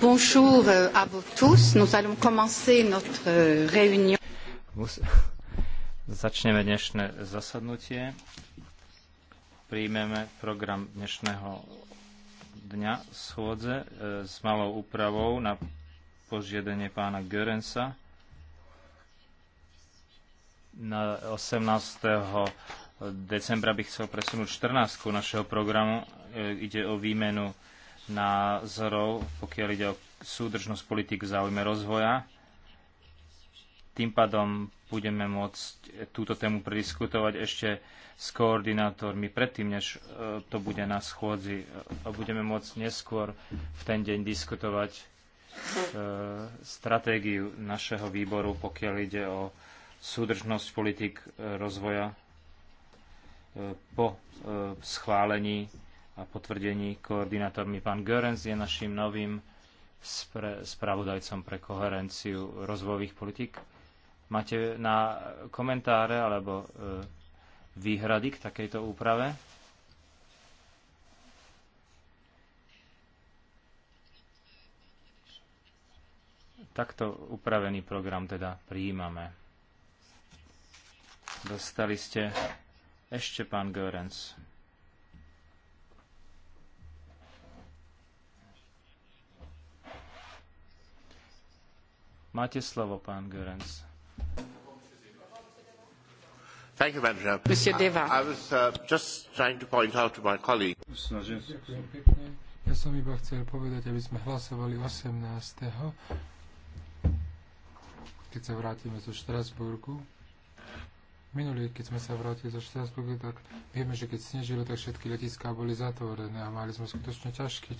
Bonjour euh, à vous tous. Nous allons commencer notre euh, réunion. Začneme dnešné zasadnutie. Príjmeme program dnešného dňa schôdze e, s malou úpravou na požiadanie pána Görensa na 18. decembra by chcel presunúť 14. našeho programu. E, ide o výmenu názorov, pokiaľ ide o súdržnosť politik v záujme rozvoja. Tým pádom budeme môcť túto tému prediskutovať ešte s koordinátormi predtým, než e, to bude na schôdzi. A e, budeme môcť neskôr v ten deň diskutovať e, stratégiu našeho výboru, pokiaľ ide o súdržnosť politik rozvoja po schválení a potvrdení koordinátormi. Pán Görens je našim novým spravodajcom pre koherenciu rozvojových politik. Máte na komentáre alebo e, výhrady k takejto úprave? Takto upravený program teda prijímame. Dostali ste ešte pán Görens. Máte slovo, pán Görens. Thank you, Madam Chair. Deva. I was uh, just trying to point out to my colleague. Ja som iba chcel povedať, aby sme hlasovali 18. Keď sa vrátime zo Štrasburgu, Minulý, keď sme sa vrátili zo Štrasburgu, tak vieme, že keď snežilo, tak všetky letiská boli zatvorené a mali sme skutočne ťažký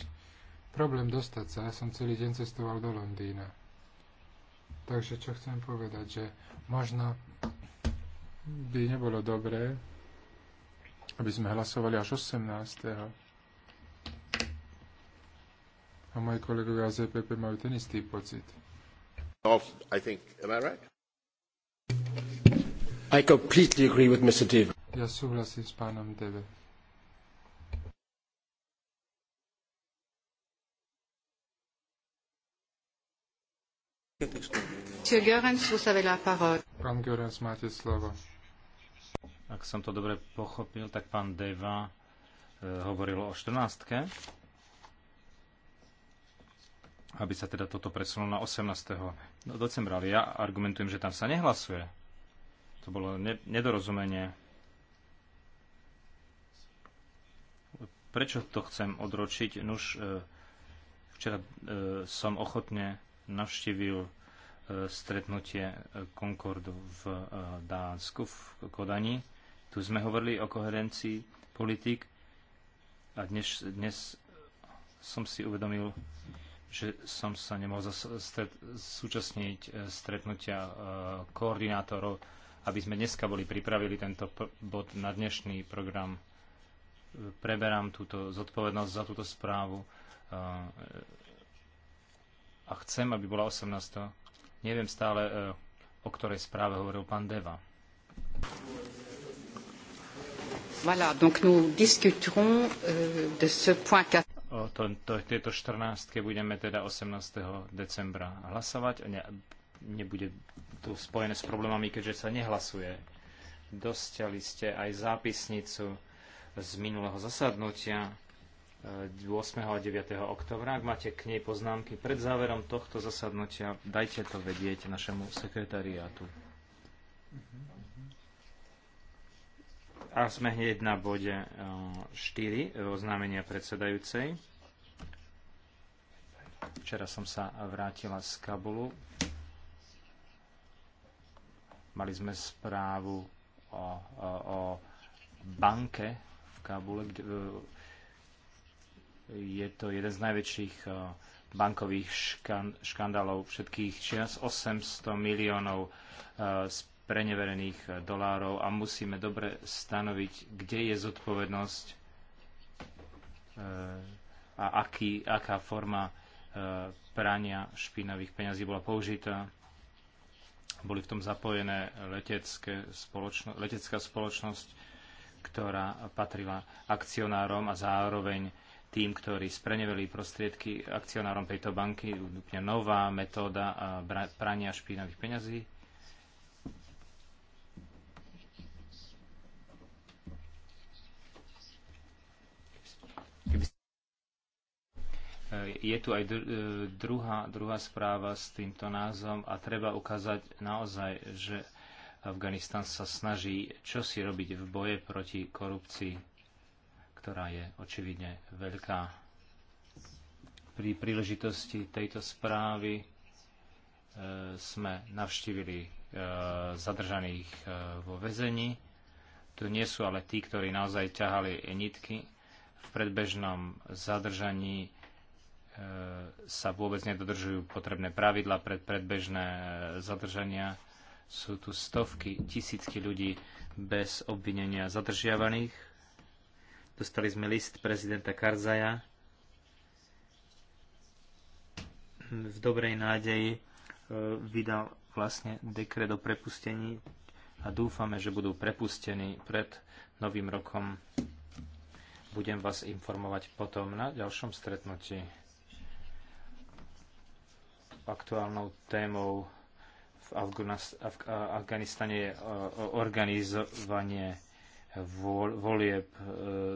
problém dostať sa. Ja som celý deň cestoval do Londýna. Takže čo chcem povedať, že možno by nebolo dobré, aby sme hlasovali až 18. A moji kolegovia z EPP majú ten istý pocit. I think, am I right? I completely agree with Mr. Deva. Ja súhlasím s pánom Deve. Thank you. Monsieur Görens, vous avez la parole. Pán Görens, máte slovo. Ak som to dobre pochopil, tak pán Deva e, hovoril o 14. Aby sa teda toto presunulo na 18. decembra. Ale ja argumentujem, že tam sa nehlasuje. To bolo ne- nedorozumenie. Prečo to chcem odročiť? Nuž, e, včera e, som ochotne navštívil stretnutie Concordu v eh, Dánsku, v Kodani. Tu sme hovorili o koherencii politik a dnes, dnes som si uvedomil, že som sa nemohol stret, súčasniť eh, stretnutia eh, koordinátorov, aby sme dneska boli pripravili tento bod na dnešný program. Preberám túto zodpovednosť za túto správu a chcem, aby bola 18 Neviem stále, e, o ktorej správe hovoril pán Deva. Voilà, donc nous discuterons euh, de ce point 4. O to, to, tieto 14 budeme teda 18. decembra hlasovať. Ne, nebude tu spojené s problémami, keďže sa nehlasuje. Dostali ste aj zápisnicu z minulého zasadnutia. 8. a 9. oktobra. Ak máte k nej poznámky pred záverom tohto zasadnutia, dajte to vedieť našemu sekretariátu. A sme hneď na bode 4, eh, eh, oznámenia predsedajúcej. Včera som sa vrátila z Kabulu. Mali sme správu o, o, o banke v Kabule, kde, eh, je to jeden z najväčších eh, bankových škandálov všetkých čias, 800 miliónov eh, z preneverených eh, dolárov a musíme dobre stanoviť, kde je zodpovednosť a aký, aká forma prania špinavých peňazí bola použitá. Boli v tom zapojené letecké spoločno, letecká spoločnosť, ktorá patrila akcionárom a zároveň tým, ktorí spreneveli prostriedky akcionárom tejto banky, úplne nová metóda prania špinavých peňazí. Je tu aj e, druhá, druhá správa s týmto názvom a treba ukázať naozaj, že Afganistan sa snaží čo si robiť v boje proti korupcii ktorá je očividne veľká. Pri príležitosti tejto správy e, sme navštívili e, zadržaných e, vo väzení. To nie sú ale tí, ktorí naozaj ťahali nitky. V predbežnom zadržaní e, sa vôbec nedodržujú potrebné pravidla pred predbežné e, zadržania. Sú tu stovky, tisícky ľudí bez obvinenia zadržiavaných Dostali sme list prezidenta Karzaja v dobrej nádeji e, vydal vlastne dekret o prepustení a dúfame, že budú prepustení pred novým rokom. Budem vás informovať potom na ďalšom stretnutí. Aktuálnou témou v Afganistane je e, organizovanie volieb e,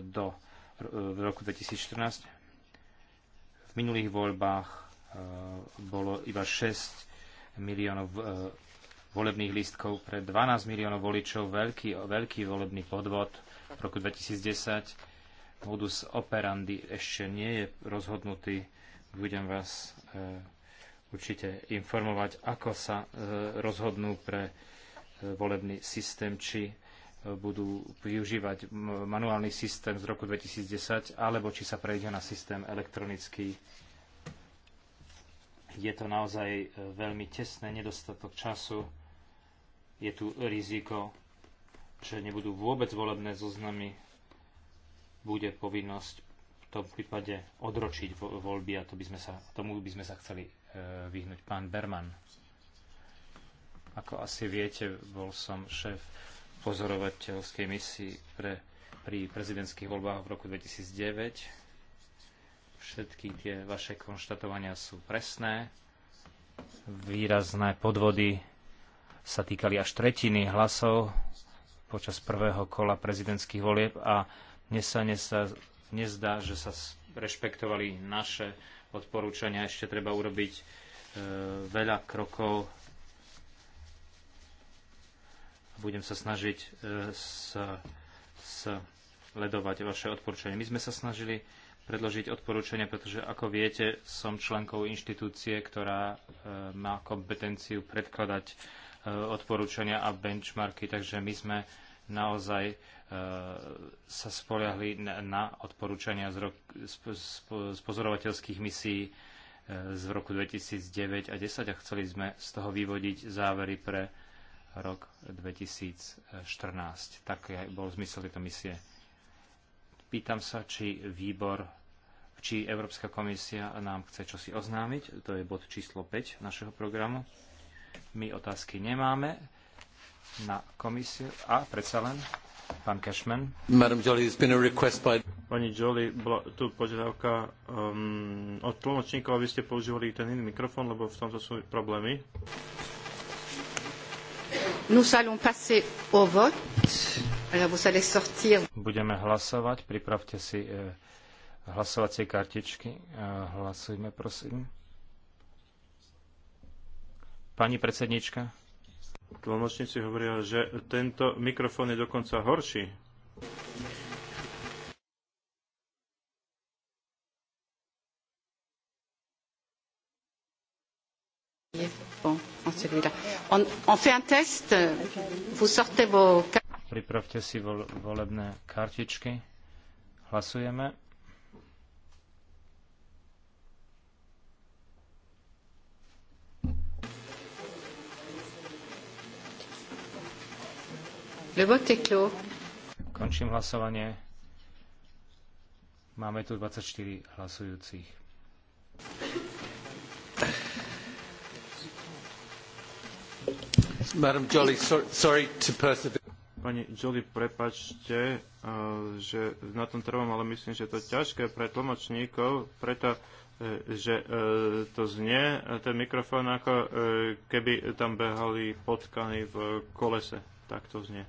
do e, v roku 2014. V minulých voľbách e, bolo iba 6 miliónov volebných lístkov pre 12 miliónov voličov, veľký, veľký volebný podvod v roku 2010. Modus operandi ešte nie je rozhodnutý. Budem vás určite informovať, ako sa rozhodnú pre volebný systém, či budú využívať manuálny systém z roku 2010, alebo či sa prejde na systém elektronický. Je to naozaj e, veľmi tesné, nedostatok času. Je tu riziko, že nebudú vôbec volebné zoznamy. Bude povinnosť v tom prípade odročiť voľby a to by sme sa, tomu by sme sa chceli e, vyhnúť. Pán Berman, ako asi viete, bol som šéf pozorovateľskej misii pre, pri prezidentských voľbách v roku 2009. Všetky tie vaše konštatovania sú presné. Výrazné podvody sa týkali až tretiny hlasov počas prvého kola prezidentských volieb a dnes sa nezdá, že sa rešpektovali naše odporúčania. Ešte treba urobiť e, veľa krokov budem sa snažiť e, sledovať vaše odporúčania. My sme sa snažili predložiť odporúčania, pretože ako viete, som členkou inštitúcie, ktorá e, má kompetenciu predkladať e, odporúčania a benchmarky, takže my sme naozaj sa spoliahli na odporúčania z, pozorovateľských misií z roku 2009 a 2010 a chceli sme z toho vyvodiť závery pre rok 2014. Tak bol zmysel tejto misie. Pýtam sa, či výbor, či Európska komisia nám chce čosi oznámiť. To je bod číslo 5 našeho programu. My otázky nemáme na komisiu. A predsa len, pán Cashman. Madam it's been a request by... Pani Jolie, bola tu požiadavka um, od tlmočníkov, aby ste používali ten iný mikrofón, lebo v tomto sú problémy. Nous allons passer au vote. Alors vous allez sortir. Budeme hlasovať. Pripravte si eh, hlasovacie kartičky. Eh, hlasujme, prosím. Pani predsednička. Tlmočníci hovoria, že tento mikrofón je dokonca horší. Je, bon celui-là. On, on fait un test. Vous sortez vos... Pripravte si volebné kartičky. Hlasujeme. Le vote est clos. Končím hlasovanie. Máme tu 24 hlasujúcich. Jolly, Pani Julie, prepačte, uh, že na tom trvám, ale myslím, že to je ťažké pre tlmočníkov, pretože uh, uh, to znie ten mikrofón ako keby tam behali potkany v kolese. Tak to znie.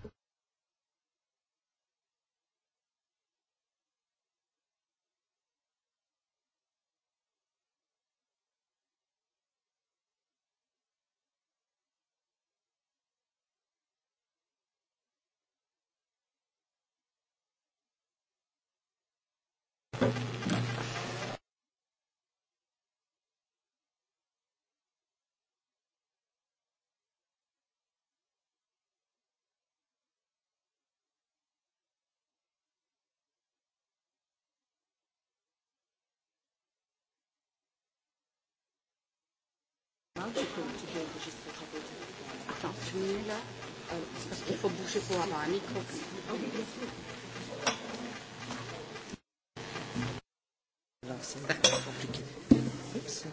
parce qu'il faut bouger pour avoir un micro. Non, c'est compliqué. Oups.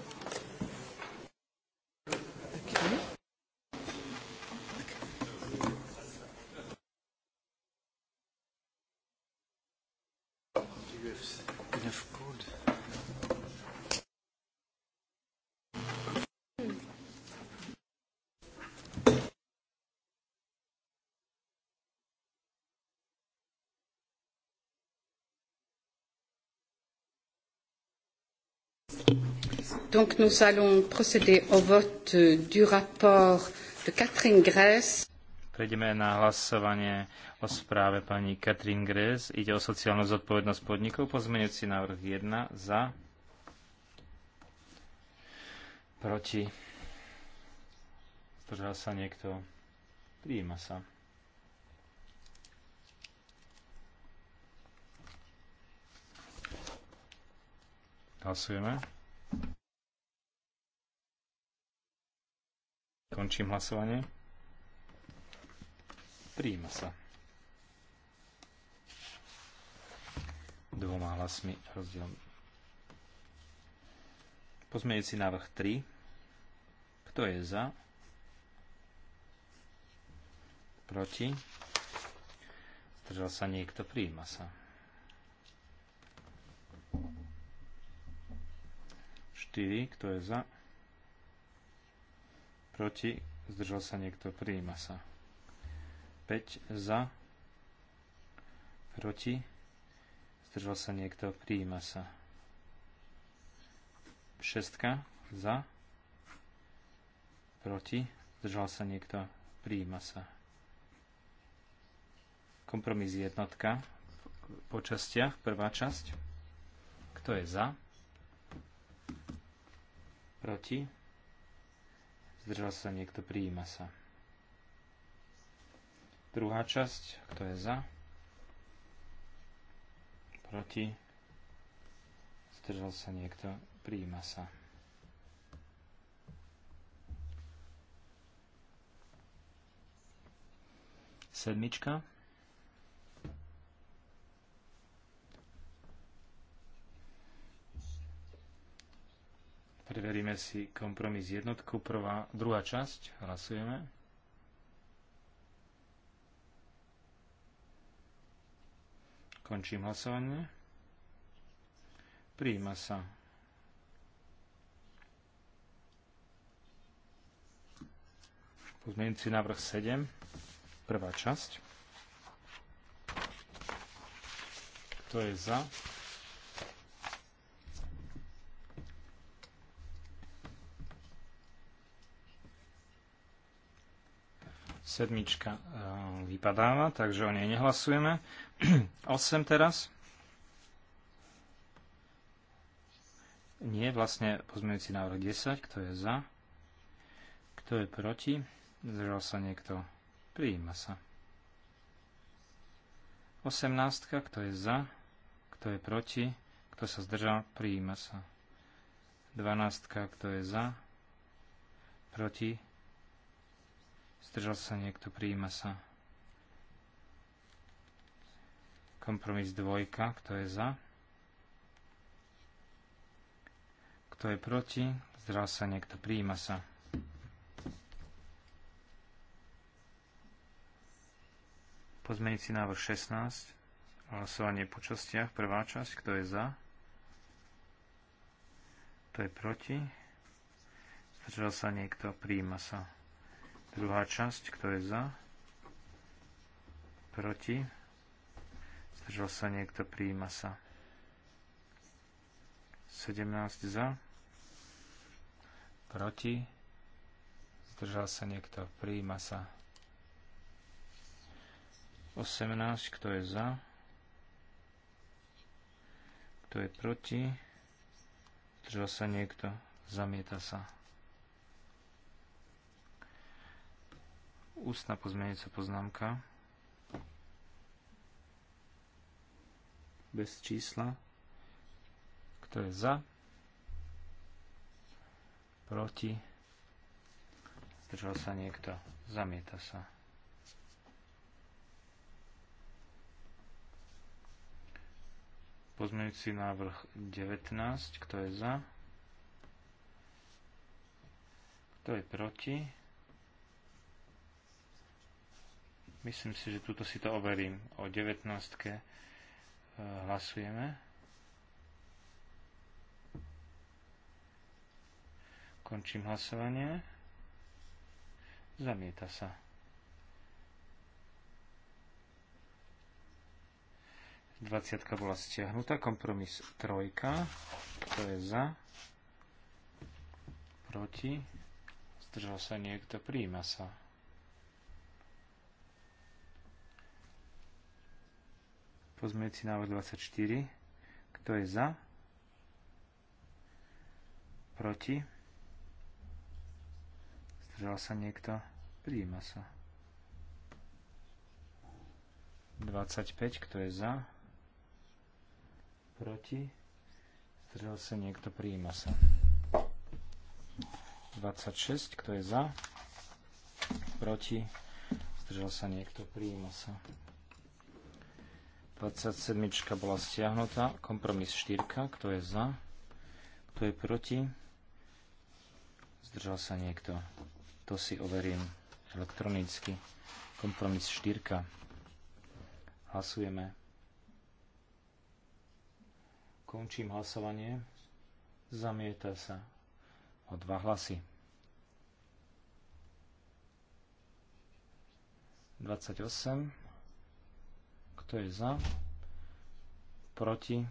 Donc nous allons procéder au vote euh, du rapport de Catherine Grèce. Prejdeme na hlasovanie o správe pani Katrin Grez. Ide o sociálnu zodpovednosť podnikov. Pozmeňujúci návrh 1 za. Proti. Zdržal sa niekto. Prijíma sa. Hlasujeme. Končím hlasovanie. Príjima sa. Dvoma hlasmi rozdielom. si návrh 3. Kto je za? Proti? Zdržal sa niekto, príjima sa. 4, kto je za, proti, zdržal sa niekto, prijíma sa. 5 za, proti, zdržal sa niekto, prijíma sa. 6 za, proti, zdržal sa niekto, prijíma sa. Kompromis jednotka po častiach, prvá časť, kto je za, Proti? Zdržal sa niekto, prijíma sa. Druhá časť, kto je za? Proti? Zdržal sa niekto, prijíma sa. Sedmička. Preveríme si kompromis jednotku, prvá, druhá časť, hlasujeme. Končím hlasovanie. Prijíma sa. si návrh 7, prvá časť. Kto je za? Sedmička eh, vypadáva, takže o nej nehlasujeme. 8 teraz. Nie, vlastne pozmeňujúci návrh 10. Kto je za? Kto je proti? Zdržal sa niekto? Prijíma sa. 18. Kto je za? Kto je proti? Kto sa zdržal? Prijíma sa. 12. Kto je za? Proti? Zdržal sa niekto, prijíma sa. Kompromis dvojka, kto je za? Kto je proti? Zdržal sa niekto, prijíma sa. Pozmenici návrh 16. Hlasovanie po častiach. Prvá časť, kto je za? Kto je proti? Zdržal sa niekto, prijíma sa. Druhá časť, kto je za? Proti? Zdržal sa niekto, prijíma sa. 17 za? Proti? Zdržal sa niekto, prijíma sa. 18, kto je za? Kto je proti? Zdržal sa niekto, zamieta sa. Ústna pozmeňujúca poznámka. Bez čísla. Kto je za? Proti? Zdržal sa niekto? Zamieta sa. Pozmeňujúci návrh 19. Kto je za? Kto je proti? Myslím si, že tuto si to overím. O 19. Eh, hlasujeme. Končím hlasovanie. Zamieta sa. Dvaciatka bola stiahnutá. Kompromis trojka. Kto je za? Proti? Zdržal sa niekto? Príjima sa. Pozmeňujúci návrh 24. Kto je za? Proti? Zdržal sa niekto? Prijíma sa. 25. Kto je za? Proti? Zdržal sa niekto? Prijíma sa. 26. Kto je za? Proti? Zdržal sa niekto? Prijíma sa. 27 bola stiahnutá. Kompromis 4. Kto je za? Kto je proti? Zdržal sa niekto. To si overím elektronicky. Kompromis 4. Hlasujeme. Končím hlasovanie. Zamieta sa o dva hlasy. 28. Kto je za? Proti?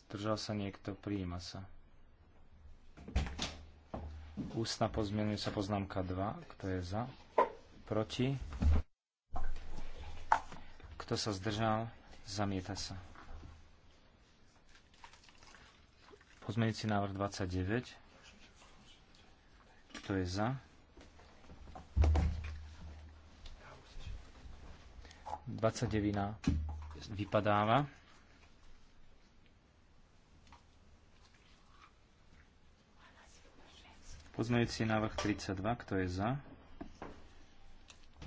Zdržal sa niekto? Prijíma sa. Ústna sa poznámka 2. Kto je za? Proti? Kto sa zdržal? Zamieta sa. Pozmeňujúci návrh 29. Kto je za? 29 vypadáva. Poznajúci návrh 32, kto je za?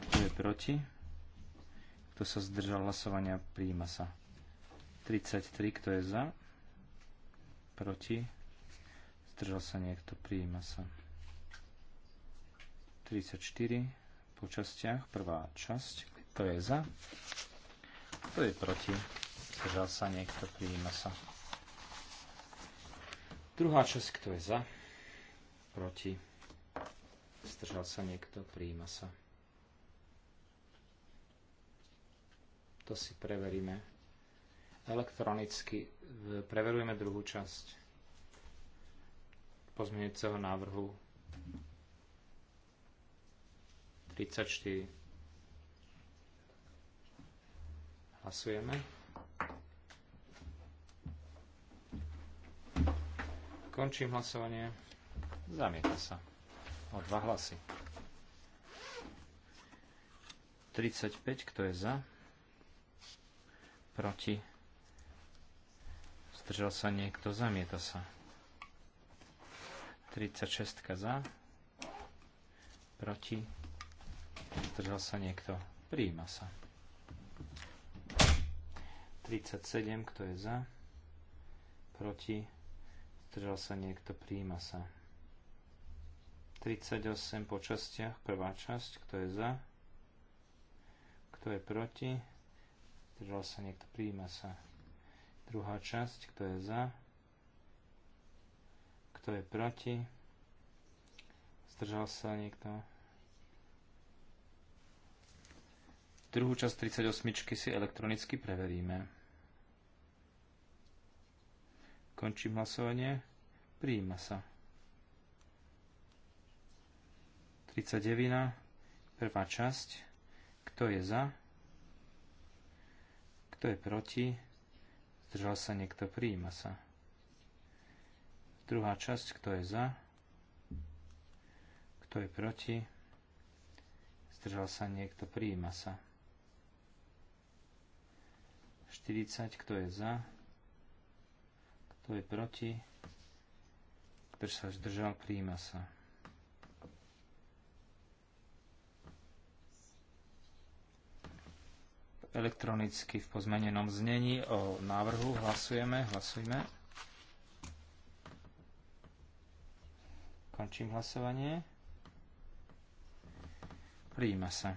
Kto je proti? Kto sa zdržal hlasovania, prijíma sa. 33, kto je za? Proti? Zdržal sa niekto, prijíma sa. 34 po častiach, prvá časť, kto je za? Kto je proti? Zdržal sa niekto, prijíma sa. Druhá časť, kto je za? Proti? Zdržal sa niekto, prijíma sa. To si preveríme. Elektronicky preverujeme druhú časť pozmeňujúceho návrhu 34. Hlasujeme. Končím hlasovanie. Zamieta sa. O dva hlasy. 35, kto je za? Proti? Zdržal sa niekto, zamieta sa. 36 za? Proti? Zdržal sa niekto, prijíma sa. 37, kto je za, proti, zdržal sa niekto, príjima sa. 38 po častiach, prvá časť, kto je za, kto je proti, zdržal sa niekto, príjima sa. Druhá časť, kto je za, kto je proti, zdržal sa niekto. Druhú časť 38 si elektronicky preveríme. Končím hlasovanie. Prijíma sa. 39. Prvá časť. Kto je za? Kto je proti? Zdržal sa niekto? Prijíma sa. Druhá časť. Kto je za? Kto je proti? Zdržal sa niekto? Prijíma sa. 40. Kto je za? Kto je proti? Kto sa zdržal? príjma sa. Elektronicky v pozmenenom znení o návrhu hlasujeme. Hlasujme. Končím hlasovanie. Príjima sa.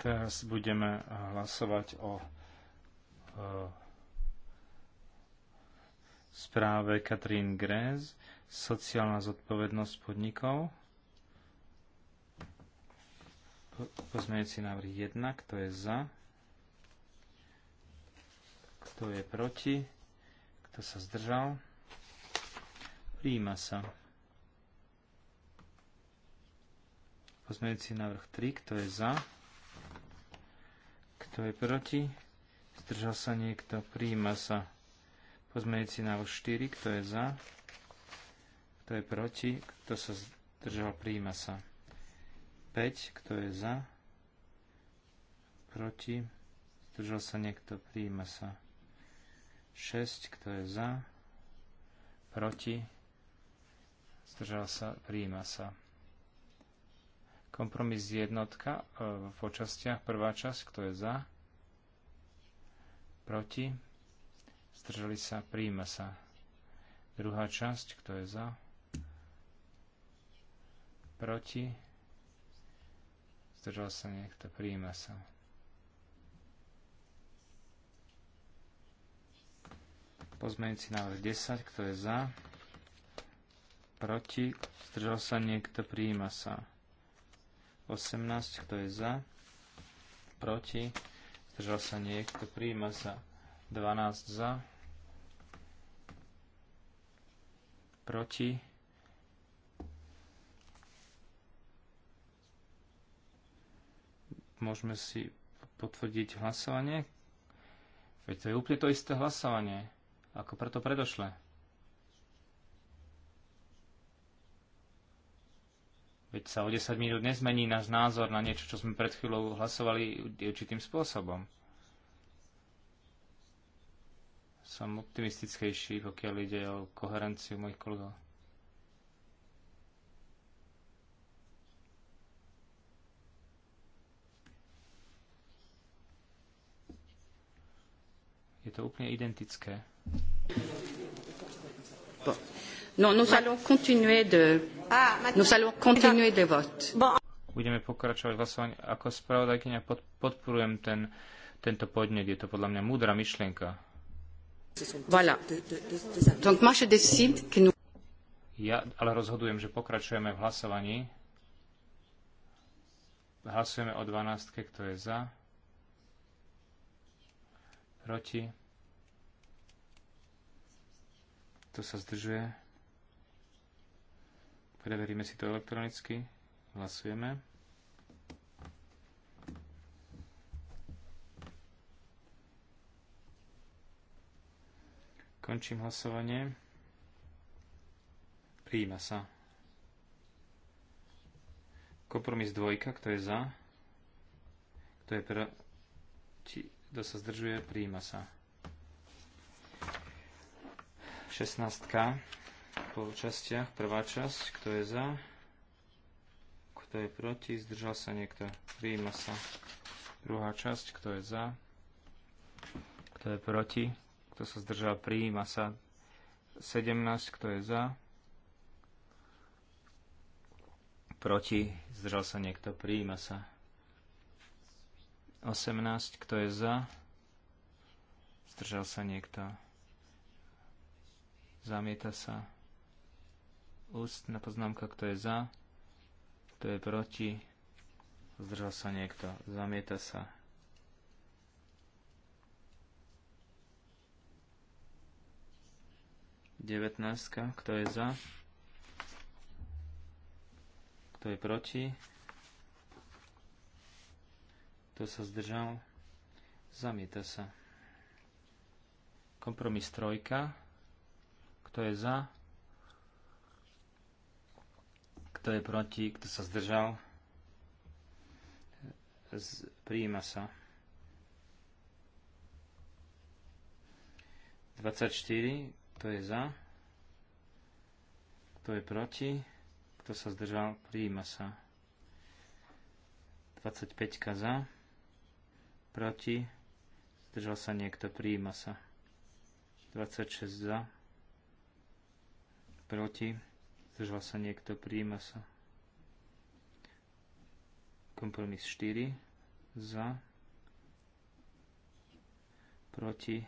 Teraz budeme hlasovať o správe Katrín Gréz, sociálna zodpovednosť podnikov. Pozmejúci návrh 1, kto je za, kto je proti, kto sa zdržal. Príjima sa. Pozmejúci návrh 3, kto je za, kto je proti? Zdržal sa niekto? príjma sa. Pozmejúci návrh 4. Kto je za? Kto je proti? Kto sa zdržal? príjma sa. 5. Kto je za? Proti? Zdržal sa niekto? príjma sa. 6. Kto je za? Proti? Zdržal sa? Príjima sa. Kompromis jednotka e, v častiach. Prvá časť, kto je za? Proti? Zdržali sa, Príjme sa. Druhá časť, kto je za? Proti? Zdržal sa niekto, príjma sa. Pozmeňujúci návrh 10, kto je za? Proti? Zdržal sa niekto, príjma sa. 18, kto je za, proti, zdržal sa niekto, príjma sa 12 za, proti, môžeme si potvrdiť hlasovanie, veď to je úplne to isté hlasovanie, ako preto predošle. Veď sa o 10 minút nezmení náš názor na niečo, čo sme pred chvíľou hlasovali určitým spôsobom. Som optimistickejší, pokiaľ ide o koherenciu mojich kolegov. Je to úplne identické nous allons continuer de, ah, nous allons continuer de vote. Budeme pokračovať hlasovanie. Ako spravodajkyňa pod, podporujem ten, tento podnet. Je to podľa mňa múdra myšlienka. Voilà. Donc moi je décide que nous... Ja ale rozhodujem, že pokračujeme v hlasovaní. Hlasujeme o 12, kto je za. Proti. Kto sa zdržuje? Preveríme si to elektronicky. Hlasujeme. Končím hlasovanie. Prijíma sa. Kompromis dvojka, kto je za? Kto je Či, Kto sa zdržuje? Prijíma sa. 16 po častiach. Prvá časť, kto je za, kto je proti, zdržal sa niekto, prijíma sa. Druhá časť, kto je za, kto je proti, kto sa zdržal, prijíma sa. 17, kto je za, proti, zdržal sa niekto, prijíma sa. 18, kto je za, zdržal sa niekto, zamieta sa. Ústna poznámka, kto je za, kto je proti, zdržal sa niekto, zamieta sa. Devetnáctka, kto je za, kto je proti, kto sa zdržal, zamieta sa. Kompromis trojka, kto je za, kto je proti? Kto sa zdržal? Z, prijíma sa. 24. Kto je za? Kto je proti? Kto sa zdržal? Prijíma sa. 25 za. Proti. Zdržal sa niekto. Prijíma sa. 26 za. Proti Zdržal vlastne sa niekto? Príjima sa. Kompromis 4. Za. Proti.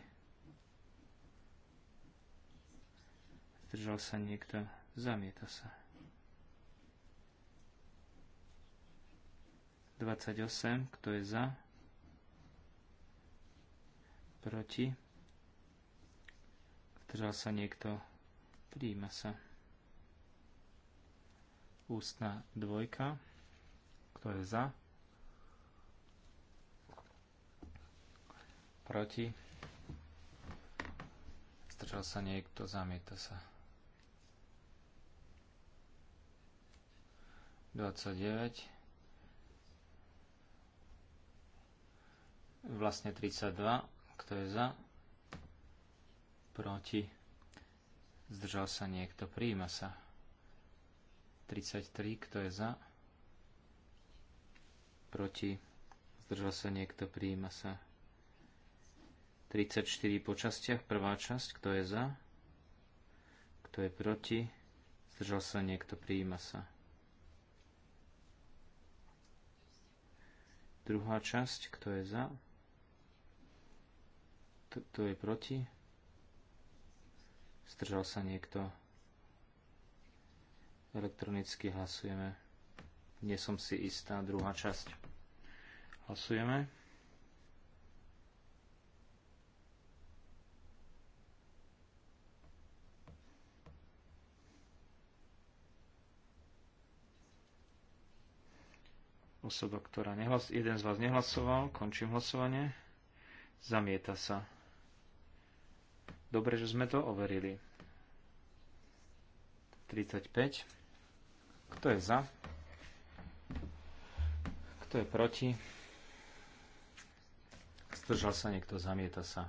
Zdržal sa niekto? Zamieta sa. 28. Kto je za? Proti. Zdržal sa niekto? Príjima sa. Ústna dvojka. Kto je za? Proti? Zdržal sa niekto, zamieta sa. 29. Vlastne 32. Kto je za? Proti? Zdržal sa niekto, príjima sa. 33, kto je za? Proti? Zdržal sa niekto, prijíma sa. 34 po častiach, prvá časť, kto je za? Kto je proti? Zdržal sa niekto, prijíma sa. Druhá časť, kto je za? Kto je proti? Zdržal sa niekto, Elektronicky hlasujeme. Nie som si istá. Druhá časť. Hlasujeme. Osoba, ktorá nehlas... Jeden z vás nehlasoval. Končím hlasovanie. Zamieta sa. Dobre, že sme to overili. 35. Kto je za? Kto je proti? Zdržal sa niekto, zamieta sa.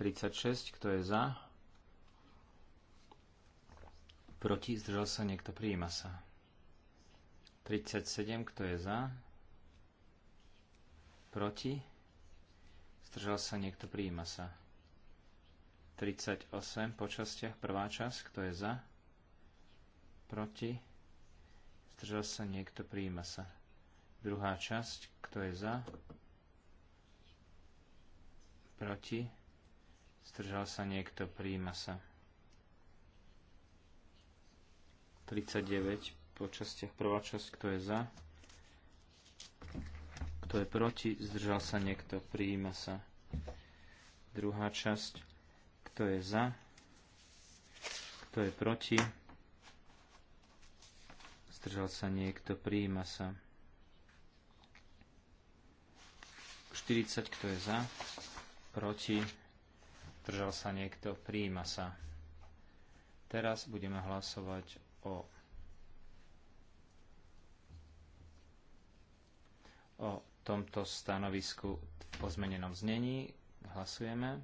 36, kto je za? Proti, zdržal sa niekto, prijíma sa. 37, kto je za? Proti, zdržal sa niekto, prijíma sa. 38, po častiach, prvá časť, kto je za? Proti, Zdržal sa niekto, prijíma sa. Druhá časť, kto je za? Proti? Zdržal sa niekto, prijíma sa. 39 po častiach. Prvá časť, kto je za? Kto je proti? Zdržal sa niekto, prijíma sa. Druhá časť, kto je za? Kto je proti? zdržal sa niekto, prijíma sa. 40, kto je za, proti, zdržal sa niekto, prijíma sa. Teraz budeme hlasovať o o tomto stanovisku v pozmenenom znení. Hlasujeme.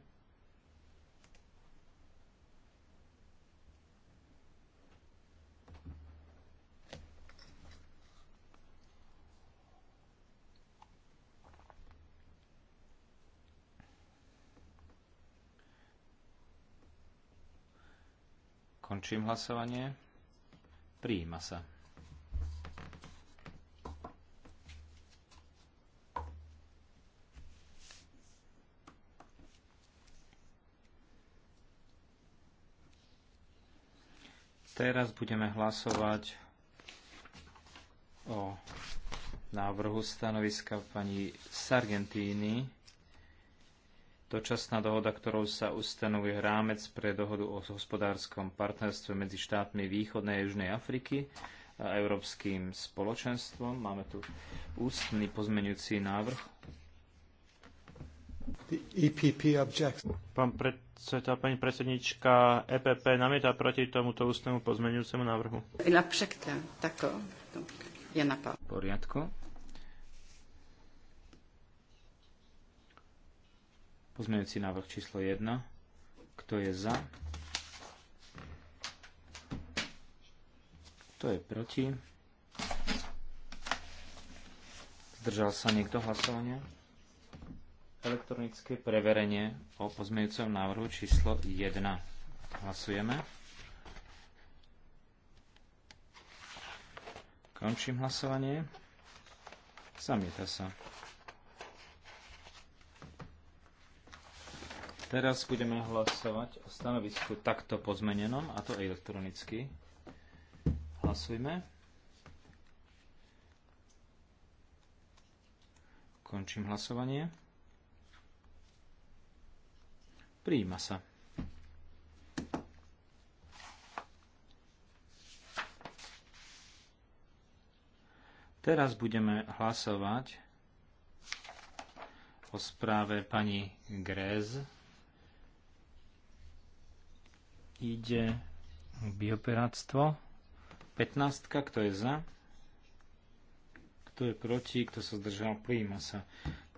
Končím hlasovanie. Prijíma sa. Teraz budeme hlasovať o návrhu stanoviska pani Sargentini. Dočasná dohoda, ktorou sa ustanovuje rámec pre dohodu o hospodárskom partnerstve medzi štátmi Východnej a Južnej Afriky a Európskym spoločenstvom. Máme tu ústny pozmenujúci návrh. E Pán predseda, pani predsednička EPP namieta proti tomuto ústnemu pozmeňujúcemu návrhu. V poriadku. Pozmeňujúci návrh číslo 1. Kto je za? Kto je proti? Zdržal sa niekto hlasovania? Elektronické preverenie o pozmeňujúcom návrhu číslo 1. Hlasujeme. Končím hlasovanie. Zamieta sa. Teraz budeme hlasovať o stanovisku takto pozmenenom, a to elektronicky. Hlasujme. Končím hlasovanie. Prijíma sa. Teraz budeme hlasovať o správe pani Grez ide bioperáctvo. 15. Kto je za? Kto je proti? Kto sa zdržal? Prijíma sa.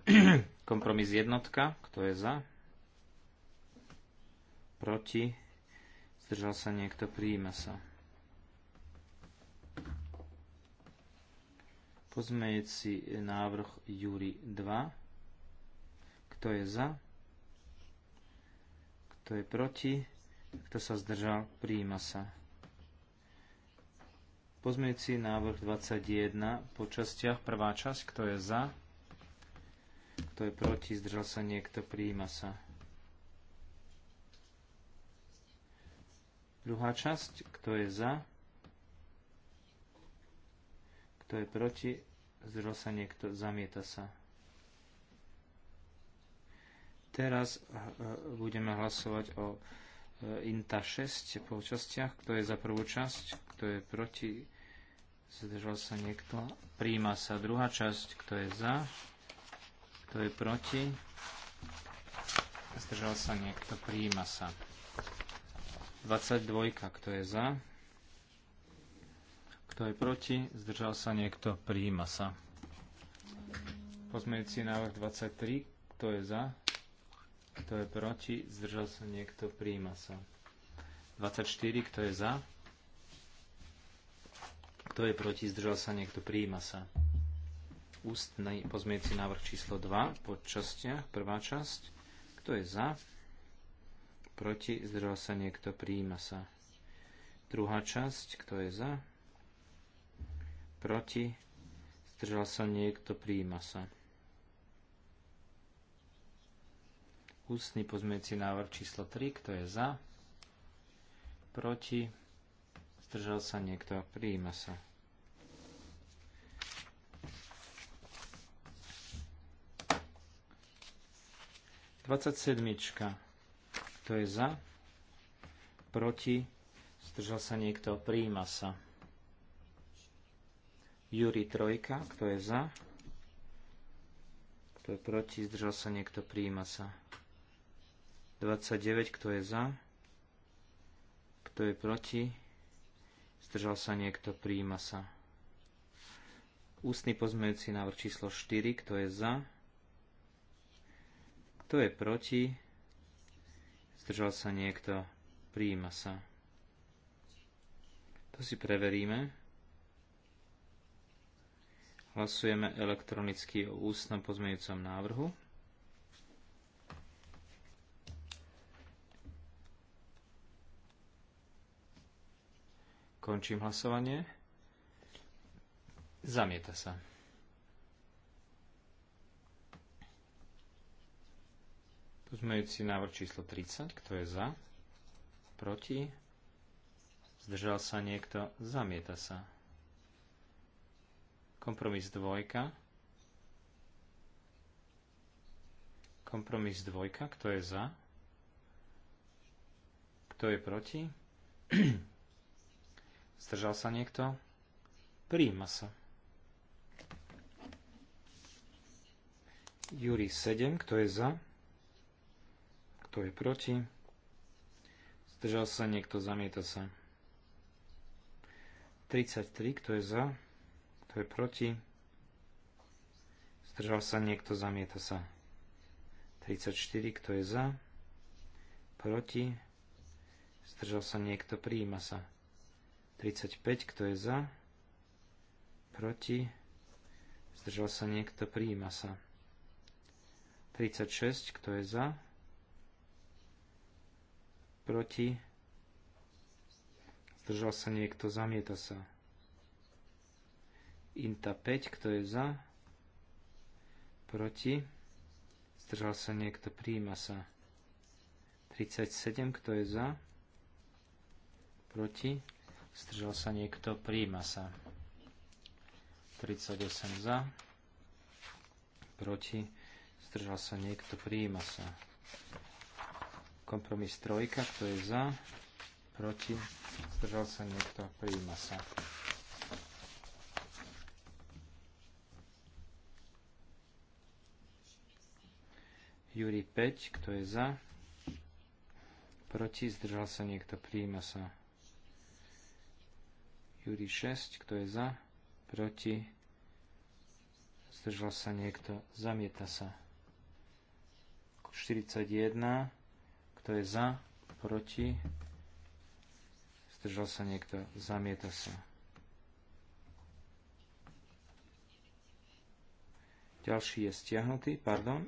Kompromis jednotka. Kto je za? Proti? Zdržal sa niekto? Prijíma sa. Pozmejeci návrh Júri 2. Kto je za? Kto je proti? Kto sa zdržal? Prijíma sa. Pozmejúci návrh 21 po častiach. Prvá časť. Kto je za? Kto je proti? Zdržal sa niekto? Prijíma sa. Druhá časť. Kto je za? Kto je proti? Zdržal sa niekto? Zamieta sa. Teraz eh, eh, budeme hlasovať o E, INTA 6 po častiach. Kto je za prvú časť? Kto je proti? Zdržal sa niekto? Príjma sa druhá časť. Kto je za? Kto je proti? Zdržal sa niekto? Príjma sa. 22. Kto je za? Kto je proti? Zdržal sa niekto? príjma sa. Pozmeňujúci návrh 23. Kto je za? kto je proti, zdržal sa niekto, príjima sa. 24, kto je za, kto je proti, zdržal sa niekto, príjima sa. Ústny pozmieci návrh číslo 2 pod častiach, prvá časť, kto je za, proti, zdržal sa niekto, príjima sa. Druhá časť, kto je za, proti, zdržal sa niekto, príjima sa. Ústny pozmeňujúci návrh číslo 3, kto je za? Proti? Zdržal sa niekto? Prijíma sa. Dvadsať sedmička. Kto je za? Proti? Zdržal sa niekto? Prijíma sa. Júri trojka. Kto je za? Kto je proti? Zdržal sa niekto? Prijíma sa. 29, kto je za, kto je proti, zdržal sa niekto, príjima sa. Ústny pozmejúci návrh číslo 4, kto je za, kto je proti, zdržal sa niekto, príjima sa. To si preveríme. Hlasujeme elektronicky o ústnom pozmejúcom návrhu. Končím hlasovanie. Zamieta sa. Pozmejúci návrh číslo 30. Kto je za? Proti? Zdržal sa niekto? Zamieta sa. Kompromis dvojka. Kompromis dvojka. Kto je za? Kto je proti? Zdržal sa niekto? Príjma sa. Júri 7, kto je za? Kto je proti? Zdržal sa niekto, zamieta sa. 33, kto je za? Kto je proti? Zdržal sa niekto, zamieta sa. 34, kto je za? Proti? Zdržal sa niekto, príjma sa. 35, kto je za? Proti? Zdržal sa niekto? Prijíma sa. 36, kto je za? Proti? Zdržal sa niekto? Zamieta sa. Inta 5, kto je za? Proti? Zdržal sa niekto? Prijíma sa. 37, kto je za? Proti? Zdržal sa niekto? Príjma sa. 38 za. Proti. Zdržal sa niekto? príjma sa. Kompromis trojka. Kto je za? Proti. Zdržal sa niekto? Príjma sa. Júri 5. Kto je za? Proti. Zdržal sa niekto? príjma sa. 4, 6, kto je za, proti, zdržal sa niekto, zamieta sa. 41, kto je za, proti, zdržal sa niekto, zamieta sa. Ďalší je stiahnutý, pardon.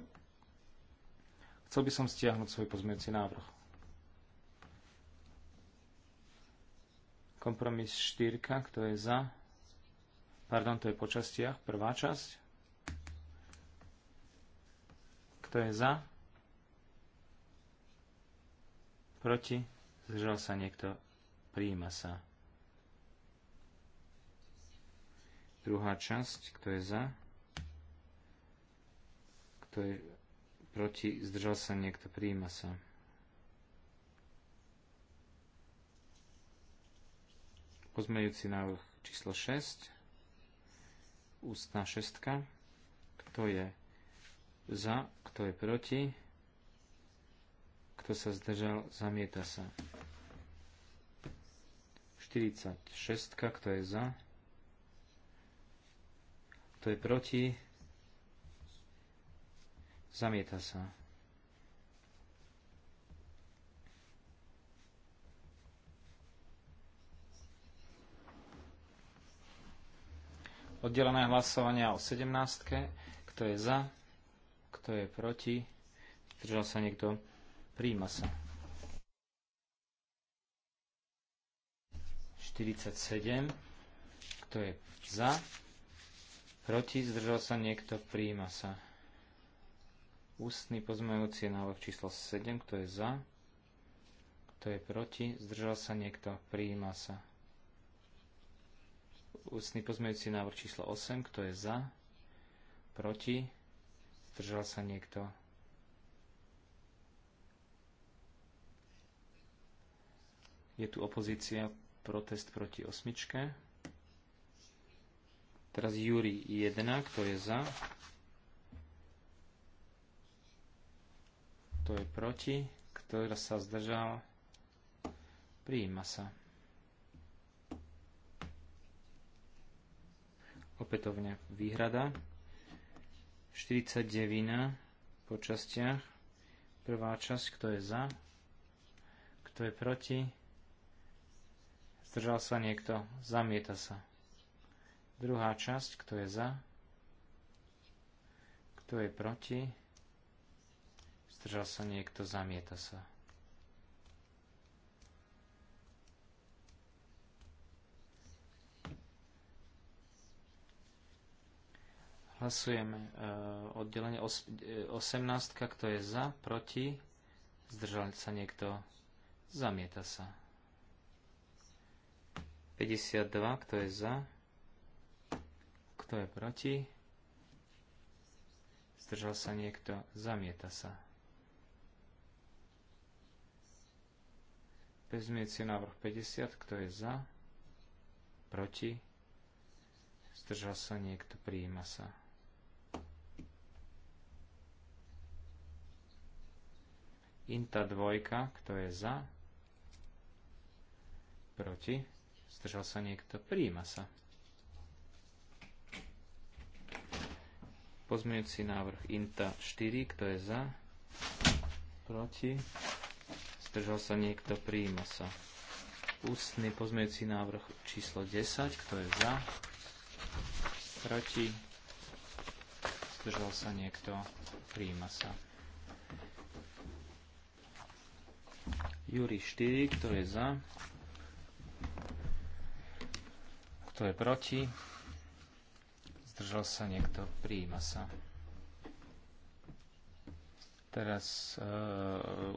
Chcel by som stiahnuť svoj pozmeňujúci návrh. Kompromis 4, kto je za? Pardon, to je po častiach. Prvá časť. Kto je za? Proti? Zdržal sa niekto? Prijíma sa. Druhá časť. Kto je za? Kto je proti? Zdržal sa niekto? Prijíma sa. pozmeňujúci návrh číslo 6, ústna šestka. Kto je za, kto je proti, kto sa zdržal, zamieta sa. 46, kto je za, kto je proti, zamieta sa. Oddelené hlasovania o 17. Kto je za? Kto je proti? Zdržal sa niekto? príjma sa. 47. Kto je za? Proti? Zdržal sa niekto? príjma sa. Ústny pozmejúci návrh číslo 7. Kto je za? Kto je proti? Zdržal sa niekto? príjma sa ústny pozmeňujúci návrh číslo 8. Kto je za? Proti? Zdržal sa niekto? Je tu opozícia, protest proti osmičke. Teraz Júri 1, kto je za? Kto je proti? Kto sa zdržal? Prijíma sa. Opätovne výhrada. 49 po častiach. Prvá časť, kto je za, kto je proti. Zdržal sa niekto, zamieta sa. Druhá časť, kto je za, kto je proti. Zdržal sa niekto, zamieta sa. Hlasujeme e, oddelenie 18, e, kto je za, proti, zdržal sa niekto, zamieta sa. 52, kto je za, kto je proti, zdržal sa niekto, zamieta sa. Pezmieci návrh 50, kto je za, proti, zdržal sa niekto, prijíma sa. Inta dvojka, kto je za? Proti? Zdržal sa niekto? Príjima sa. Pozmeňujúci návrh Inta 4, kto je za? Proti? Zdržal sa niekto? Príjima sa. Ústny pozmeňujúci návrh číslo 10, kto je za? Proti? Zdržal sa niekto? Príjima sa. Júri 4, kto je za? Kto je proti? Zdržal sa niekto? Prijíma sa. Teraz e,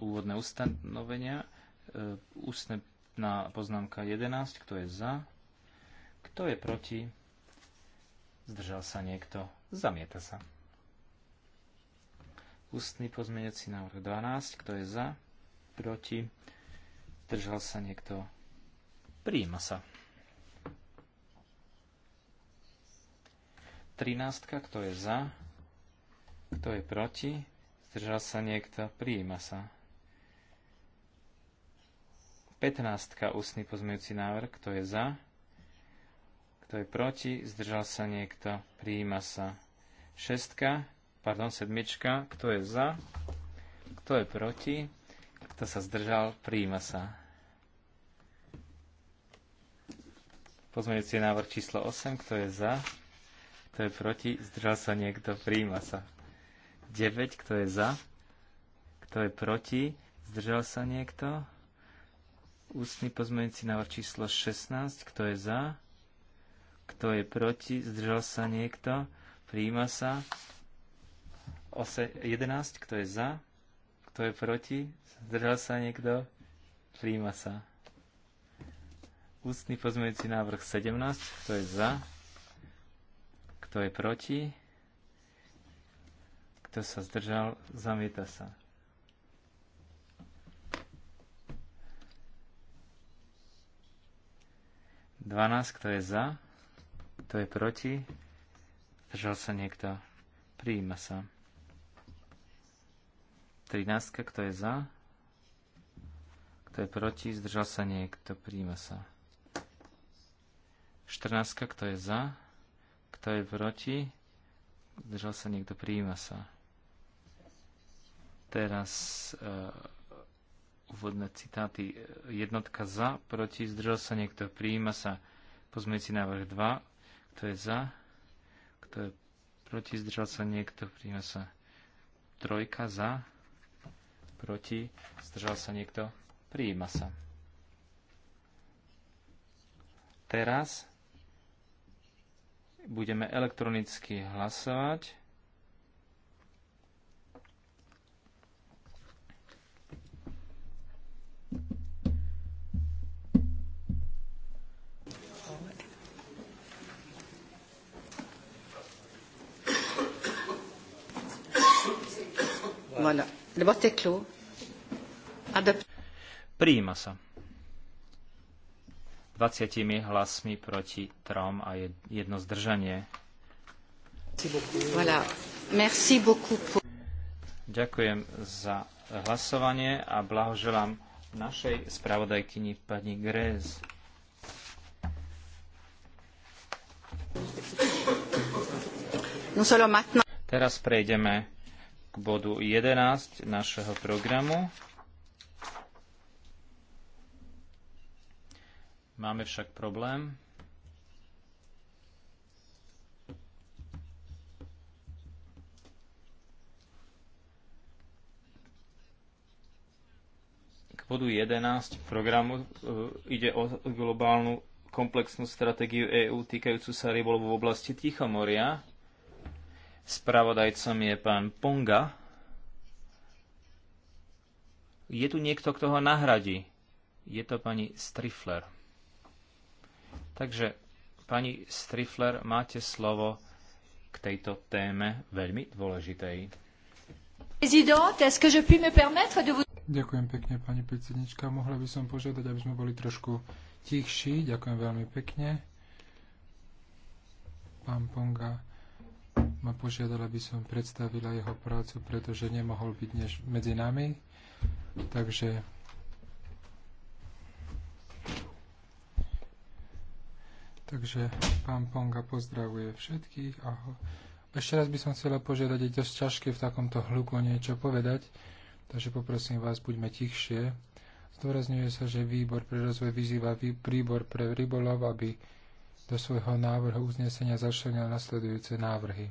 úvodné ustanovenia. E, ústne na poznámka 11, kto je za? Kto je proti? Zdržal sa niekto? Zamieta sa. Ústny pozmeňací návrh 12, kto je za? proti, zdržal sa niekto, Príjima sa. 13. Kto je za? Kto je proti? Zdržal sa niekto? Príjima sa. 15. Ústny pozmejúci návrh. Kto je za? Kto je proti? Zdržal sa niekto? Príjima sa. 6. Pardon, 7. Kto je za? Kto je proti? Kto sa zdržal? Prijíma sa. Pozmeňujúci návrh číslo 8. Kto je za? Kto je proti? Zdržal sa niekto? Prijíma sa. 9. Kto je za? Kto je proti? Zdržal sa niekto? Ústny pozmeňujúci návrh číslo 16. Kto je za? Kto je proti? Zdržal sa niekto? Prijíma sa. 11. Kto je za? Kto je proti? Zdržal sa niekto? príjma sa. Ústny pozmeňujúci návrh 17. Kto je za? Kto je proti? Kto sa zdržal? Zamieta sa. Dvanásť, kto je za, kto je proti, držal sa niekto, prijíma sa. 13. Kto je za? Kto je proti? Zdržal sa niekto? Príjma sa. 14. Kto je za? Kto je proti? Zdržal sa niekto? Príjma sa. Teraz uh, úvodné citáty. Jednotka za, proti, zdržal sa niekto? Príjma sa. Pozmieť si návrh 2. Kto je za? Kto je proti? Zdržal sa niekto? Príjma sa. Trojka za proti, zdržal sa niekto, prijíma sa. Teraz budeme elektronicky hlasovať. Voilà. Le vote est clos. Prijíma sa. 20 hlasmi proti trom a jedno zdržanie. Ďakujem za hlasovanie a blahoželám našej spravodajkyni pani Grez. Teraz prejdeme k bodu 11 našeho programu. Máme však problém. K bodu 11 programu e, ide o globálnu komplexnú stratégiu EÚ týkajúcu sa rybolovu v oblasti Tichomoria. Spravodajcom je pán Ponga. Je tu niekto, kto ho nahradí. Je to pani Strifler. Takže, pani Strifler, máte slovo k tejto téme veľmi dôležitej. Ďakujem pekne, pani predsednička. Mohla by som požiadať, aby sme boli trošku tichší. Ďakujem veľmi pekne. Pán Ponga ma požiadal, aby som predstavila jeho prácu, pretože nemohol byť než medzi nami. Takže Takže pán Ponga pozdravuje všetkých Aho. ešte raz by som chcela požiadať, je dosť ťažké v takomto hluku niečo povedať, takže poprosím vás, buďme tichšie. Zdôrazňuje sa, že výbor pre rozvoj vyzýva príbor pre rybolov, aby do svojho návrhu uznesenia začlenil nasledujúce návrhy.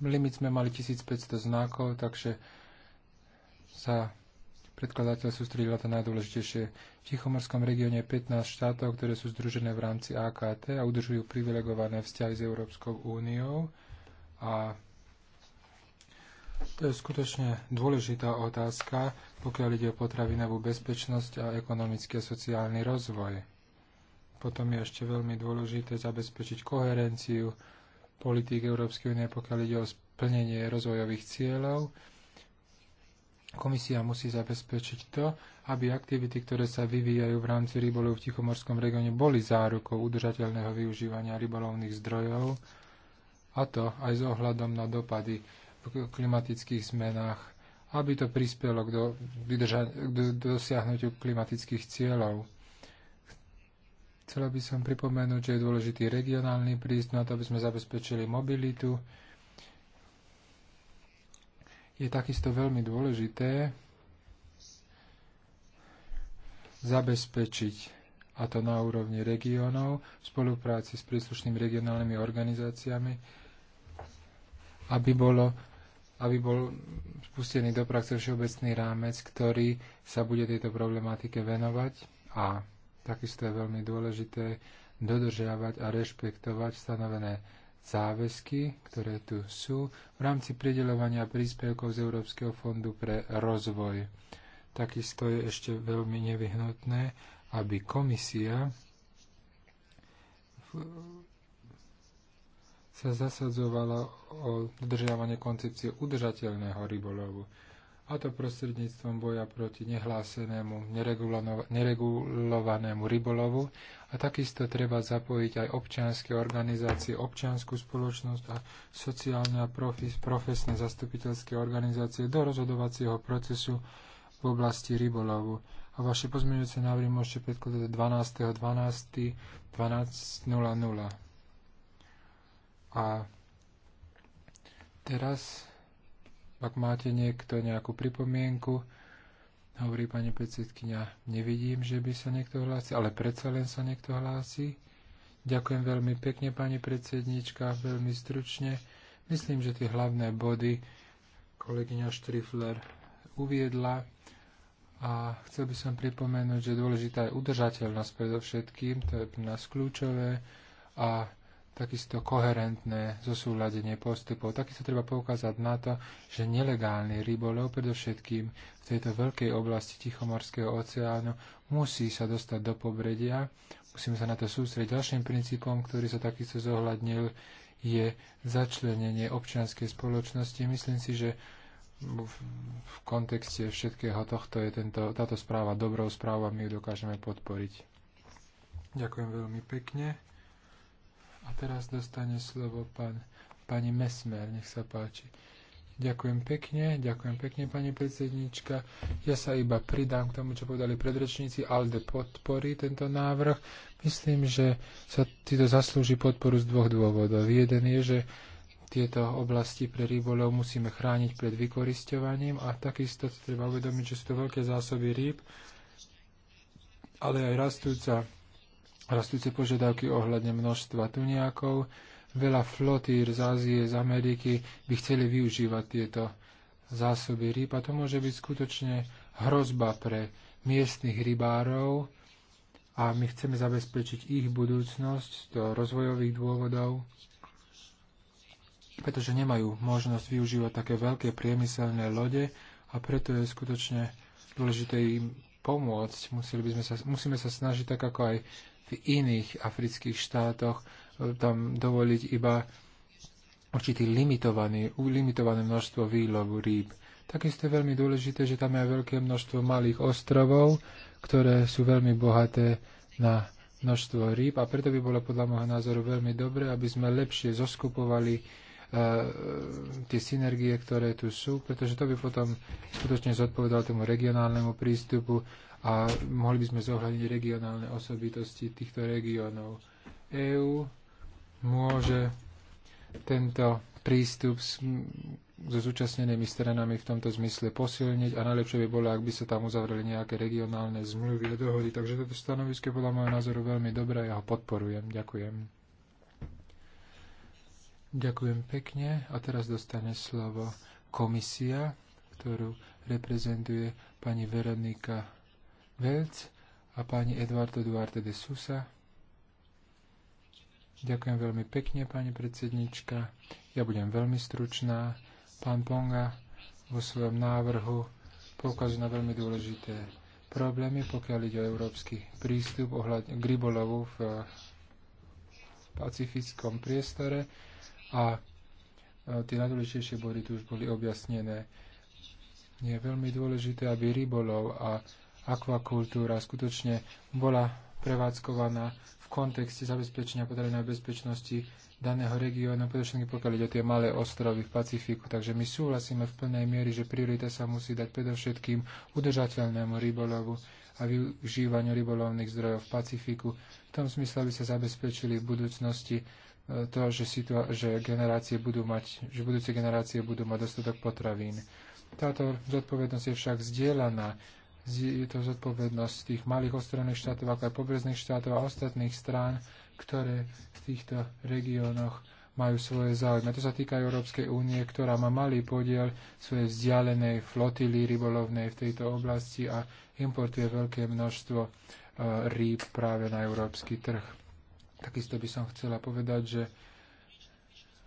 Limit sme mali 1500 znakov, takže sa predkladateľ sústredila to najdôležitejšie. V Tichomorskom regióne je 15 štátov, ktoré sú združené v rámci AKT a udržujú privilegované vzťahy s Európskou úniou. A to je skutočne dôležitá otázka, pokiaľ ide o potravinovú bezpečnosť a ekonomický a sociálny rozvoj. Potom je ešte veľmi dôležité zabezpečiť koherenciu politík Európskej únie, pokiaľ ide o splnenie rozvojových cieľov Komisia musí zabezpečiť to, aby aktivity, ktoré sa vyvíjajú v rámci rybolov v Tichomorskom regióne, boli zárukou udržateľného využívania rybolovných zdrojov, a to aj s ohľadom na dopady v klimatických zmenách, aby to prispelo k, do, k dosiahnutiu klimatických cieľov. Chcela by som pripomenúť, že je dôležitý regionálny prístup na to, aby sme zabezpečili mobilitu, je takisto veľmi dôležité zabezpečiť, a to na úrovni regiónov, v spolupráci s príslušnými regionálnymi organizáciami, aby, bolo, aby bol spustený do praxe všeobecný rámec, ktorý sa bude tejto problematike venovať a takisto je veľmi dôležité dodržiavať a rešpektovať stanovené záväzky, ktoré tu sú v rámci prideľovania príspevkov z Európskeho fondu pre rozvoj. Takisto je ešte veľmi nevyhnutné, aby komisia sa zasadzovala o dodržiavanie koncepcie udržateľného rybolovu a to prostredníctvom boja proti nehlásenému, neregulovanému rybolovu a takisto treba zapojiť aj občianske organizácie, občianskú spoločnosť a sociálne a profis, profesné zastupiteľské organizácie do rozhodovacieho procesu v oblasti rybolovu. A vaše pozmeňujúce návrhy môžete predkladať 12.12.12.00. 12. A teraz ak máte niekto nejakú pripomienku, hovorí pani predsedkynia, nevidím, že by sa niekto hlási, ale predsa len sa niekto hlási. Ďakujem veľmi pekne, pani predsednička, veľmi stručne. Myslím, že tie hlavné body kolegyňa Štrifler uviedla a chcel by som pripomenúť, že dôležitá je udržateľnosť predovšetkým, to je pre nás kľúčové a takisto koherentné zosúladenie postupov. Takisto treba poukázať na to, že nelegálny rybolov, predovšetkým v tejto veľkej oblasti Tichomorského oceánu, musí sa dostať do pobredia. Musíme sa na to sústrediť. Ďalším princípom, ktorý sa takisto zohľadnil, je začlenenie občianskej spoločnosti. Myslím si, že v, v kontexte všetkého tohto je tento, táto správa dobrou správou a my ju dokážeme podporiť. Ďakujem veľmi pekne. A teraz dostane slovo pán, pani Mesmer, nech sa páči. Ďakujem pekne, ďakujem pekne, pani predsednička. Ja sa iba pridám k tomu, čo povedali predrečníci. ALDE podporí tento návrh. Myslím, že sa týto zaslúži podporu z dvoch dôvodov. Jeden je, že tieto oblasti pre rybolov musíme chrániť pred vykoristovaním a takisto treba uvedomiť, že sú to veľké zásoby rýb, ale aj rastúca rastúce požiadavky ohľadne množstva tuniakov. Veľa flotír z Ázie, z Ameriky by chceli využívať tieto zásoby rýb a to môže byť skutočne hrozba pre miestnych rybárov a my chceme zabezpečiť ich budúcnosť do rozvojových dôvodov, pretože nemajú možnosť využívať také veľké priemyselné lode a preto je skutočne dôležité im pomôcť. Museli by sme sa, musíme sa snažiť tak ako aj v iných afrických štátoch e, tam dovoliť iba určitý limitovaný, limitované množstvo výlovu rýb. Takisto je veľmi dôležité, že tam je veľké množstvo malých ostrovov, ktoré sú veľmi bohaté na množstvo rýb a preto by bolo podľa môjho názoru veľmi dobre, aby sme lepšie zoskupovali e, tie synergie, ktoré tu sú, pretože to by potom skutočne zodpovedal tomu regionálnemu prístupu a mohli by sme zohľadniť regionálne osobitosti týchto regiónov. EÚ môže tento prístup s, so zúčastnenými stranami v tomto zmysle posilniť a najlepšie by bolo, ak by sa tam uzavreli nejaké regionálne zmluvy a dohody. Takže toto stanovisko je podľa môjho názoru veľmi dobré a ja ho podporujem. Ďakujem. Ďakujem pekne a teraz dostane slovo komisia, ktorú reprezentuje pani Veronika Velc a pani Eduardo Duarte de Susa. Ďakujem veľmi pekne, pani predsednička. Ja budem veľmi stručná. Pán Ponga vo svojom návrhu poukazuje na veľmi dôležité problémy, pokiaľ ide o európsky prístup ohľadne k rybolovu v pacifickom priestore a e, tie najdôležitejšie body tu už boli objasnené. Je veľmi dôležité, aby rybolov a akvakultúra skutočne bola prevádzkovaná v kontexte zabezpečenia potravinovej bezpečnosti daného regiónu, predovšetkým pokiaľ ide o tie malé ostrovy v Pacifiku. Takže my súhlasíme v plnej miery, že priorita sa musí dať predovšetkým udržateľnému rybolovu a využívaniu rybolovných zdrojov v Pacifiku. V tom smysle by sa zabezpečili v budúcnosti eh, to, že, situa- že, generácie budú mať, že budúce generácie budú mať dostatok potravín. Táto zodpovednosť je však zdieľaná je to zodpovednosť tých malých ostrovných štátov, ako aj pobrezných štátov a ostatných strán, ktoré v týchto regiónoch majú svoje záujmy. To sa týka Európskej únie, ktorá má malý podiel svojej vzdialenej flotily rybolovnej v tejto oblasti a importuje veľké množstvo e, rýb práve na európsky trh. Takisto by som chcela povedať, že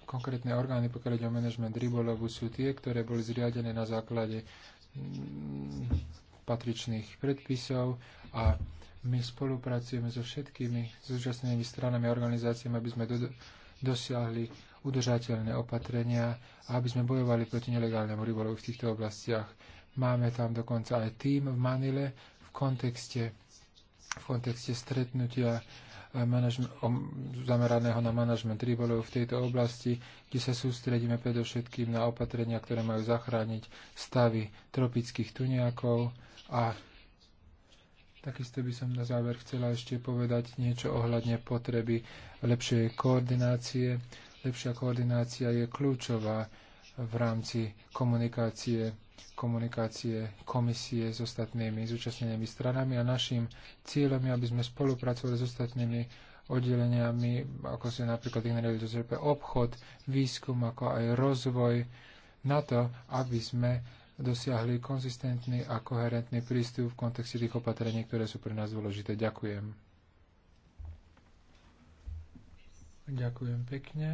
konkrétne orgány, pokiaľ ide o manažment rybolovu, sú tie, ktoré boli zriadené na základe mm, patričných predpisov a my spolupracujeme so všetkými zúčastnenými stranami a organizáciami, aby sme do, dosiahli udržateľné opatrenia a aby sme bojovali proti nelegálnemu rybolovu v týchto oblastiach. Máme tam dokonca aj tým v Manile v kontexte, v kontekste stretnutia eh, zameraného na manažment rybolov v tejto oblasti, kde sa sústredíme predovšetkým na opatrenia, ktoré majú zachrániť stavy tropických tuniakov a takisto by som na záver chcela ešte povedať niečo ohľadne potreby lepšej koordinácie. Lepšia koordinácia je kľúčová v rámci komunikácie komunikácie komisie s ostatnými zúčastnenými stranami a našim cieľom je, aby sme spolupracovali s ostatnými oddeleniami, ako si napríklad do obchod, výskum, ako aj rozvoj, na to, aby sme dosiahli konzistentný a koherentný prístup v kontexte tých opatrení, ktoré sú pre nás dôležité. Ďakujem. Ďakujem pekne.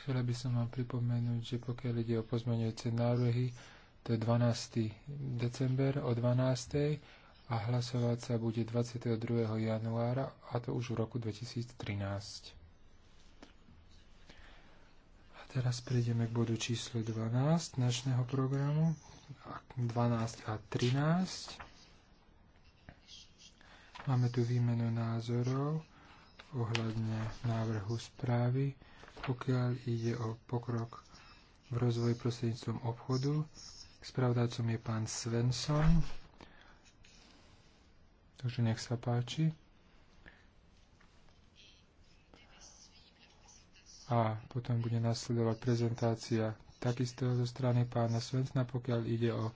Chcela by som vám pripomenúť, že pokiaľ ide o pozmeňujúce návrhy, to je 12. december o 12. a hlasovať sa bude 22. januára, a to už v roku 2013. Teraz prejdeme k bodu číslo 12 dnešného programu, 12 a 13. Máme tu výmenu názorov ohľadne návrhu správy, pokiaľ ide o pokrok v rozvoji prostredníctvom obchodu. Spravdajcom je pán Svensson. Takže nech sa páči. a potom bude nasledovať prezentácia takisto zo strany pána Svetna, pokiaľ ide o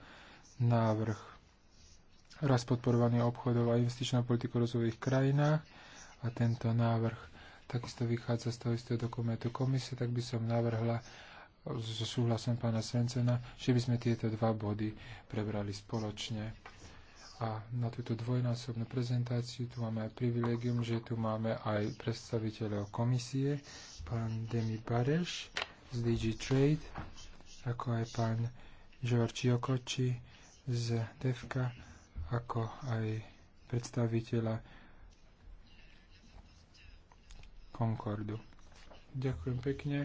návrh raz podporovaný obchodov a investičnou politiku rozvojových krajinách a tento návrh takisto vychádza z toho istého dokumentu komisie, tak by som navrhla so súhlasom pána Svencena, že by sme tieto dva body prebrali spoločne. A na túto dvojnásobnú prezentáciu tu máme aj privilegium, že tu máme aj predstaviteľov komisie, pán Demi Bareš z DG Trade, ako aj pán George Jokoči z DEFKA, ako aj predstaviteľa Concordu. Ďakujem pekne.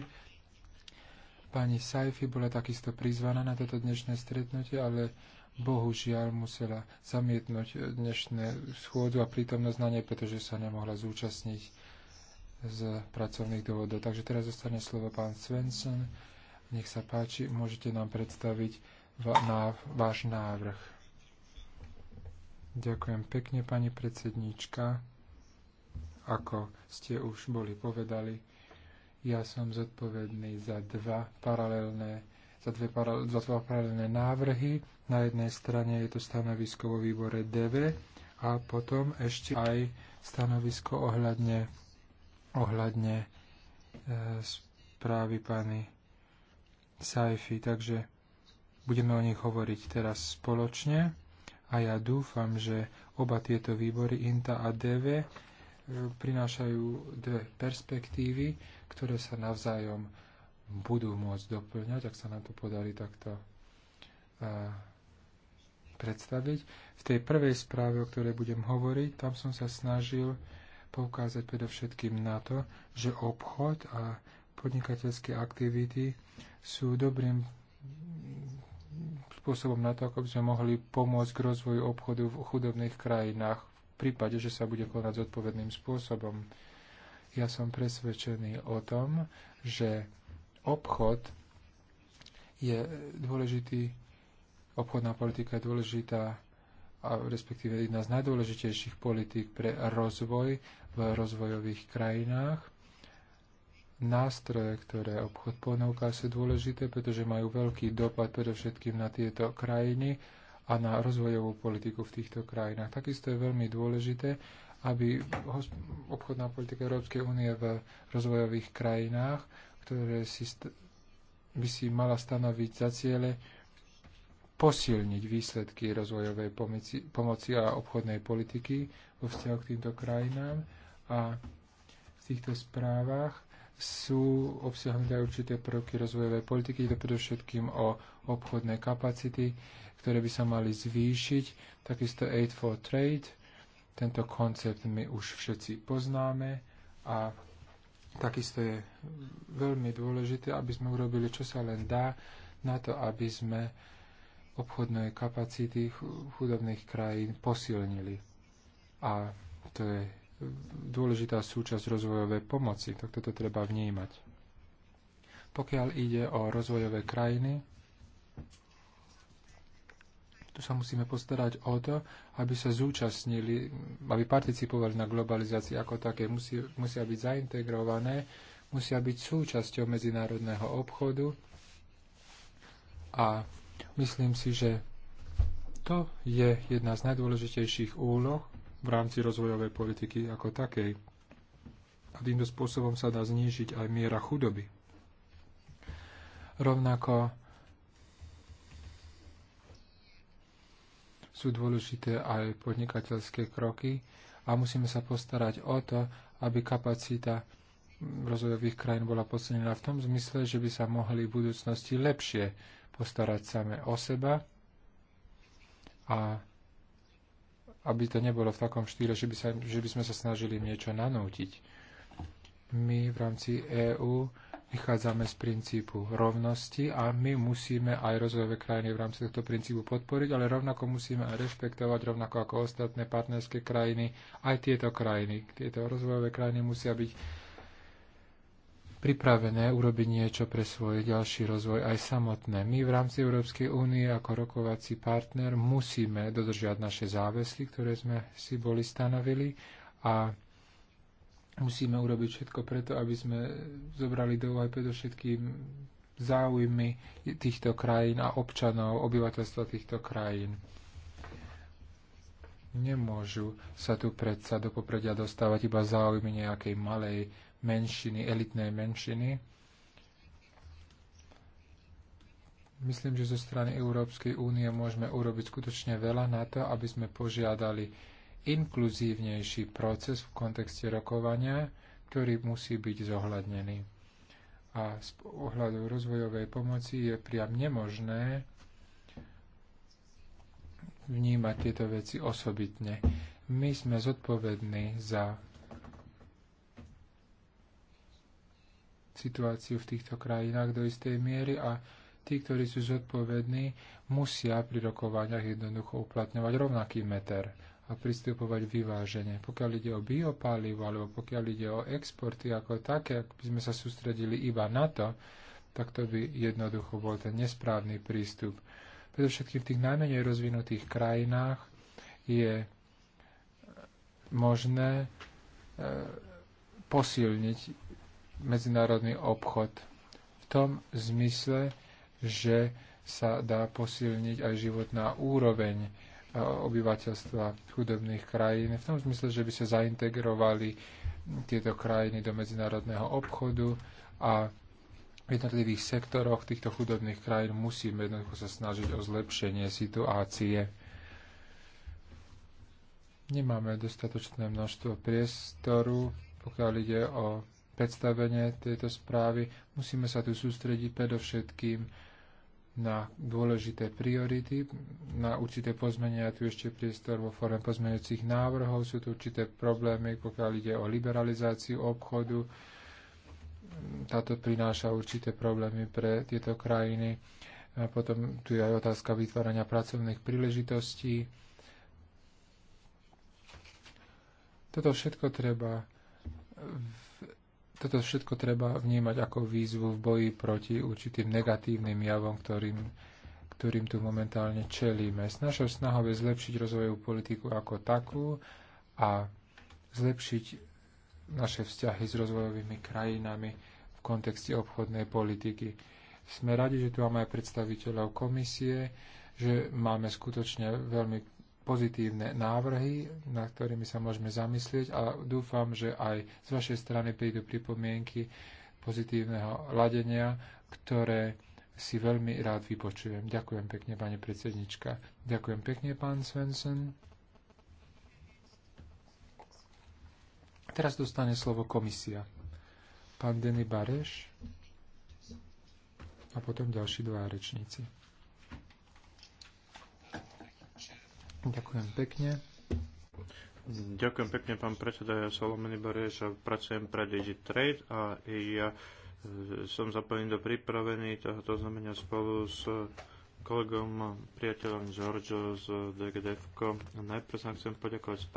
Pani Saifi bola takisto prizvaná na toto dnešné stretnutie, ale bohužiaľ musela zamietnúť dnešné schôdzu a prítomnosť na nej, pretože sa nemohla zúčastniť z pracovných dôvodov. Takže teraz zostane slovo pán Svensson. Nech sa páči, môžete nám predstaviť váš návrh. Ďakujem pekne, pani predsedníčka. Ako ste už boli povedali, ja som zodpovedný za dva paralelné za, dve, za dva paralelné návrhy. Na jednej strane je to stanovisko vo výbore DV a potom ešte aj stanovisko ohľadne, ohľadne e, správy pani Saifi. Takže budeme o nich hovoriť teraz spoločne a ja dúfam, že oba tieto výbory INTA a DV e, prinášajú dve perspektívy, ktoré sa navzájom budú môcť doplňať, ak sa nám to podarí takto e, predstaviť. V tej prvej správe, o ktorej budem hovoriť, tam som sa snažil poukázať predovšetkým na to, že obchod a podnikateľské aktivity sú dobrým spôsobom na to, ako by sme mohli pomôcť k rozvoju obchodu v chudobných krajinách v prípade, že sa bude konať zodpovedným spôsobom. Ja som presvedčený o tom, že obchod je dôležitý, obchodná politika je dôležitá a respektíve jedna z najdôležitejších politík pre rozvoj v rozvojových krajinách. Nástroje, ktoré obchod ponúka, sú dôležité, pretože majú veľký dopad predovšetkým na tieto krajiny a na rozvojovú politiku v týchto krajinách. Takisto je veľmi dôležité, aby obchodná politika Európskej únie v rozvojových krajinách ktoré si by si mala stanoviť za ciele posilniť výsledky rozvojovej pomoci, pomoci a obchodnej politiky vo vzťahu k týmto krajinám a v týchto správach sú obsiahnuté určité prvky rozvojovej politiky, ide predovšetkým o obchodné kapacity, ktoré by sa mali zvýšiť, takisto Aid for Trade, tento koncept my už všetci poznáme a Takisto je veľmi dôležité, aby sme urobili, čo sa len dá, na to, aby sme obchodné kapacity chudobných krajín posilnili. A to je dôležitá súčasť rozvojovej pomoci, tak toto treba vnímať. Pokiaľ ide o rozvojové krajiny, tu sa musíme postarať o to, aby sa zúčastnili, aby participovali na globalizácii ako také. Musí, musia byť zaintegrované, musia byť súčasťou medzinárodného obchodu a myslím si, že to je jedna z najdôležitejších úloh v rámci rozvojovej politiky ako takej. A týmto spôsobom sa dá znížiť aj miera chudoby. Rovnako sú dôležité aj podnikateľské kroky a musíme sa postarať o to, aby kapacita rozvojových krajín bola podcenená v tom zmysle, že by sa mohli v budúcnosti lepšie postarať same o seba a aby to nebolo v takom štýle, že by, sa, že by sme sa snažili niečo nanútiť. My v rámci EÚ vychádzame z princípu rovnosti a my musíme aj rozvojové krajiny v rámci tohto princípu podporiť, ale rovnako musíme aj rešpektovať, rovnako ako ostatné partnerské krajiny, aj tieto krajiny. Tieto rozvojové krajiny musia byť pripravené urobiť niečo pre svoj ďalší rozvoj aj samotné. My v rámci Európskej únie ako rokovací partner musíme dodržiať naše záväzky, ktoré sme si boli stanovili a Musíme urobiť všetko preto, aby sme zobrali do úvahy predovšetkým záujmy týchto krajín a občanov, obyvateľstva týchto krajín. Nemôžu sa tu predsa do popredia dostávať iba záujmy nejakej malej menšiny, elitnej menšiny. Myslím, že zo strany Európskej únie môžeme urobiť skutočne veľa na to, aby sme požiadali inkluzívnejší proces v kontexte rokovania, ktorý musí byť zohľadnený. A z ohľadu rozvojovej pomoci je priam nemožné vnímať tieto veci osobitne. My sme zodpovední za situáciu v týchto krajinách do istej miery a tí, ktorí sú zodpovední, musia pri rokovaniach jednoducho uplatňovať rovnaký meter a pristupovať vyvážene. Pokiaľ ide o biopálivo, alebo pokiaľ ide o exporty ako také, ak by sme sa sústredili iba na to, tak to by jednoducho bol ten nesprávny prístup. Predovšetkým v tých najmenej rozvinutých krajinách je možné e, posilniť medzinárodný obchod v tom zmysle, že sa dá posilniť aj životná úroveň obyvateľstva chudobných krajín, v tom zmysle, že by sa zaintegrovali tieto krajiny do medzinárodného obchodu a v jednotlivých sektoroch týchto chudobných krajín musíme jednoducho sa snažiť o zlepšenie situácie. Nemáme dostatočné množstvo priestoru, pokiaľ ide o predstavenie tejto správy. Musíme sa tu sústrediť predovšetkým na dôležité priority, na určité pozmenia, tu ešte priestor vo forme pozmenujúcich návrhov, sú tu určité problémy, pokiaľ ide o liberalizáciu obchodu, táto prináša určité problémy pre tieto krajiny. A potom tu je aj otázka vytvárania pracovných príležitostí. Toto všetko treba toto všetko treba vnímať ako výzvu v boji proti určitým negatívnym javom, ktorým, ktorým tu momentálne čelíme. S našou snahou je zlepšiť rozvojovú politiku ako takú a zlepšiť naše vzťahy s rozvojovými krajinami v kontexte obchodnej politiky. Sme radi, že tu máme aj predstaviteľov komisie, že máme skutočne veľmi pozitívne návrhy, na ktorými sa môžeme zamyslieť a dúfam, že aj z vašej strany prídu pripomienky pozitívneho ladenia, ktoré si veľmi rád vypočujem. Ďakujem pekne, pani predsednička. Ďakujem pekne, pán Svensson. Teraz dostane slovo komisia. Pán Denny Bareš a potom ďalší dva rečníci. Ďakujem pekne. Ďakujem pekne, pán predseda. Ja som Lomen Bareš a pracujem pre DigiTrade a ja e, som zapojený do pripravení tohoto znamenia spolu s kolegom, priateľom George z DGDF. -ko. Najprv sa chcem poďakovať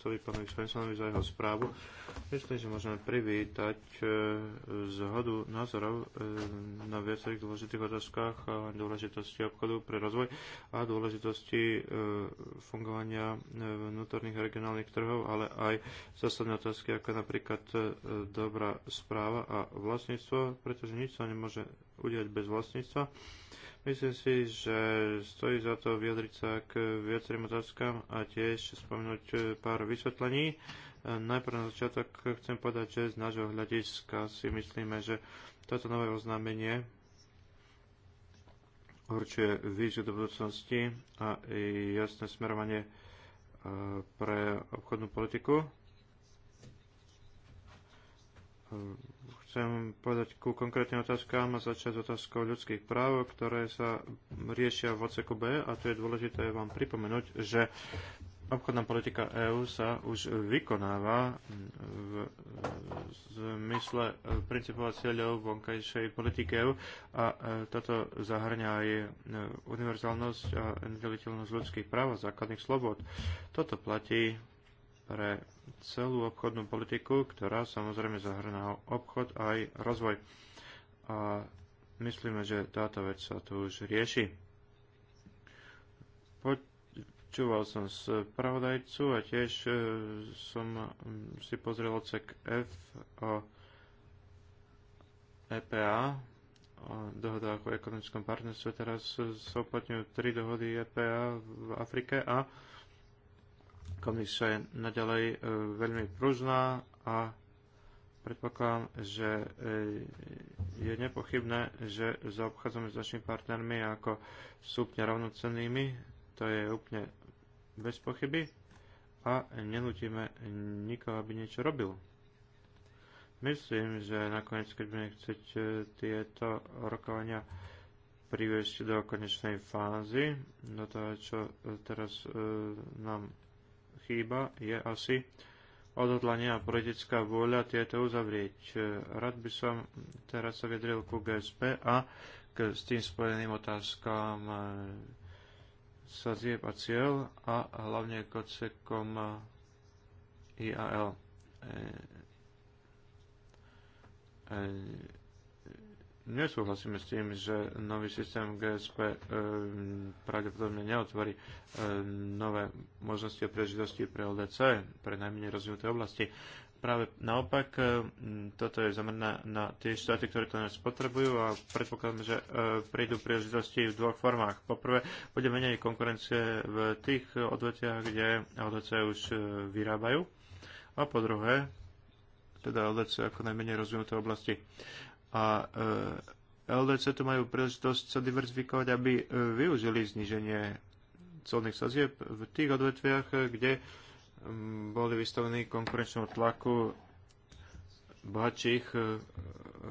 celý pánovi Svensonovi za jeho správu. Myslím, že môžeme privítať e, zhodu názorov e, na viacerých dôležitých otázkach a dôležitosti obchodu pre rozvoj a dôležitosti e, fungovania vnútorných regionálnych trhov, ale aj zásadné otázky ako napríklad dobrá správa a vlastníctvo, pretože nič sa nemôže udiať bez vlastníctva. Myslím si, že stojí za to vyjadriť sa k viacerým otázkam a tiež spomenúť eh, pár vysvetlení. Eh, najprv na začiatok chcem povedať, že z nášho hľadiska si myslíme, že toto nové oznámenie určuje víziu do budúcnosti a jasné smerovanie eh, pre obchodnú politiku chcem povedať ku konkrétnym otázkám a začať s otázkou ľudských práv, ktoré sa riešia v odseku a tu je dôležité vám pripomenúť, že obchodná politika EÚ sa už vykonáva v zmysle princípov a cieľov vonkajšej politiky EÚ a e, toto zahrňa aj e, univerzálnosť a nedeliteľnosť ľudských práv a základných slobod. Toto platí pre celú obchodnú politiku, ktorá samozrejme zahrná obchod aj rozvoj. A myslíme, že táto vec sa tu už rieši. Počúval som spravodajcu a tiež e, som si pozrel ocek F o EPA, o dohodách o ekonomickom partnerstve. Teraz sa uplatňujú tri dohody EPA v Afrike a Komisia je naďalej e, veľmi pružná a predpokladám, že e, je nepochybné, že zaobchádzame s našimi partnermi ako sú úplne rovnocennými. To je úplne bez pochyby a nenutíme nikoho, aby niečo robil. Myslím, že nakoniec, keď budeme chcieť e, tieto rokovania priviesť do konečnej fázy, do toho, čo teraz e, nám chýba, je asi odhodlanie a politická vôľa tieto uzavrieť. Rád by som teraz sa vyjadril ku GSP a k s tým spojeným otázkam e, sadzieb a cieľ a hlavne k odsekom IAL. E, e, Nesúhlasíme s tým, že nový systém GSP e, pravdepodobne neotvorí e, nové možnosti a príležitosti pre LDC, pre najmenej rozvinuté oblasti. Práve naopak, e, toto je zamerané na tie štáty, ktoré to nás potrebujú a predpokladáme, že prídu príležitosti v dvoch formách. Poprvé, bude menej konkurencie v tých odvetiach, kde LDC už vyrábajú. A po druhé, teda LDC ako najmenej rozvinuté oblasti. A e, LDC tu majú príležitosť sa diverzifikovať, aby e, využili zniženie colných sazieb v tých odvetviach, kde boli vystavení konkurenčnému tlaku bohatších e,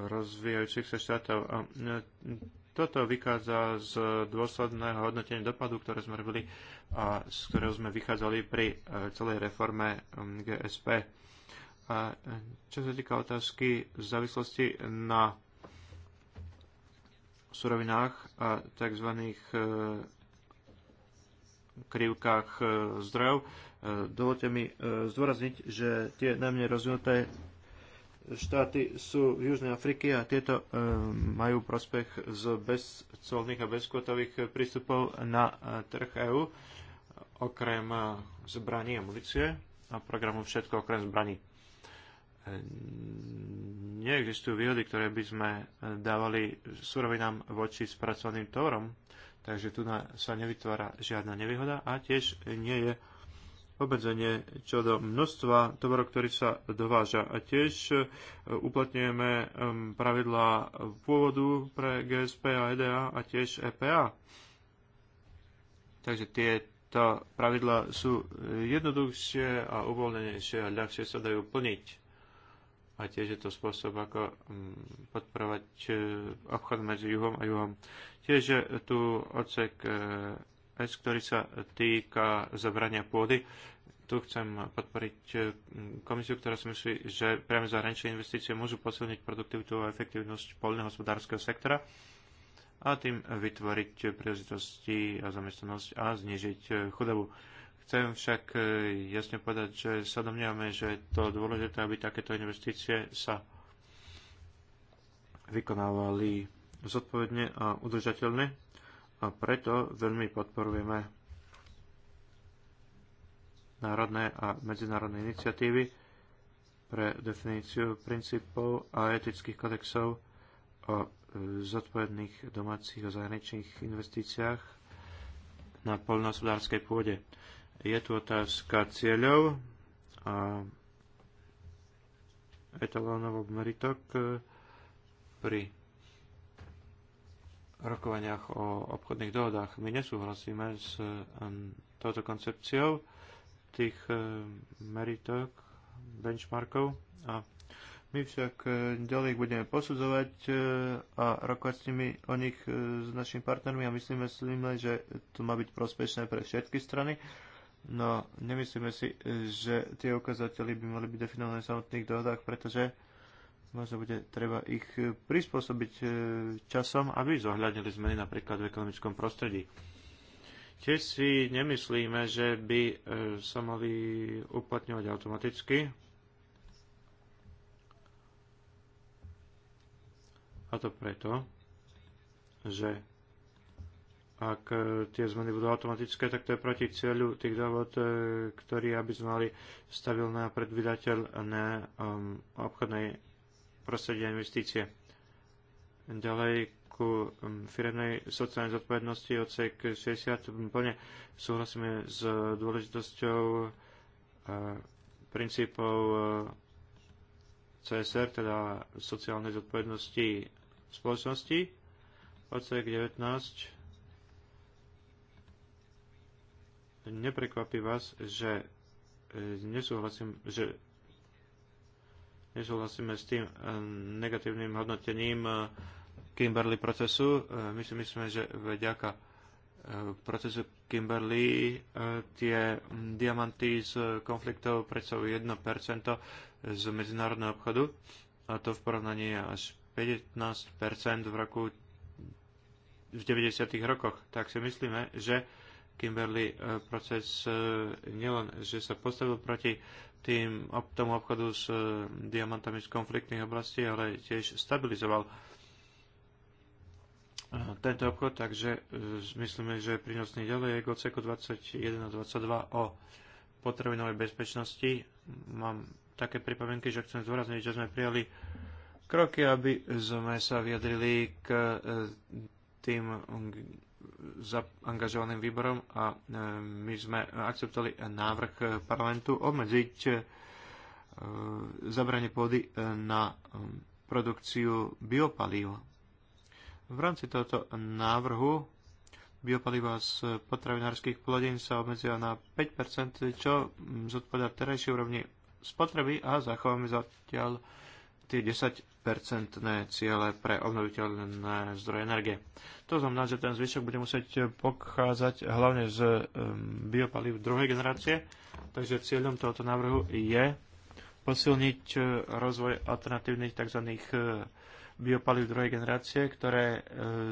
rozvíjajúcich sa štátov. A toto vychádza z dôsledného hodnotenia dopadu, ktoré sme robili a z ktorého sme vychádzali pri celej reforme GSP a čo sa týka otázky v závislosti na surovinách a tzv. E, krivkách e, zdrojov, e, dovolte mi zdôrazniť, že tie najmenej rozvinuté štáty sú v Južnej Afriky a tieto majú prospech z bezcolných a bezkvotových prístupov na trh EÚ, okrem zbraní a munície a programu všetko okrem zbraní neexistujú výhody, ktoré by sme dávali surovinám voči spracovaným tovarom, takže tu sa nevytvára žiadna nevýhoda a tiež nie je obmedzenie čo do množstva tovorov, ktorý sa dováža. A tiež e, uplatňujeme e, pravidlá pôvodu pre GSP a EDA a tiež EPA. Takže tieto pravidlá sú jednoduchšie a uvoľnenejšie a ľahšie sa dajú plniť a tiež je to spôsob, ako mm, podporovať e, obchod medzi juhom a juhom. Tiež je tu odsek e, S, ktorý sa týka zabrania pôdy. Tu chcem podporiť e, komisiu, ktorá si myslí, že priame zahraničné investície môžu posilniť produktivitu a efektívnosť poľnohospodárskeho sektora a tým vytvoriť príležitosti a zamestnanosť a znižiť chudobu. Chcem však e, jasne povedať, že sa domnievame, že je to dôležité, aby takéto investície sa vykonávali zodpovedne a udržateľne a preto veľmi podporujeme národné a medzinárodné iniciatívy pre definíciu princípov a etických kodexov o e, zodpovedných domácich a zahraničných investíciách na poľnohospodárskej pôde. Je tu otázka cieľov a etalónov obmeritok e, pri rokovaniach o obchodných dohodách. My nesúhlasíme s e, touto koncepciou tých e, meritok, benchmarkov a my však ďalej ich budeme posudzovať a rokovať s nimi o nich s našimi partnermi a myslíme, myslíme, že to má byť prospešné pre všetky strany No, nemyslíme si, že tie ukazovatele by mali byť definované v samotných dohodách, pretože možno bude treba ich prispôsobiť e, časom, aby zohľadnili zmeny napríklad v ekonomickom prostredí. Tiež si nemyslíme, že by e, sa mali uplatňovať automaticky. A to preto, že ak e, tie zmeny budú automatické, tak to je proti cieľu tých dohod, e, ktorí aby sme mali stabilné a predvydateľné um, obchodné prostredie investície. Ďalej ku um, firemnej sociálnej zodpovednosti odsek 60 plne súhlasíme s dôležitosťou e, princípov CSR, teda sociálnej zodpovednosti spoločnosti. Odsek 19 neprekvapí vás, že e, nesúhlasím, že nesúhlasíme s tým e, negatívnym hodnotením e, Kimberley procesu. My si myslíme, že vďaka procesu Kimberley tie diamanty z konfliktov predstavujú 1% z medzinárodného obchodu a to v porovnaní až 15% v roku v 90. rokoch, tak si myslíme, že Kimberly e, proces e, nielen, že sa postavil proti tým, tomu obchodu s e, diamantami z konfliktných oblastí, ale tiež stabilizoval tento obchod, takže myslíme, že je prínosný ďalej k odseku 21 a 22 o potravinovej bezpečnosti. Mám také pripomienky, že chcem zdôrazniť, že sme prijali kroky, aby sme sa vyjadrili k tým zaangažovaným výborom a e, my sme akceptovali návrh parlamentu obmedziť e, zabranie pôdy e, na produkciu biopalív. V rámci tohoto návrhu biopaliva z potravinárskych plodín sa obmedzia na 5%, čo zodpovedá terajšej úrovni spotreby a zachováme zatiaľ tie 10 percentné ciele pre obnoviteľné zdroje energie. To znamená, že ten zvyšok bude musieť pochádzať hlavne z biopalív druhej generácie, takže cieľom tohoto návrhu je posilniť eh, rozvoj alternatívnych tzv. Eh, biopalív druhej generácie, ktoré e,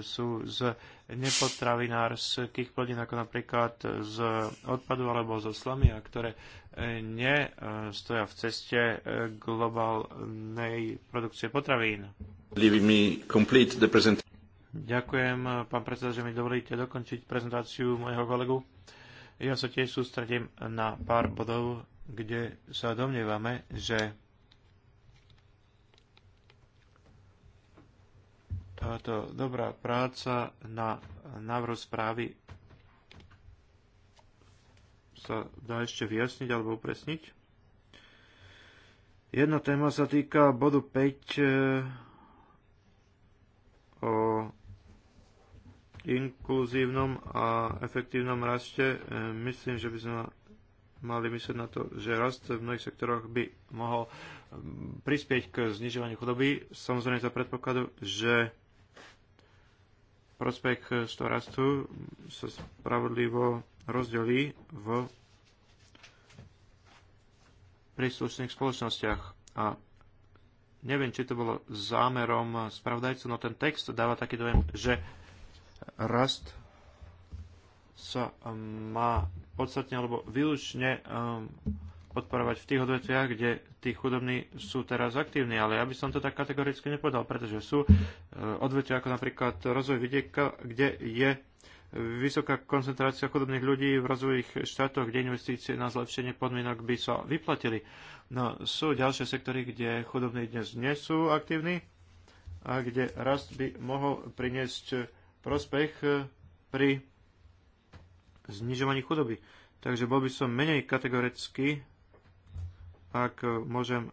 sú z nepotravinárskych plodín, ako napríklad z odpadu alebo zo slamy, a ktoré e, nestoja e, v ceste globálnej produkcie potravín. Ďakujem, pán predseda, že mi dovolíte dokončiť prezentáciu môjho kolegu. Ja sa tiež sústredím na pár bodov, kde sa domnievame, že táto dobrá práca na návrh správy sa dá ešte vyjasniť alebo upresniť. Jedna téma sa týka bodu 5 e, o inkluzívnom a efektívnom raste. E, myslím, že by sme mali myslieť na to, že rast v mnohých sektoroch by mohol prispieť k znižovaniu chudoby. Samozrejme za predpokladu, že prospech storastu e, rastu sa spravodlivo rozdelí v príslušných spoločnostiach. A neviem, či to bolo zámerom spravodajcu, no ten text dáva taký dojem, že rast sa e, má podstatne alebo výlučne um, podporovať v tých odvetviach, kde tí chudobní sú teraz aktívni, ale ja by som to tak kategoricky nepovedal, pretože sú e, odvetvia ako napríklad rozvoj vidieka, kde je vysoká koncentrácia chudobných ľudí v rozvojových štátoch, kde investície na zlepšenie podmienok by sa vyplatili. No sú ďalšie sektory, kde chudobní dnes nie sú aktívni a kde rast by mohol priniesť prospech e, pri znižovaní chudoby. Takže bol by som menej kategorický ak e, môžem e,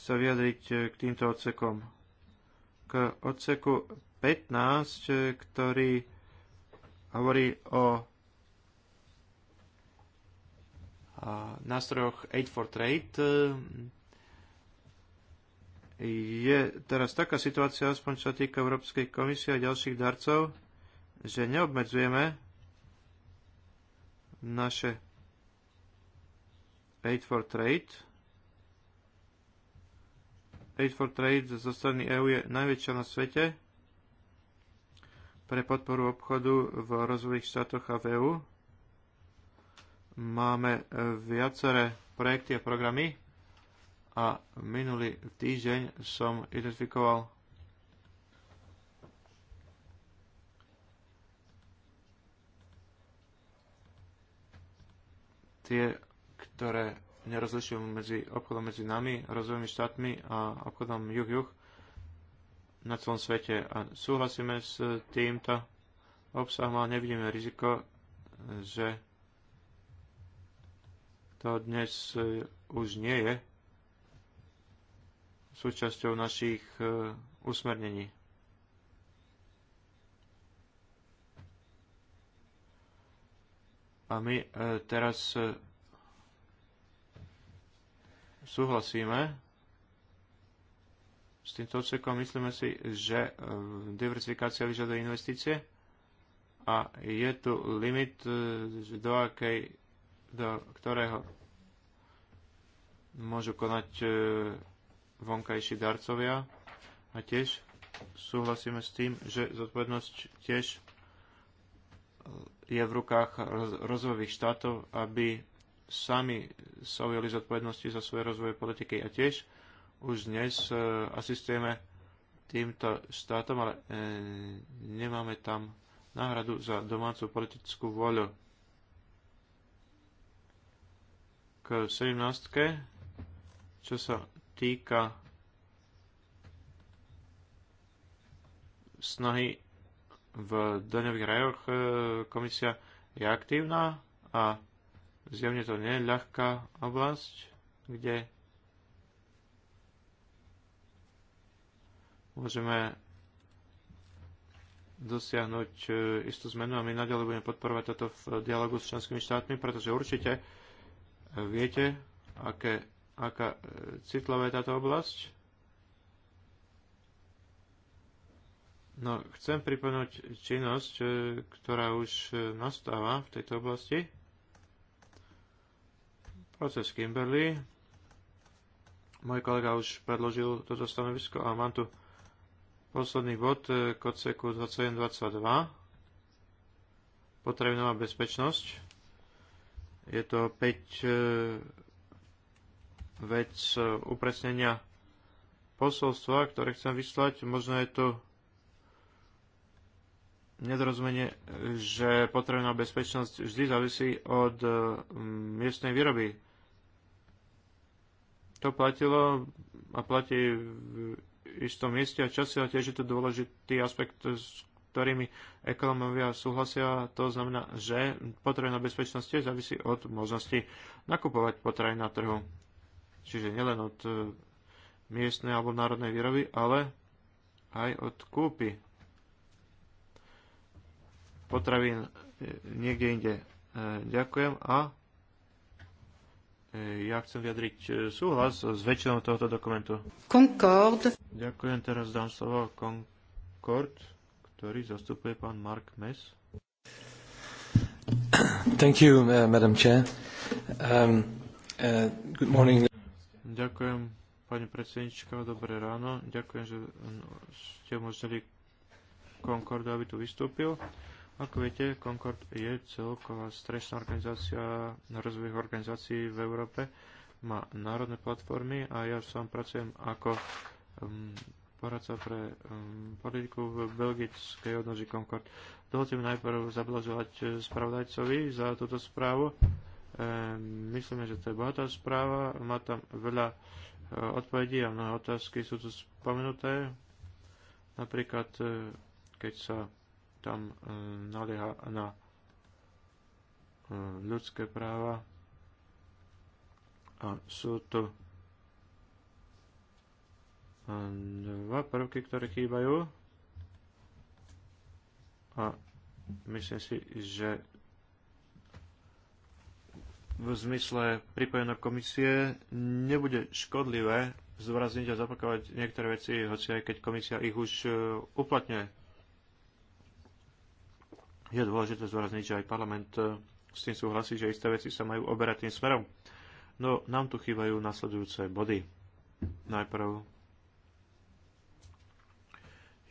sa vyjadriť e, k týmto odsekom. K odseku 15, ktorý hovorí o nástrojoch Aid for Trade, je teraz taká situácia, aspoň čo sa týka Európskej komisie a ďalších darcov, že neobmedzujeme naše Aid for Trade. Aid for Trade zo strany EU je najväčšia na svete pre podporu obchodu v rozvojových štátoch a v EU. Máme viaceré projekty a programy a minulý týždeň som identifikoval tie ktoré nerozlišujú medzi obchodom medzi nami, rozvojmi štátmi a obchodom juh-juh na celom svete. A súhlasíme s týmto obsahom, ale nevidíme riziko, že to dnes eh, už nie je súčasťou našich eh, usmernení. A my eh, teraz súhlasíme s týmto odsekom. Myslíme si, že e, diversifikácia vyžaduje investície a je tu limit, e, do, akej, do ktorého môžu konať e, vonkajší darcovia a tiež súhlasíme s tým, že zodpovednosť tiež je v rukách rozvojových štátov, aby sami sa ujali zodpovednosti za svoje rozvoje politiky a tiež už dnes e, asistujeme týmto štátom, ale e, nemáme tam náhradu za domácu politickú voľu. K 17. čo sa týka snahy v daňových rajoch, e, komisia je aktívna a Zjavne to nie je ľahká oblasť, kde môžeme dosiahnuť e, istú zmenu a my naďalej budeme podporovať toto v dialogu s členskými štátmi, pretože určite e, viete, aké, aká e, citlivá je táto oblasť. No, chcem pripomenúť činnosť, ktorá už nastáva v tejto oblasti. Proces Kimberly. Môj kolega už predložil toto stanovisko a mám tu posledný bod k odseku 2722. Potravinová bezpečnosť. Je to 5 e, vec e, upresnenia posolstva, ktoré chcem vyslať. Možno je to nedorozumenie, že potrebná bezpečnosť vždy závisí od e, miestnej výroby. To platilo a platí v istom mieste a čase a tiež je to dôležitý aspekt, s ktorými ekonomovia súhlasia. To znamená, že potrebná bezpečnosť tiež závisí od možnosti nakupovať potraviny na trhu. Čiže nielen od e, miestnej alebo národnej výroby, ale aj od kúpy potravín e, niekde inde. E, ďakujem a e, ja chcem vyjadriť súhlas s väčšinou tohoto dokumentu. Concord. Ďakujem, teraz dám slovo Concord, ktorý zastupuje pán Mark Mess. Thank you, uh, Madam Chair. Um, uh, good morning. Ďakujem, pani predsednička, dobré ráno. Ďakujem, že ste umožnili Concordu, aby tu vystúpil. Uh, ako viete, Concord je celková strešná organizácia rozvojových organizácií v Európe. Má národné platformy a ja sám pracujem ako um, poradca pre um, politiku v belgickej odnoži Concord. Dovolte mi najprv zablažovať eh, spravodajcovi za túto správu. E, myslíme, že to je bohatá správa. Má tam veľa e, odpovedí a mnohé otázky sú tu spomenuté. Napríklad, e, keď sa tam e, nalieha na e, ľudské práva a sú tu e, dva prvky, ktoré chýbajú a myslím si, že v zmysle pripojená komisie nebude škodlivé zvrazniť a zapakovať niektoré veci, hoci aj keď komisia ich už uplatňuje je dôležité zvorazniť, že aj parlament e, s tým súhlasí, že isté veci sa majú oberať tým smerom. No nám tu chýbajú nasledujúce body. Najprv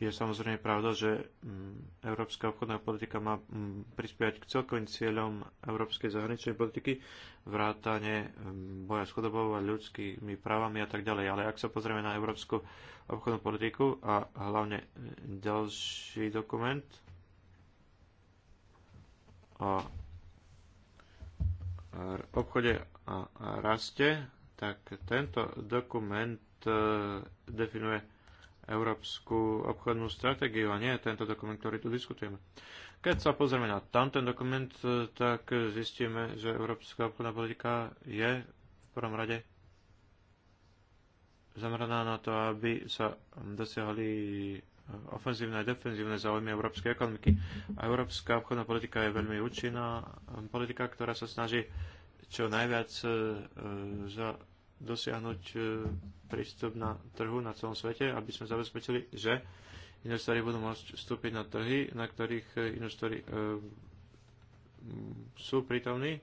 je samozrejme pravda, že mm, európska obchodná politika má mm, prispievať k celkovým cieľom európskej zahraničnej politiky, vrátane mm, boja s chudobou a ľudskými právami a tak ďalej. Ale ak sa pozrieme na európsku obchodnú politiku a hlavne e, ďalší dokument, o obchode a raste, tak tento dokument e, definuje európsku obchodnú stratégiu a nie tento dokument, ktorý tu diskutujeme. Keď sa pozrieme na tamten dokument, e, tak zistíme, že európska obchodná politika je v prvom rade zameraná na to, aby sa dosiahli ofenzívne a defenzívne záujmy európskej ekonomiky. A európska obchodná politika je veľmi účinná, politika, ktorá sa snaží čo najviac e, e, za dosiahnuť e, prístup na trhu na celom svete, aby sme zabezpečili, že investori budú môcť vstúpiť na trhy, na ktorých investori sú prítomní,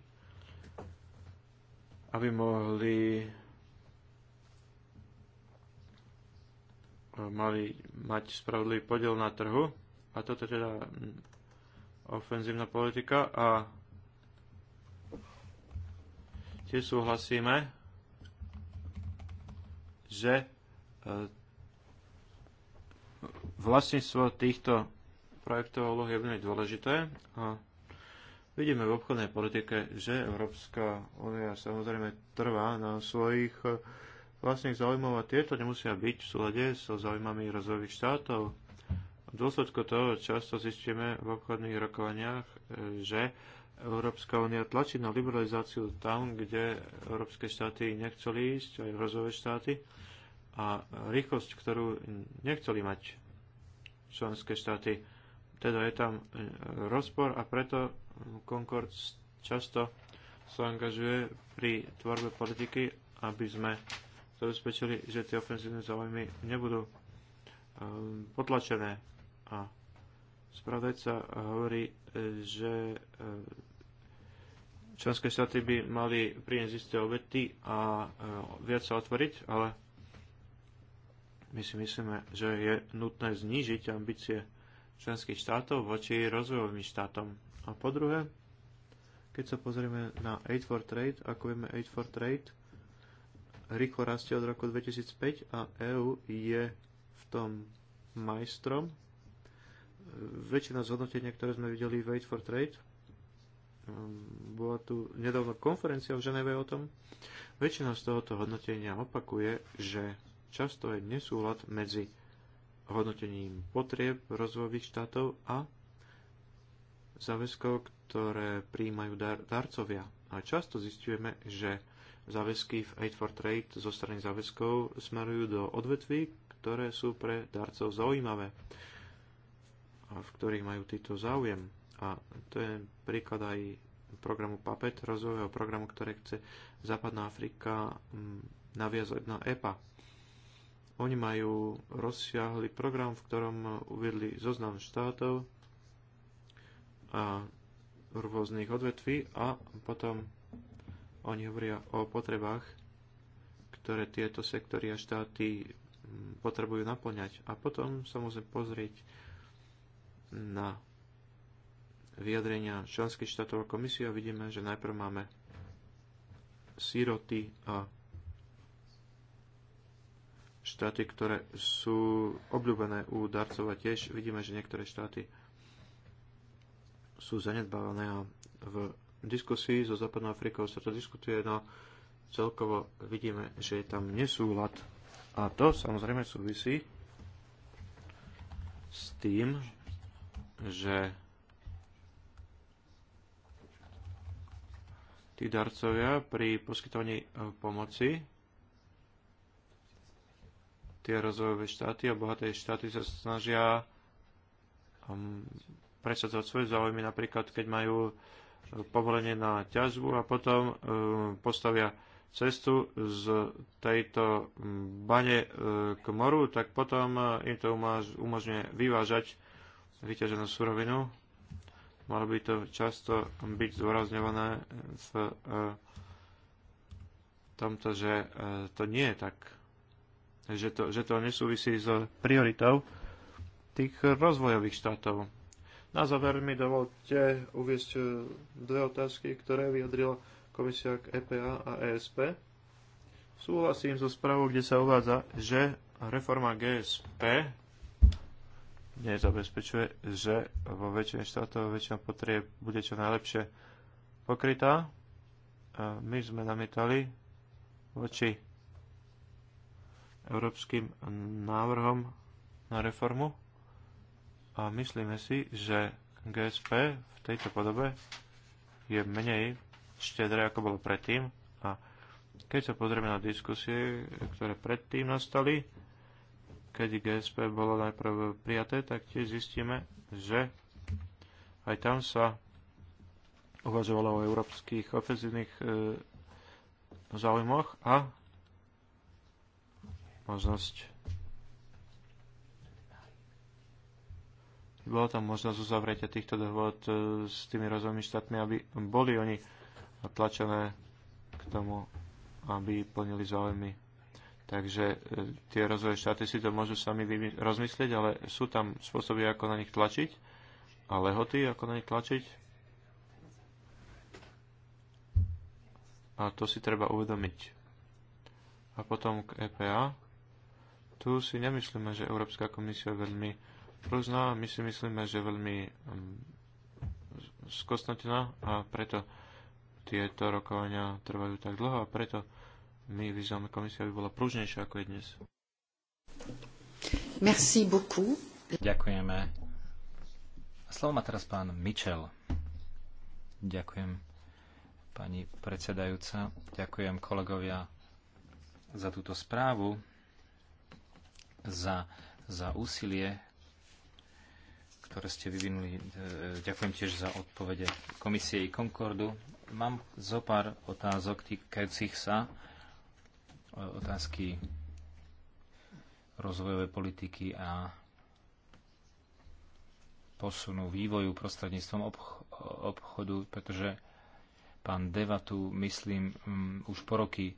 aby mohli mali mať spravodlivý podiel na trhu. A toto teda mm, ofenzívna politika a tiež súhlasíme, že e, vlastníctvo týchto projektov a je veľmi dôležité a vidíme v obchodnej politike, že Európska únia samozrejme trvá na svojich uh, vlastných ich zaujímavé tieto nemusia byť v súlade so zaujímavými rozvojových štátov. V dôsledku toho často zistíme v obchodných rokovaniach, e, že Európska únia tlačí na liberalizáciu tam, kde európske štáty nechceli ísť, aj rozvojové štáty, a rýchlosť, ktorú nechceli mať členské štáty. Teda je tam e, rozpor a preto Concord často sa angažuje pri tvorbe politiky, aby sme zabezpečili, že tie ofenzívne záujmy nebudú um, potlačené. A spravodajca hovorí, e, že e, členské štáty by mali priniesť isté obety a e, viac sa otvoriť, ale my si myslíme, že je nutné znížiť ambície členských štátov voči rozvojovým štátom. A po druhé, keď sa pozrieme na Aid for Trade, ako vieme Aid for Trade rýchlo rastie od roku 2005 a EÚ je v tom majstrom. Väčšina zhodnotenia, ktoré sme videli v Wait for Trade, um, bola tu nedávno konferencia v Ženeve o tom. Väčšina z tohoto hodnotenia opakuje, že často je nesúlad medzi hodnotením potrieb rozvojových štátov a záväzkov, ktoré príjmajú dar- darcovia. A často zistujeme, že záväzky v Aid for Trade zo strany záväzkov smerujú do odvetví, ktoré sú pre darcov zaujímavé a v ktorých majú títo záujem. A to je príklad aj programu PAPET, rozvojového programu, ktoré chce Západná Afrika mm, naviazať na EPA. Oni majú rozsiahly program, v ktorom uviedli zoznam štátov a rôznych odvetví a potom oni hovoria o potrebách, ktoré tieto sektory a štáty mm, potrebujú naplňať. A potom sa môžeme pozrieť na vyjadrenia členských štátov a komisie a vidíme, že najprv máme síroty a štáty, ktoré sú obľúbené u darcov a tiež vidíme, že niektoré štáty sú zanedbávané a v diskusii so Západnou Afrikou sa to diskutuje, no celkovo vidíme, že je tam nesúlad. A to samozrejme súvisí s tým, že tí darcovia pri poskytovaní e, pomoci tie rozvojové štáty a bohaté štáty sa snažia um, presadzovať svoje záujmy, napríklad keď majú uh, povolenie na ťažbu a potom e, postavia cestu z tejto bane e, k moru, tak potom e, im to umožňuje vyvážať vyťaženú surovinu. Malo by to často byť zdôrazňované v tomto, že to nie je tak, že to, že to nesúvisí s prioritou tých rozvojových štátov na záver mi dovolte uviesť eh, dve otázky, ktoré vyjadrila komisia k EPA a ESP. Súhlasím so správou, kde sa uvádza, že reforma GSP nezabezpečuje, že vo väčšine štátov väčšina potrieb bude čo najlepšie pokrytá. A eh, my sme namietali voči európskym návrhom na reformu a myslíme si, že GSP v tejto podobe je menej štedré, ako bolo predtým. A keď sa pozrieme na diskusie, ktoré predtým nastali, keď GSP bolo najprv prijaté, tak tiež zistíme, že aj tam sa uvažovalo o európskych ofenzívnych e, záujmoch a možnosť bola tam možnosť uzavretia týchto dohôd e, s tými rozvojmi štátmi, aby boli oni tlačené k tomu, aby plnili záujmy. Takže e, tie rozvoje štáty si to môžu sami rozmyslieť, ale sú tam spôsoby, ako na nich tlačiť a lehoty, ako na nich tlačiť. A to si treba uvedomiť. A potom k EPA. Tu si nemyslíme, že Európska komisia veľmi Plus, no, my si myslíme, že veľmi mm, skosnotená a preto tieto rokovania trvajú tak dlho a preto my vyzývame komisia aby bola pružnejšia ako je dnes. Merci beaucoup. Ďakujeme. slovo má teraz pán Mitchell. Ďakujem, pani predsedajúca. Ďakujem kolegovia za túto správu, za, za úsilie, ktoré ste vyvinuli. E, ďakujem tiež za odpovede komisie i Concordu. Mám zo pár otázok týkajúcich sa e, otázky rozvojovej politiky a posunu vývoju prostredníctvom obchodu, pretože pán Deva tu, myslím, už po roky e,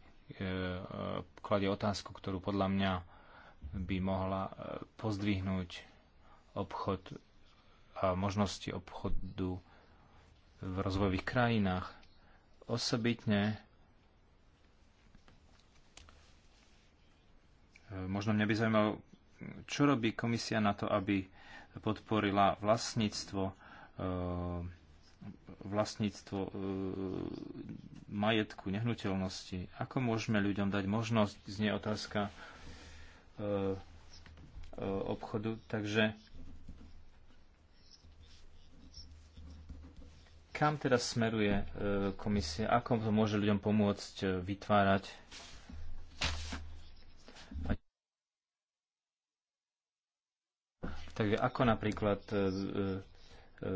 kladie otázku, ktorú podľa mňa by mohla pozdvihnúť obchod a možnosti obchodu v rozvojových krajinách. Osobitne e, možno mňa by zaujímalo, čo robí komisia na to, aby podporila vlastníctvo e, vlastníctvo e, majetku, nehnuteľnosti. Ako môžeme ľuďom dať možnosť, znie otázka obchodu. Takže Kam teda smeruje e, komisia? Ako to môže ľuďom pomôcť e, vytvárať Takže ako napríklad e,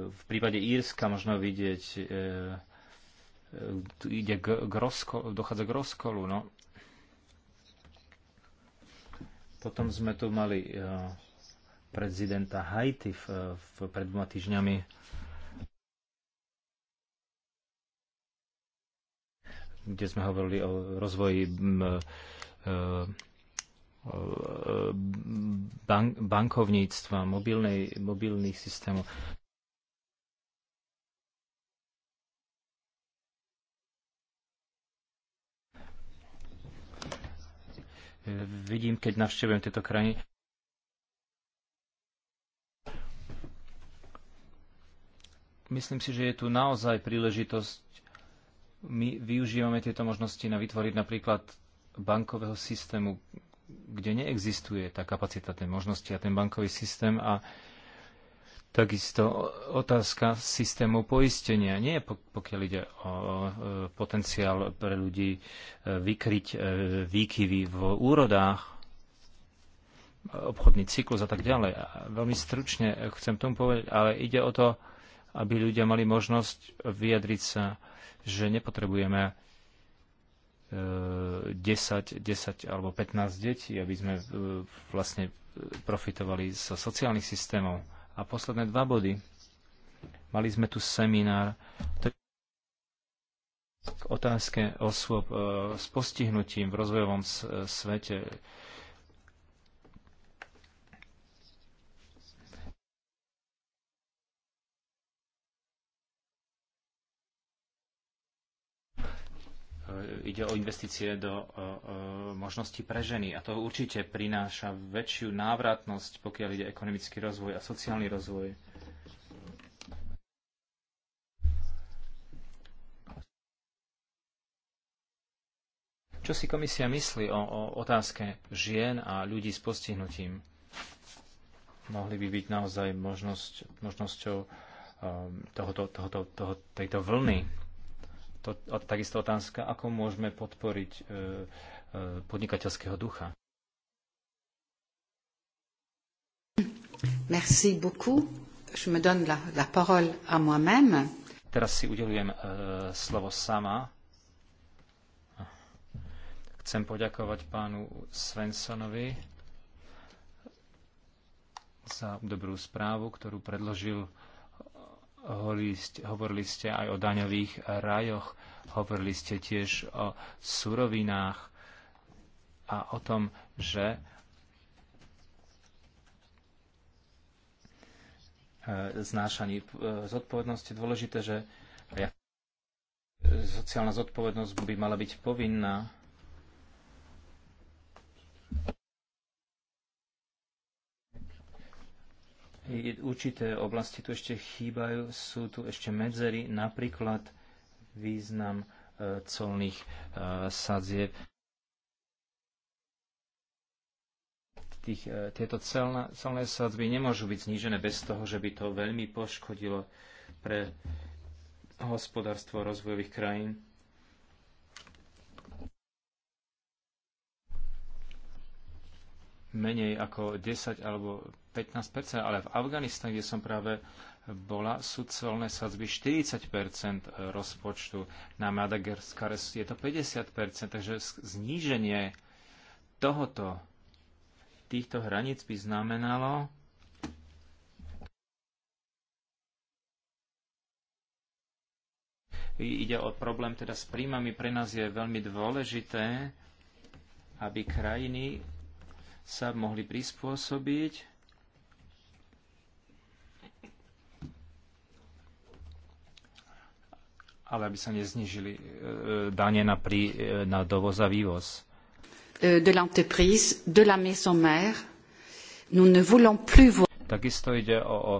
v prípade Írska možno vidieť, ide k rozkolu, dochádza k rozkolu. No. Potom sme tu mali prezidenta Haiti v, v, pred dvoma týždňami. kde sme hovorili o rozvoji e, e, e, bank, bankovníctva, mobilnej, mobilných systémov. Vidím, keď navštevujem tieto krajiny. Myslím si, že je tu naozaj príležitosť my využívame tieto možnosti na vytvoriť napríklad bankového systému, kde neexistuje tá kapacita tej možnosti a ten bankový systém a takisto otázka systému poistenia. Nie je pokiaľ ide o e, potenciál pre ľudí e, vykryť e, výkyvy v úrodách, obchodný cyklus a tak ďalej. A veľmi stručne chcem tomu povedať, ale ide o to, aby ľudia mali možnosť vyjadriť sa že nepotrebujeme 10, e, 10 alebo 15 detí, aby sme e, vlastne e, profitovali zo so sociálnych systémov. A posledné dva body. Mali sme tu seminár k otázke osôb s postihnutím v rozvojovom svete ide o investície do e, e, možností pre ženy. A to určite prináša väčšiu návratnosť, pokiaľ ide ekonomický rozvoj a sociálny rozvoj. Čo si komisia myslí o, o otázke žien a ľudí s postihnutím? Mohli by byť naozaj možnosť, možnosťou um, tohoto, tohoto, tejto vlny to, a takisto otázka, ako môžeme podporiť e, e, podnikateľského ducha. Merci beaucoup. Je me donne la, la parole à moi-même. Teraz si udelujem e, slovo sama. Chcem poďakovať pánu Svensonovi za dobrú správu, ktorú predložil hovorili ste aj o daňových rajoch, hovorili ste tiež o surovinách a o tom, že e, znášaní e, zodpovednosti je dôležité, že sociálna zodpovednosť by mala byť povinná. Určité oblasti tu ešte chýbajú, sú tu ešte medzery, napríklad význam e, colných e, sadzieb. Tých, e, tieto celná, celné sadzby nemôžu byť znížené bez toho, že by to veľmi poškodilo pre hospodárstvo rozvojových krajín. Menej ako 10 alebo 15%, ale v Afganistane, kde som práve bola, sú celné sadzby 40% e, rozpočtu, na Madagaskare je to 50%, takže zníženie tohoto, týchto hraníc by znamenalo, ide o problém teda s príjmami, pre nás je veľmi dôležité, aby krajiny sa mohli prispôsobiť ale aby sa neznižili e, e, dane na, prí, e, na dovoz a vývoz. De l'entreprise, de la maison mère, nous ne voulons plus voir... Takisto ide o, o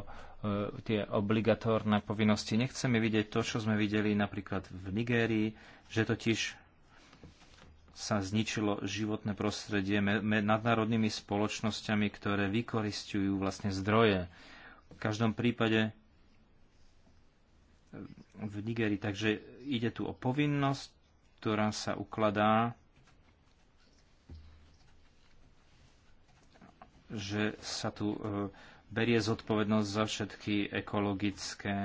tie obligatórne povinnosti. Nechceme vidieť to, čo sme videli napríklad v Nigérii, že totiž sa zničilo životné prostredie med nadnárodnými spoločnosťami, ktoré vykoristujú vlastne zdroje. V každom prípade v Nigerii. Takže ide tu o povinnosť, ktorá sa ukladá, že sa tu e, berie zodpovednosť za všetky ekologické,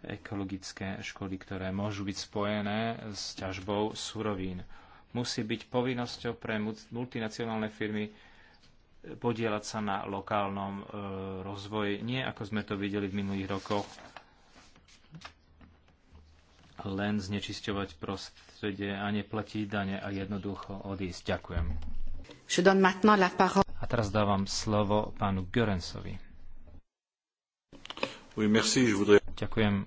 ekologické školy, ktoré môžu byť spojené s ťažbou surovín. Musí byť povinnosťou pre multinacionálne firmy e, podielať sa na lokálnom e, rozvoji, nie ako sme to videli v minulých rokoch, len znečisťovať prostredie a neplatiť dane a jednoducho odísť. Ďakujem. A teraz dávam slovo pánu Görensovi. Oui, merci, voudrais... Ďakujem.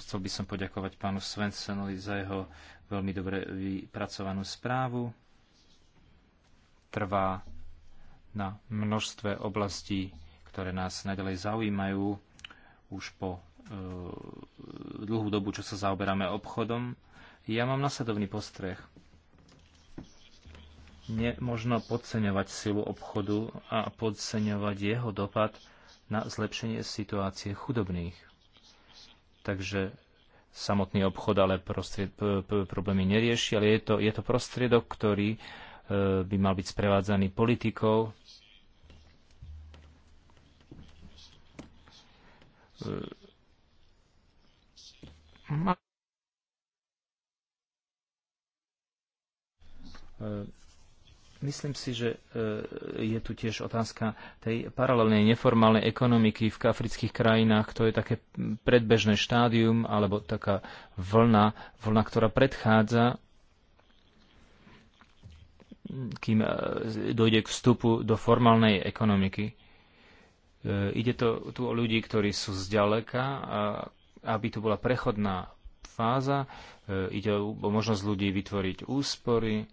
Chcel by som poďakovať pánu Svensenovi za jeho veľmi dobre vypracovanú správu. Trvá na množstve oblastí, ktoré nás nadalej zaujímajú už po E, dlhú dobu, čo sa zaoberáme obchodom, ja mám nasledovný postreh. Nemožno podceňovať silu obchodu a podceňovať jeho dopad na zlepšenie situácie chudobných. Takže samotný obchod ale prostried, p, p, problémy nerieši, ale je to, je to prostriedok, ktorý e, by mal byť sprevádzaný politikou. E, Hm. E, myslím si, že e, je tu tiež otázka tej paralelnej neformálnej ekonomiky v afrických krajinách. To je také predbežné štádium alebo taká vlna, vlna, ktorá predchádza kým e, dojde k vstupu do formálnej ekonomiky. Ide to tu o ľudí, ktorí sú zďaleka a aby tu bola prechodná fáza, e, ide o možnosť ľudí vytvoriť úspory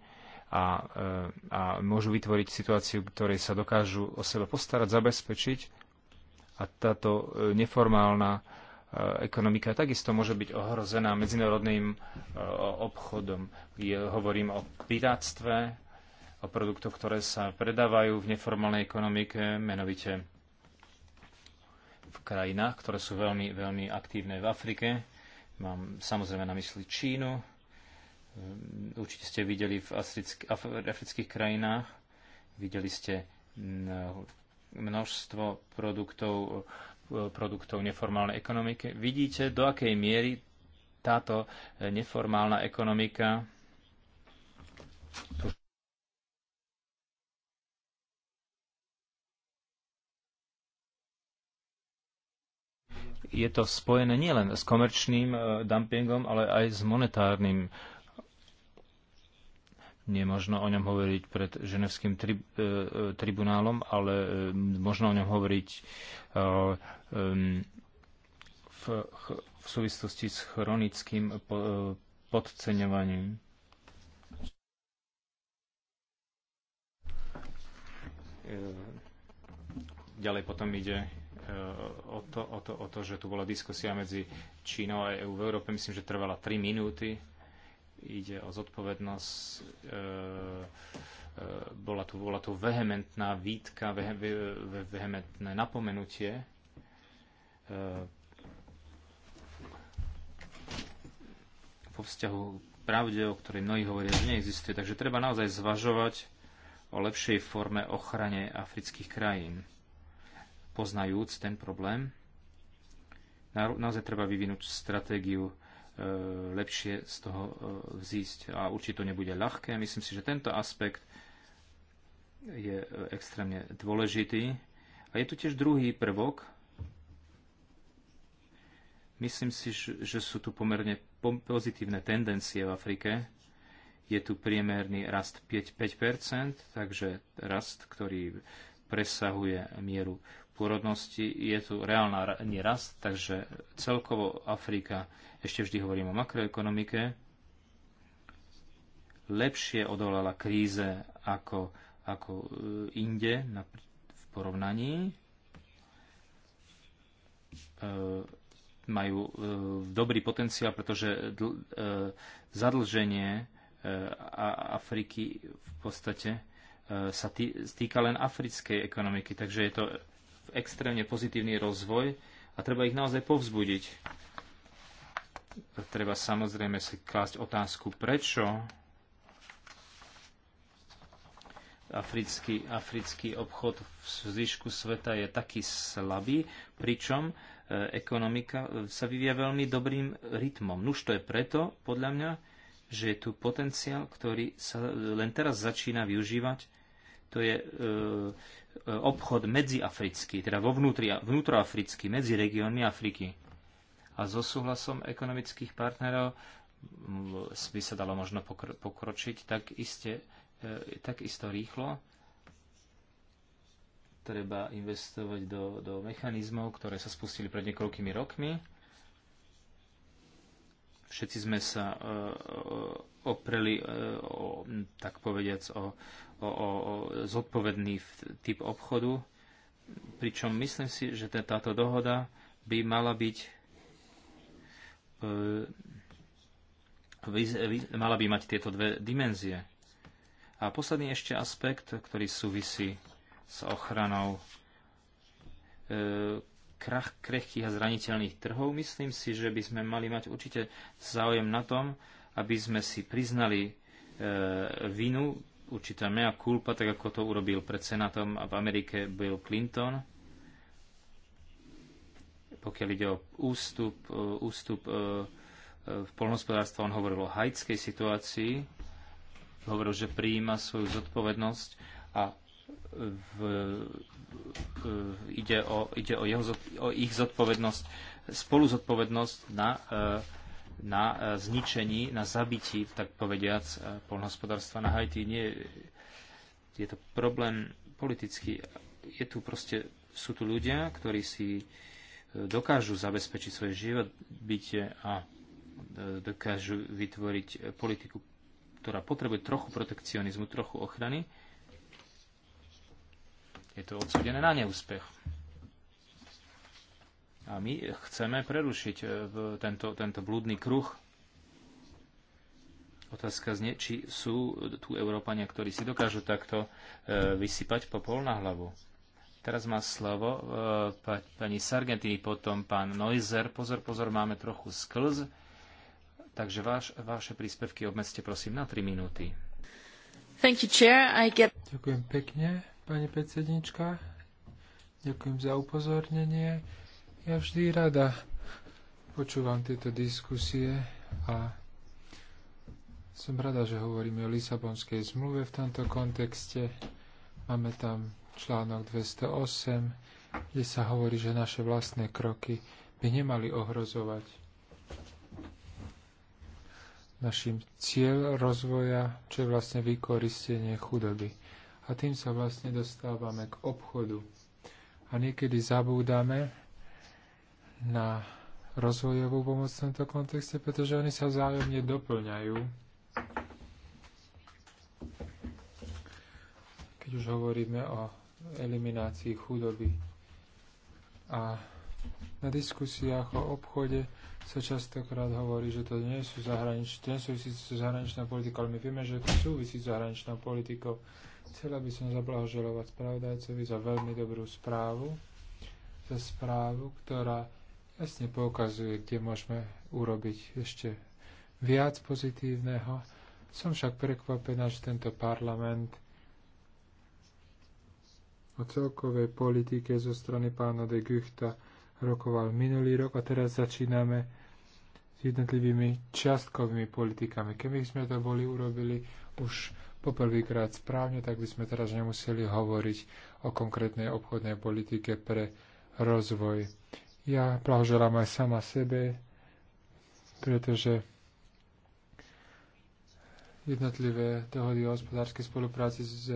a, e, a môžu vytvoriť situáciu, ktorej sa dokážu o seba postarať, zabezpečiť. A táto e, neformálna ekonomika takisto môže byť ohrozená medzinárodným obchodom. Je, hovorím o piráctve, o produktoch, ktoré sa predávajú v neformálnej ekonomike, menovite krajinách, ktoré sú veľmi, veľmi aktívne v Afrike. Mám samozrejme na mysli Čínu. Ehm, určite ste videli v afrických, afrických krajinách. Videli ste množstvo produktov, eh, produktov neformálnej ekonomiky. Vidíte, do akej miery táto eh, neformálna ekonomika je to spojené nielen s komerčným e, dumpingom, ale aj s monetárnym. Nemožno o ňom hovoriť pred ženevským tri, e, e, tribunálom, ale možno o ňom hovoriť v, v súvislosti s chronickým podceňovaním. Ďalej potom ide Eh, o to, o, to, o to, že tu bola diskusia medzi Čínou a EU v Európe. Myslím, že trvala 3 minúty. Ide o zodpovednosť. Eh, eh, bola tu, bola tu vehementná výtka, vehementné napomenutie. Po vzťahu pravde, o ktorej mnohí hovoria, že neexistuje. Takže treba naozaj zvažovať o lepšej forme ochrane afrických krajín poznajúc ten problém. Naozaj treba vyvinúť stratégiu e, lepšie z toho e, vzísť a určite to nebude ľahké. Myslím si, že tento aspekt je e, extrémne dôležitý. A je tu tiež druhý prvok. Myslím si, že sú tu pomerne pozitívne tendencie v Afrike. Je tu priemerný rast 5, 5%, takže rast, ktorý presahuje mieru pôrodnosti je tu reálna nerast, takže celkovo Afrika, ešte vždy hovorím o makroekonomike, lepšie odolala kríze ako, ako e, inde v porovnaní. E, majú e, dobrý potenciál, pretože zadlženie Afriky v podstate sa týka len africkej ekonomiky, takže je to extrémne pozitívny rozvoj a treba ich naozaj povzbudiť. Treba samozrejme si klásť otázku, prečo africký, africký obchod v zvyšku sveta je taký slabý, pričom e, ekonomika e, sa vyvíja veľmi dobrým rytmom. Nuž to je preto, podľa mňa, že je tu potenciál, ktorý sa len teraz začína využívať to je e, e, obchod medziafrický, teda vo vnútri, vnútroafrický, medzi regiónmi Afriky. A so súhlasom ekonomických partnerov by sa dalo možno pokr- pokročiť tak, iste, e, tak isto rýchlo. Treba investovať do, do mechanizmov, ktoré sa spustili pred niekoľkými rokmi. Všetci sme sa opreli, e, o, tak povediac, o, o, o zodpovedný typ obchodu. Pričom myslím si, že táto dohoda by mala byť e, mala by mať tieto dve dimenzie. A posledný ešte aspekt, ktorý súvisí s ochranou e, krach krehkých a zraniteľných trhov. Myslím si, že by sme mali mať určite záujem na tom, aby sme si priznali e, vinu, určitá mea culpa, tak ako to urobil pred Senátom a v Amerike Bill Clinton, pokiaľ ide o ústup, e, ústup e, e, v polnospodárstve, on hovoril o haitskej situácii, hovoril, že prijíma svoju zodpovednosť a v, v, ide, o, ide o, jeho, o ich zodpovednosť, spolu zodpovednosť na e, na e, zničení, na zabití, tak povediac, e, polnohospodárstva na Haiti. Nie, je to problém politický. Je tu proste, sú tu ľudia, ktorí si e, dokážu zabezpečiť svoje život, bytie a dokážu vytvoriť politiku, ktorá potrebuje trochu protekcionizmu, trochu ochrany. Je to odsudené na neúspech. A my chceme prerušiť e, tento, tento blúdny kruh. Otázka znie, či sú tu Európania, ktorí si dokážu takto e, vysypať popol na hlavu. Teraz má slovo e, pani Sargentini, potom pán Noizer. Pozor, pozor, máme trochu sklz. Takže váš, vaše príspevky obmedzte prosím na 3 minúty. Thank you, chair. I get... Ďakujem pekne, pani predsednička. Ďakujem za upozornenie. Ja vždy rada počúvam tieto diskusie a som rada, že hovoríme o Lisabonskej zmluve v tomto kontexte. Máme tam článok 208, kde sa hovorí, že naše vlastné kroky by nemali ohrozovať našim cieľ rozvoja, čo je vlastne vykoristenie chudoby. A tým sa vlastne dostávame k obchodu. A niekedy zabúdame, na rozvojovú pomoc v tomto kontexte, pretože oni sa vzájomne doplňajú. Keď už hovoríme o eliminácii chudoby a na diskusiách o obchode sa častokrát hovorí, že to nie sú zahraničné, súvisí so zahraničná politikou, ale my vieme, že to súvisí s zahraničnou politikou. Chcela by som zablahoželovať spravodajcovi za veľmi dobrú správu, za správu, ktorá jasne poukazuje, kde môžeme urobiť ešte viac pozitívneho. Som však prekvapená, že tento parlament o celkovej politike zo strany pána de Guchta rokoval minulý rok a teraz začíname s jednotlivými čiastkovými politikami. Keby sme to boli urobili už poprvýkrát správne, tak by sme teraz nemuseli hovoriť o konkrétnej obchodnej politike pre rozvoj ja blahoželám aj sama sebe, pretože jednotlivé dohody o hospodárskej spolupráci s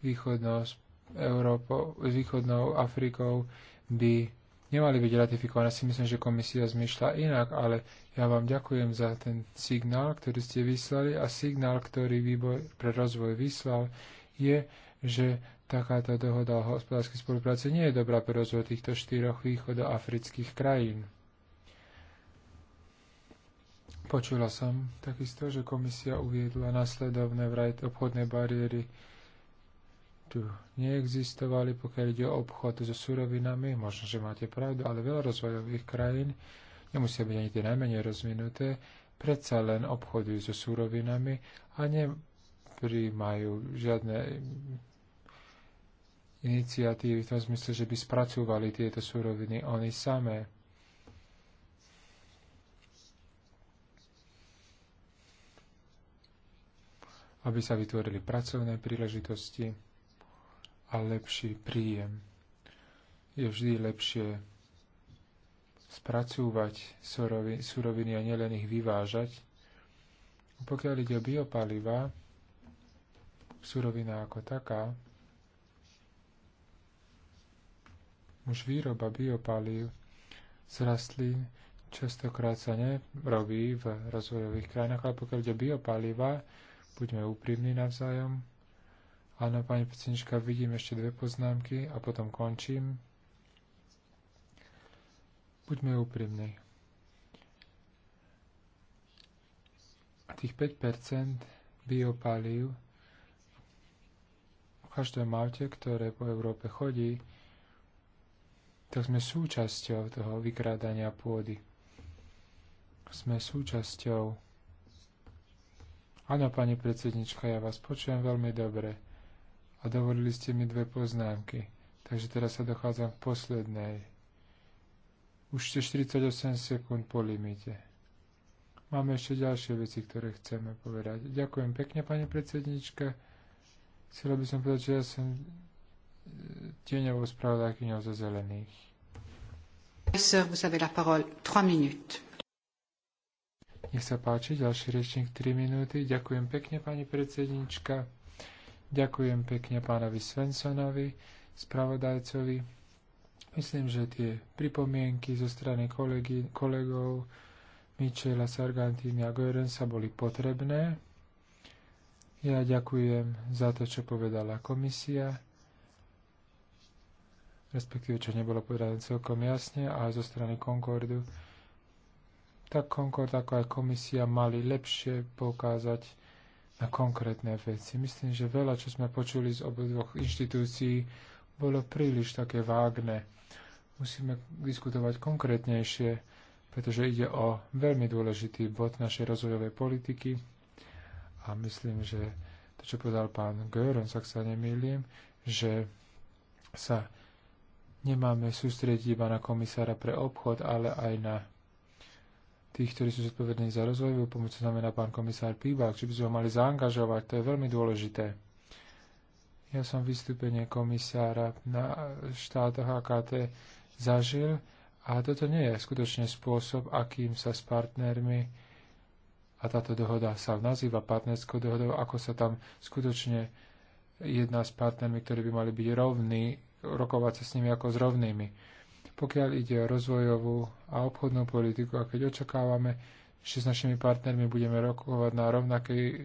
východnou Európou, s východnou Afrikou by nemali byť ratifikované. Si myslím, že komisia zmyšľa inak, ale ja vám ďakujem za ten signál, ktorý ste vyslali a signál, ktorý výbor pre rozvoj vyslal, je, že takáto dohoda o hospodárskej spolupráci nie je dobrá pre rozvoj týchto štyroch východoafrických krajín. Počula som takisto, že komisia uviedla nasledovné vraj obchodné bariéry tu neexistovali, pokiaľ ide o obchod so surovinami, možno, že máte pravdu, ale veľa rozvojových krajín, nemusia byť ani tie najmenej rozvinuté, predsa len obchodujú so surovinami a nepríjmajú žiadne iniciatívy v tom zmysle, že by spracúvali tieto súroviny oni samé. aby sa vytvorili pracovné príležitosti a lepší príjem. Je vždy lepšie spracúvať suroviny a nielen ich vyvážať. Pokiaľ ide o biopaliva, surovina ako taká, už výroba biopalív z rastlín častokrát sa nerobí v rozvojových krajinách, ale pokiaľ ide biopaliva, buďme úprimní navzájom. Áno, pani Pecinička, vidím ešte dve poznámky a potom končím. Buďme úprimní. A tých 5% biopalív v každom aute, ktoré po Európe chodí, tak sme súčasťou toho vykrádania pôdy. Sme súčasťou. Áno, pani predsednička, ja vás počujem veľmi dobre. A dovolili ste mi dve poznámky. Takže teraz sa dochádzam k poslednej. Už ste 48 sekúnd po limite. Máme ešte ďalšie veci, ktoré chceme povedať. Ďakujem pekne, pani predsednička. Chcela by som povedať, že ja som tieňovú spravodajkyňou zo zelených. Nech sa páči, ďalší rečník 3 minúty. Ďakujem pekne, pani predsednička. Ďakujem pekne pánovi Svensonovi, spravodajcovi. Myslím, že tie pripomienky zo strany kolegy, kolegov Michela Sargantini a Goerensa boli potrebné. Ja ďakujem za to, čo povedala komisia respektíve čo nebolo povedané celkom jasne aj zo strany Concordu, tak Concord ako aj komisia mali lepšie poukázať na konkrétne veci. Myslím, že veľa, čo sme počuli z obidvoch inštitúcií, bolo príliš také vágne. Musíme diskutovať konkrétnejšie, pretože ide o veľmi dôležitý bod našej rozvojovej politiky a myslím, že to, čo povedal pán Görens, ak sa nemýlim, že sa nemáme sústrediť iba na komisára pre obchod, ale aj na tých, ktorí sú zodpovední za rozvojovú pomoc, to znamená pán komisár Píbak, či by sme ho mali zaangažovať, to je veľmi dôležité. Ja som vystúpenie komisára na štátoch AKT zažil a toto nie je skutočne spôsob, akým sa s partnermi a táto dohoda sa nazýva partnerskou dohodou, ako sa tam skutočne jedná s partnermi, ktorí by mali byť rovní rokovať sa s nimi ako s rovnými. Pokiaľ ide o rozvojovú a obchodnú politiku a keď očakávame, že s našimi partnermi budeme rokovať na rovnakej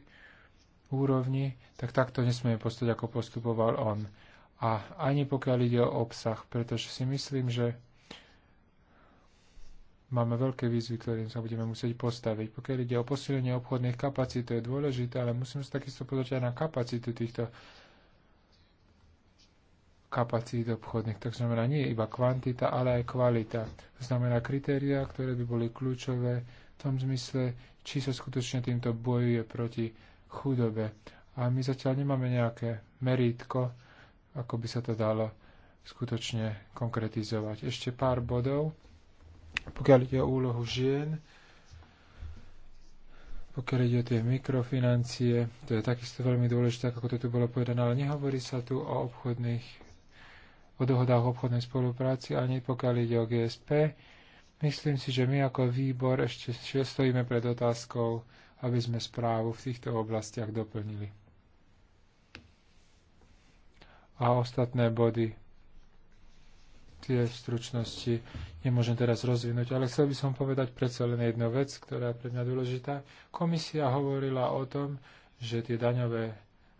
úrovni, tak takto nesmieme postať, ako postupoval on. A ani pokiaľ ide o obsah, pretože si myslím, že máme veľké výzvy, ktorým sa budeme musieť postaviť. Pokiaľ ide o posilnenie obchodných kapacít, to je dôležité, ale musím sa takisto pozrieť aj na kapacitu týchto kapacít obchodných. To znamená nie iba kvantita, ale aj kvalita. To znamená kritériá, ktoré by boli kľúčové v tom zmysle, či sa skutočne týmto bojuje proti chudobe. A my zatiaľ nemáme nejaké merítko, ako by sa to dalo skutočne konkretizovať. Ešte pár bodov. Pokiaľ ide o úlohu žien, pokiaľ ide o tie mikrofinancie, to je takisto veľmi dôležité, ako to tu bolo povedané, ale nehovorí sa tu o obchodných o dohodách obchodnej spolupráci, ani pokiaľ ide o GSP. Myslím si, že my ako výbor ešte stojíme pred otázkou, aby sme správu v týchto oblastiach doplnili. A ostatné body tie v stručnosti nemôžem teraz rozvinúť, ale chcel by som povedať predsa len jednu vec, ktorá je pre mňa dôležitá. Komisia hovorila o tom, že tie daňové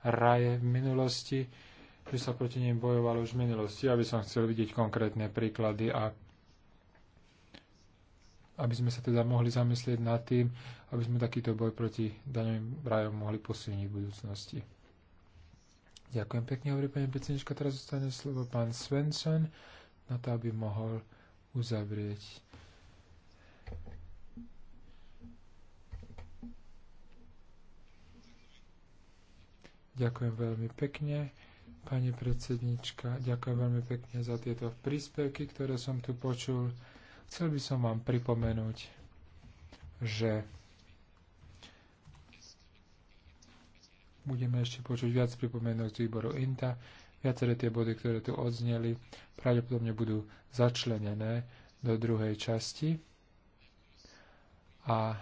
raje v minulosti že sa proti nim bojovalo už v minulosti, aby som chcel vidieť konkrétne príklady a aby sme sa teda mohli zamyslieť nad tým, aby sme takýto boj proti daňovým rajom mohli posilniť v budúcnosti. Ďakujem pekne, hovorí pani predsednička. Teraz zostane slovo pán Svensson na to, aby mohol uzavrieť. Ďakujem veľmi pekne. Pani predsednička, ďakujem veľmi pekne za tieto príspevky, ktoré som tu počul. Chcel by som vám pripomenúť, že budeme ešte počuť viac pripomenúť z výboru INTA. Viaceré tie body, ktoré tu odzneli, pravdepodobne budú začlenené do druhej časti. A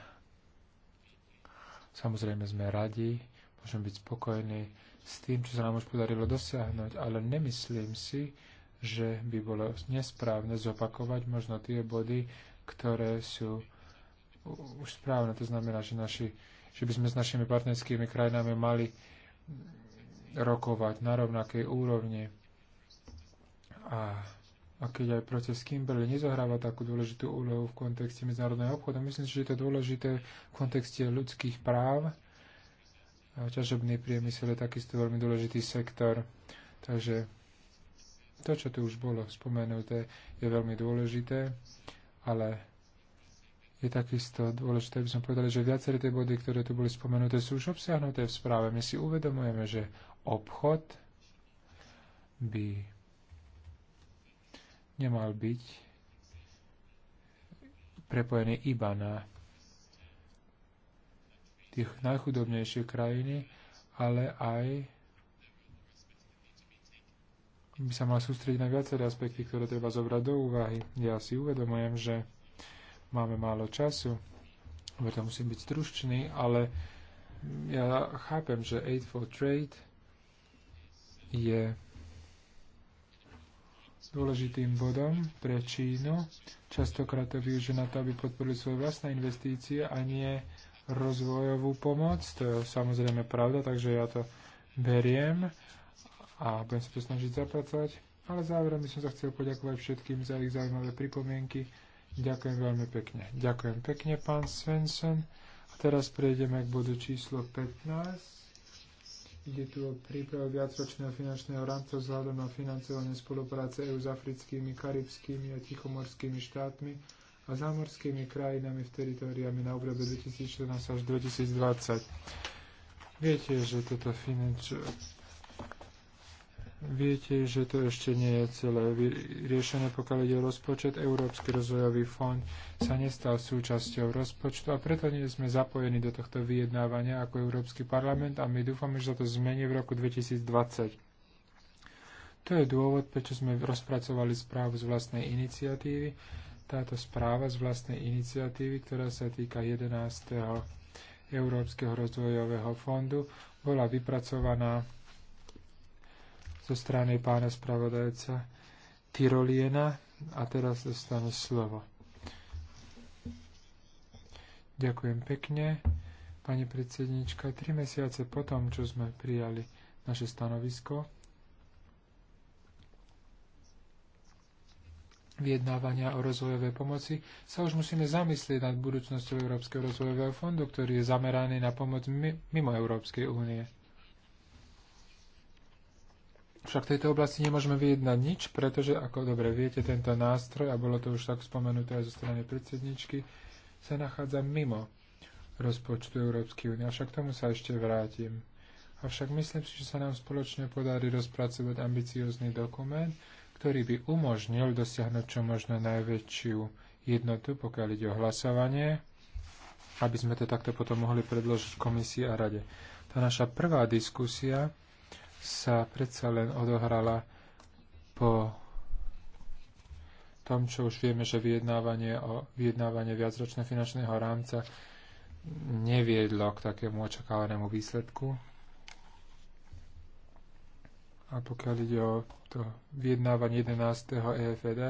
samozrejme sme radi, môžeme byť spokojní, s tým, čo sa nám už podarilo dosiahnuť, ale nemyslím si, že by bolo nesprávne zopakovať možno tie body, ktoré sú už správne. To znamená, že, naši, že by sme s našimi partnerskými krajinami mali rokovať na rovnakej úrovni. A, a keď aj proces Kimberley nezohráva takú dôležitú úlohu v kontexte medzinárodného obchodu, myslím si, že je to dôležité v kontexte ľudských práv, ťažobný priemysel je takisto veľmi dôležitý sektor. Takže to, čo tu už bolo spomenuté, je veľmi dôležité, ale je takisto dôležité, aby sme povedali, že viaceré tie body, ktoré tu boli spomenuté, sú už obsiahnuté v správe. My si uvedomujeme, že obchod by nemal byť prepojený iba na tých najchudobnejšie krajiny, ale aj by sa mal sústrediť na viaceré aspekty, ktoré treba zobrať do úvahy. Ja si uvedomujem, že máme málo času, preto musím byť stručný, ale ja chápem, že Aid for Trade je dôležitým bodom pre Čínu. Častokrát to využije na to, aby podporili svoje vlastné investície a nie rozvojovú pomoc. To je samozrejme pravda, takže ja to beriem a budem sa to snažiť zapracovať. Ale záverom by som sa chcel poďakovať všetkým za ich zaujímavé pripomienky. Ďakujem veľmi pekne. Ďakujem pekne, pán Svensson. A teraz prejdeme k bodu číslo 15. Ide tu o prípravu viacročného finančného rámca vzhľadom na financovanie spolupráce EU s africkými, karibskými a tichomorskými štátmi a zámorskými krajinami v teritoriami na obdobie 2014 až 2020. Viete, že toto finanč... Viete, že to ešte nie je celé riešené, pokiaľ ide o rozpočet. Európsky rozvojový fond sa nestal súčasťou rozpočtu a preto nie sme zapojení do tohto vyjednávania ako Európsky parlament a my dúfame, že sa to zmení v roku 2020. To je dôvod, prečo sme rozpracovali správu z vlastnej iniciatívy táto správa z vlastnej iniciatívy, ktorá sa týka 11. Európskeho rozvojového fondu, bola vypracovaná zo strany pána spravodajca Tyroliena a teraz dostane slovo. Ďakujem pekne. Pani predsednička, tri mesiace potom, čo sme prijali naše stanovisko, vyjednávania o rozvojovej pomoci, sa už musíme zamyslieť nad budúcnosťou Európskeho rozvojového fondu, ktorý je zameraný na pomoc mimo Európskej únie. Však v tejto oblasti nemôžeme vyjednať nič, pretože, ako dobre viete, tento nástroj, a bolo to už tak spomenuté aj zo strany predsedničky, sa nachádza mimo rozpočtu Európskej únie. Avšak tomu sa ešte vrátim. Avšak myslím si, že sa nám spoločne podarí rozpracovať ambiciózny dokument, ktorý by umožnil dosiahnuť čo možno najväčšiu jednotu, pokiaľ ide o hlasovanie, aby sme to takto potom mohli predložiť komisii a rade. Tá naša prvá diskusia sa predsa len odohrala po tom, čo už vieme, že vyjednávanie o vyjednávanie viacročného finančného rámca neviedlo k takému očakávanému výsledku. A pokiaľ ide o to vyjednávanie 11. EFD,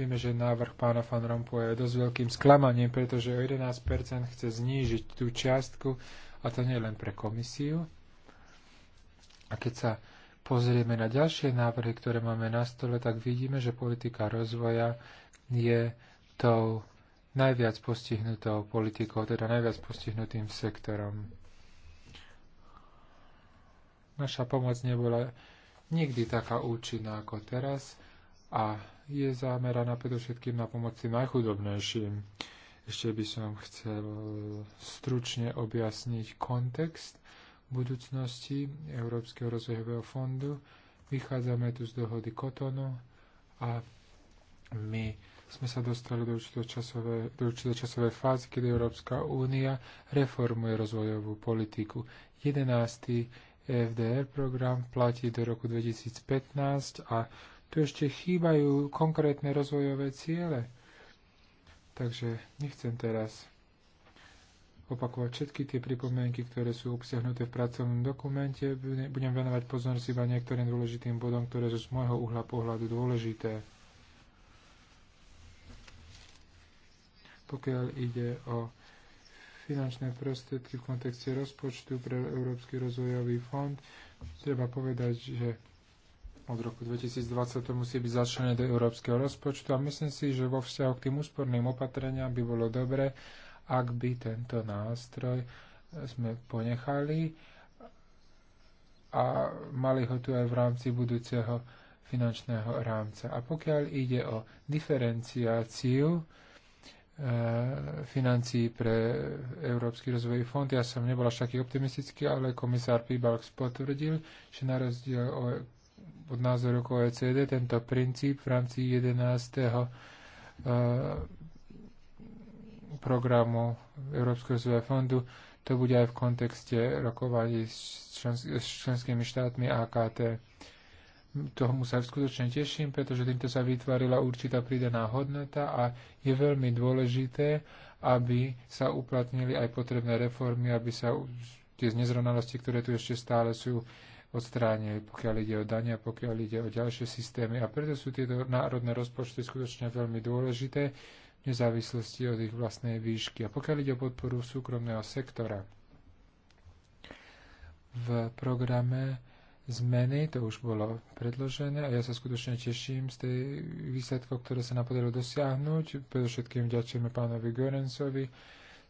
vieme, že návrh pána Van Rompuy je dosť veľkým sklamaním, pretože o 11% chce znížiť tú čiastku a to nie len pre komisiu. A keď sa pozrieme na ďalšie návrhy, ktoré máme na stole, tak vidíme, že politika rozvoja je tou najviac postihnutou politikou, teda najviac postihnutým sektorom. Naša pomoc nebola nikdy taká účinná ako teraz a je zameraná predovšetkým na pomoci najchudobnejším. Ešte by som chcel stručne objasniť kontext budúcnosti Európskeho rozvojového fondu. Vychádzame tu z dohody Kotonu a my sme sa dostali do určitej časovej, do určitej časovej fázy, kedy Európska únia reformuje rozvojovú politiku. 11. EFDR program platí do roku 2015 a tu ešte chýbajú konkrétne rozvojové ciele. Takže nechcem teraz opakovať všetky tie pripomienky, ktoré sú obsiahnuté v pracovnom dokumente. Budem venovať pozornosť iba niektorým dôležitým bodom, ktoré sú z môjho uhla pohľadu dôležité. Pokiaľ ide o finančné prostriedky v kontexte rozpočtu pre Európsky rozvojový fond. Treba povedať, že od roku 2020 to musí byť začlené do európskeho rozpočtu a myslím si, že vo vzťahu k tým úsporným opatreniam by bolo dobre, ak by tento nástroj sme ponechali a mali ho tu aj v rámci budúceho finančného rámca. A pokiaľ ide o diferenciáciu, Eh, financí pre Európsky rozvojový fond. Ja som nebol až taký optimistický, ale komisár Pibalx potvrdil, že na rozdiel od názoru OECD tento princíp v rámci 11. Eh, programu Európskeho rozvojového fondu to bude aj v kontexte rokovaní s členskými štátmi AKT tomu sa skutočne teším, pretože týmto sa vytvorila určitá pridaná hodnota a je veľmi dôležité, aby sa uplatnili aj potrebné reformy, aby sa tie nezrovnalosti, ktoré tu ešte stále sú, odstránili, pokiaľ ide o dania, pokiaľ ide o ďalšie systémy. A preto sú tieto národné rozpočty skutočne veľmi dôležité v nezávislosti od ich vlastnej výšky. A pokiaľ ide o podporu súkromného sektora, v programe zmeny, to už bolo predložené a ja sa skutočne teším z tej výsledkov, ktoré sa nám podarilo dosiahnuť. Predovšetkým ďakujeme pánovi Gorencovi.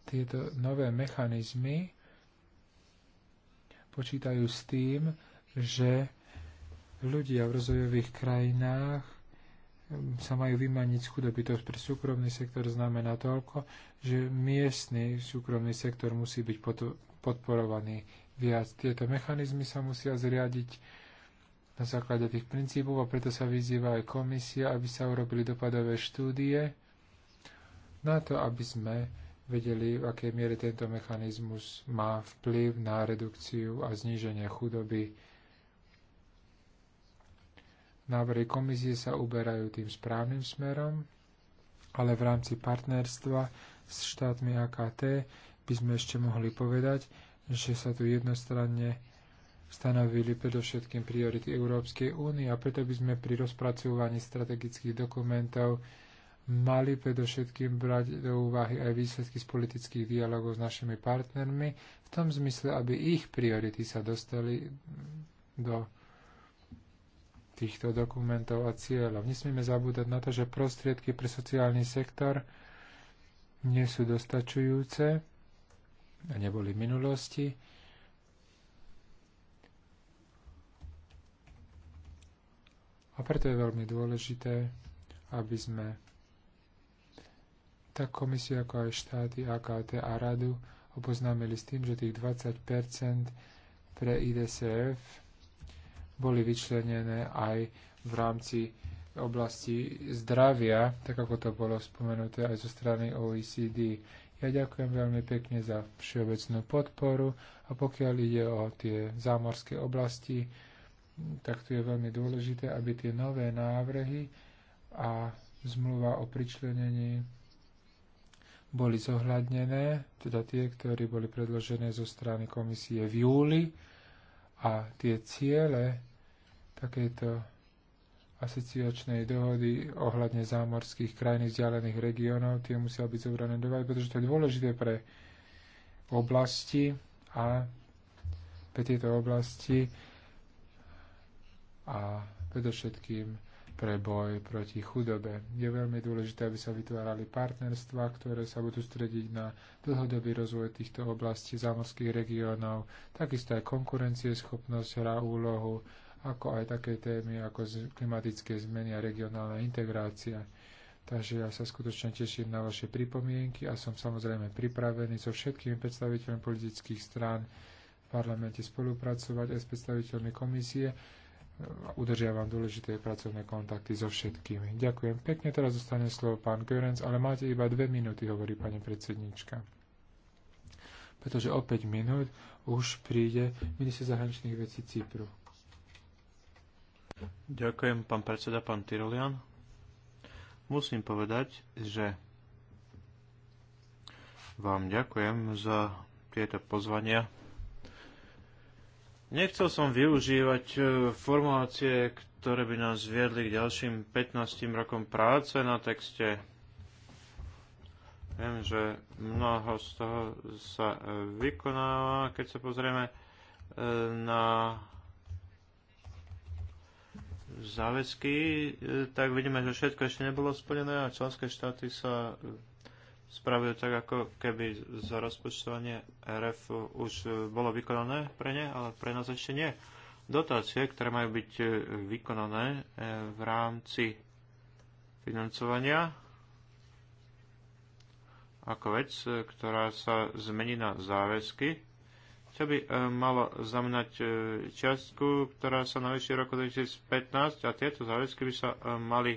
Tieto nové mechanizmy počítajú s tým, že ľudia v rozvojových krajinách sa majú vymaniť z chudoby. To pre súkromný sektor znamená toľko, že miestny súkromný sektor musí byť podporovaný viac. Tieto mechanizmy sa musia zriadiť na základe tých princípov a preto sa vyzýva aj komisia, aby sa urobili dopadové štúdie na to, aby sme vedeli, v akej miere tento mechanizmus má vplyv na redukciu a zníženie chudoby. Návrhy komisie sa uberajú tým správnym smerom, ale v rámci partnerstva s štátmi AKT by sme ešte mohli povedať, že sa tu jednostranne stanovili predovšetkým priority Európskej únie a preto by sme pri rozpracovaní strategických dokumentov mali predovšetkým brať do úvahy aj výsledky z politických dialogov s našimi partnermi v tom zmysle, aby ich priority sa dostali do týchto dokumentov a cieľov. Nesmieme zabúdať na to, že prostriedky pre sociálny sektor nie sú dostačujúce a neboli v minulosti. A preto je veľmi dôležité, aby sme tak komisiu ako aj štáty AKT a radu oboznámili s tým, že tých 20 pre IDCF boli vyčlenené aj v rámci oblasti zdravia, tak ako to bolo spomenuté aj zo strany OECD. Ja ďakujem veľmi pekne za všeobecnú podporu a pokiaľ ide o tie zámorské oblasti, tak tu je veľmi dôležité, aby tie nové návrhy a zmluva o pričlenení boli zohľadnené, teda tie, ktoré boli predložené zo strany komisie v júli a tie ciele takéto asociačnej dohody ohľadne zámorských krajín vzdialených regiónov, tie musia byť zobrané do pretože to je dôležité pre oblasti a pre tieto oblasti a predovšetkým pre boj proti chudobe. Je veľmi dôležité, aby sa vytvárali partnerstvá, ktoré sa budú strediť na dlhodobý rozvoj týchto oblastí zámorských regiónov. Takisto aj konkurencieschopnosť hrá úlohu ako aj také témy ako klimatické zmeny a regionálna integrácia. Takže ja sa skutočne teším na vaše pripomienky a som samozrejme pripravený so všetkými predstaviteľmi politických strán v parlamente spolupracovať aj s predstaviteľmi komisie. Udržiavam dôležité pracovné kontakty so všetkými. Ďakujem pekne. Teraz zostane slovo pán Görenc, ale máte iba dve minúty, hovorí pani predsednička. Pretože o 5 minút už príde minister zahraničných vecí Cypru. Ďakujem, pán predseda, pán Tyrolian. Musím povedať, že vám ďakujem za tieto pozvania. Nechcel som využívať e, formulácie, ktoré by nás viedli k ďalším 15 rokom práce na texte. Viem, že mnoho z toho sa e, vykonáva, keď sa pozrieme e, na záväzky, e, tak vidíme, že všetko ešte nebolo splnené a členské štáty sa e, spravil tak, ako keby za rozpočtovanie RF už e, bolo vykonané pre ne, ale pre nás ešte nie. Dotácie, ktoré majú byť vykonané v rámci financovania ako vec, ktorá sa zmení na záväzky, čo by e, malo znamenať e, čiastku, ktorá sa navýši v roku 2015 a tieto záväzky by sa e, mali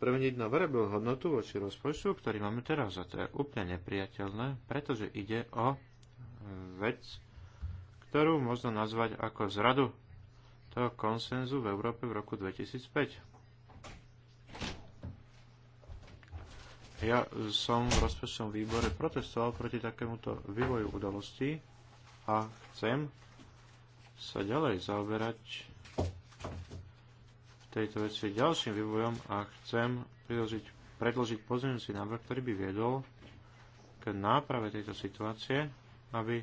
premeniť na variabilnú hodnotu voči rozpočtu, ktorý máme teraz a to je úplne nepriateľné, pretože ide o vec, ktorú možno nazvať ako zradu toho konsenzu v Európe v roku 2005. Ja som v rozpočtovom výbore protestoval proti takémuto vývoju udalostí a chcem sa ďalej zaoberať v tejto veci ďalším vývojom a chcem predložiť, predložiť pozmeňujúci návrh, ktorý by viedol k náprave tejto situácie, aby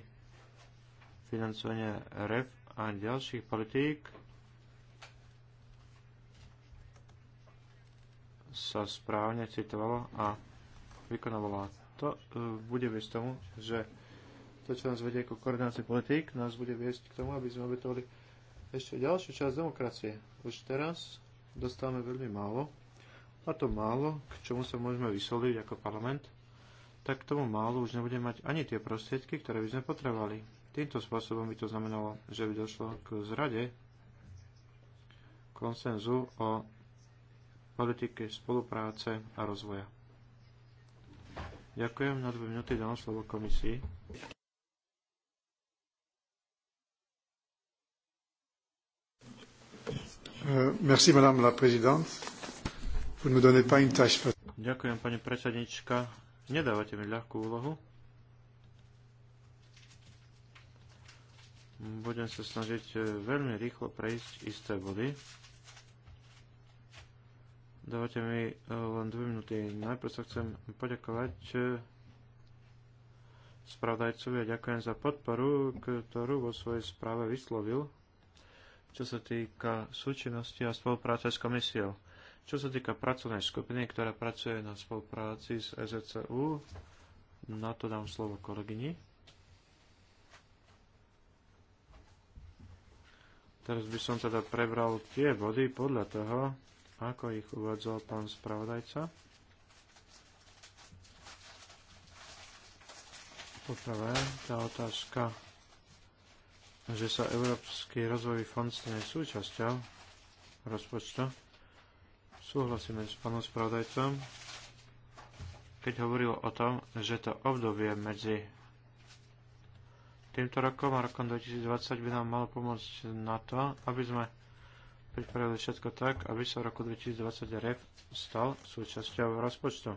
financovanie REF a ďalších politík sa správne citovalo a vykonávala. To e, bude viesť tomu, že to, čo nás vedie ako koordinácie politik, nás bude viesť k tomu, aby sme obetovali ešte ďalšiu časť demokracie. Už teraz dostávame veľmi málo a to málo, k čomu sa môžeme vysoliť ako parlament, tak tomu málo už nebudeme mať ani tie prostriedky, ktoré by sme potrebovali. Týmto spôsobom by to znamenalo, že by došlo k zrade konsenzu o politike spolupráce a rozvoja. Ďakujem. Na dve minúty dám slovo komisii. Euh, merci, madame la présidente. Vous ne donnez pas une tâche facile. Ďakujem, pani predsednička. Nedávate mi ľahkú úlohu. Budem sa snažiť eh, veľmi rýchlo prejsť isté body. Dávate mi eh, len dve minúty. Najprv sa chcem poďakovať eh, spravdajcovi a ďakujem za podporu, ktorú vo svojej správe vyslovil, čo sa týka súčinnosti a spolupráce s komisiou. Čo sa týka pracovnej skupiny, ktorá pracuje na spolupráci s EZCU, na to dám slovo kolegyni. Teraz by som teda prebral tie body podľa toho, ako ich uvádzal pán spravodajca. Poprvé, tá otázka, že sa Európsky rozvojový fond stane súčasťou rozpočtu. Súhlasíme s pánom spravodajcom, keď hovoril o tom, že to obdobie medzi týmto rokom a rokom 2020 by nám malo pomôcť na to, aby sme pripravili všetko tak, aby sa v roku 2020 REF stal súčasťou rozpočtu.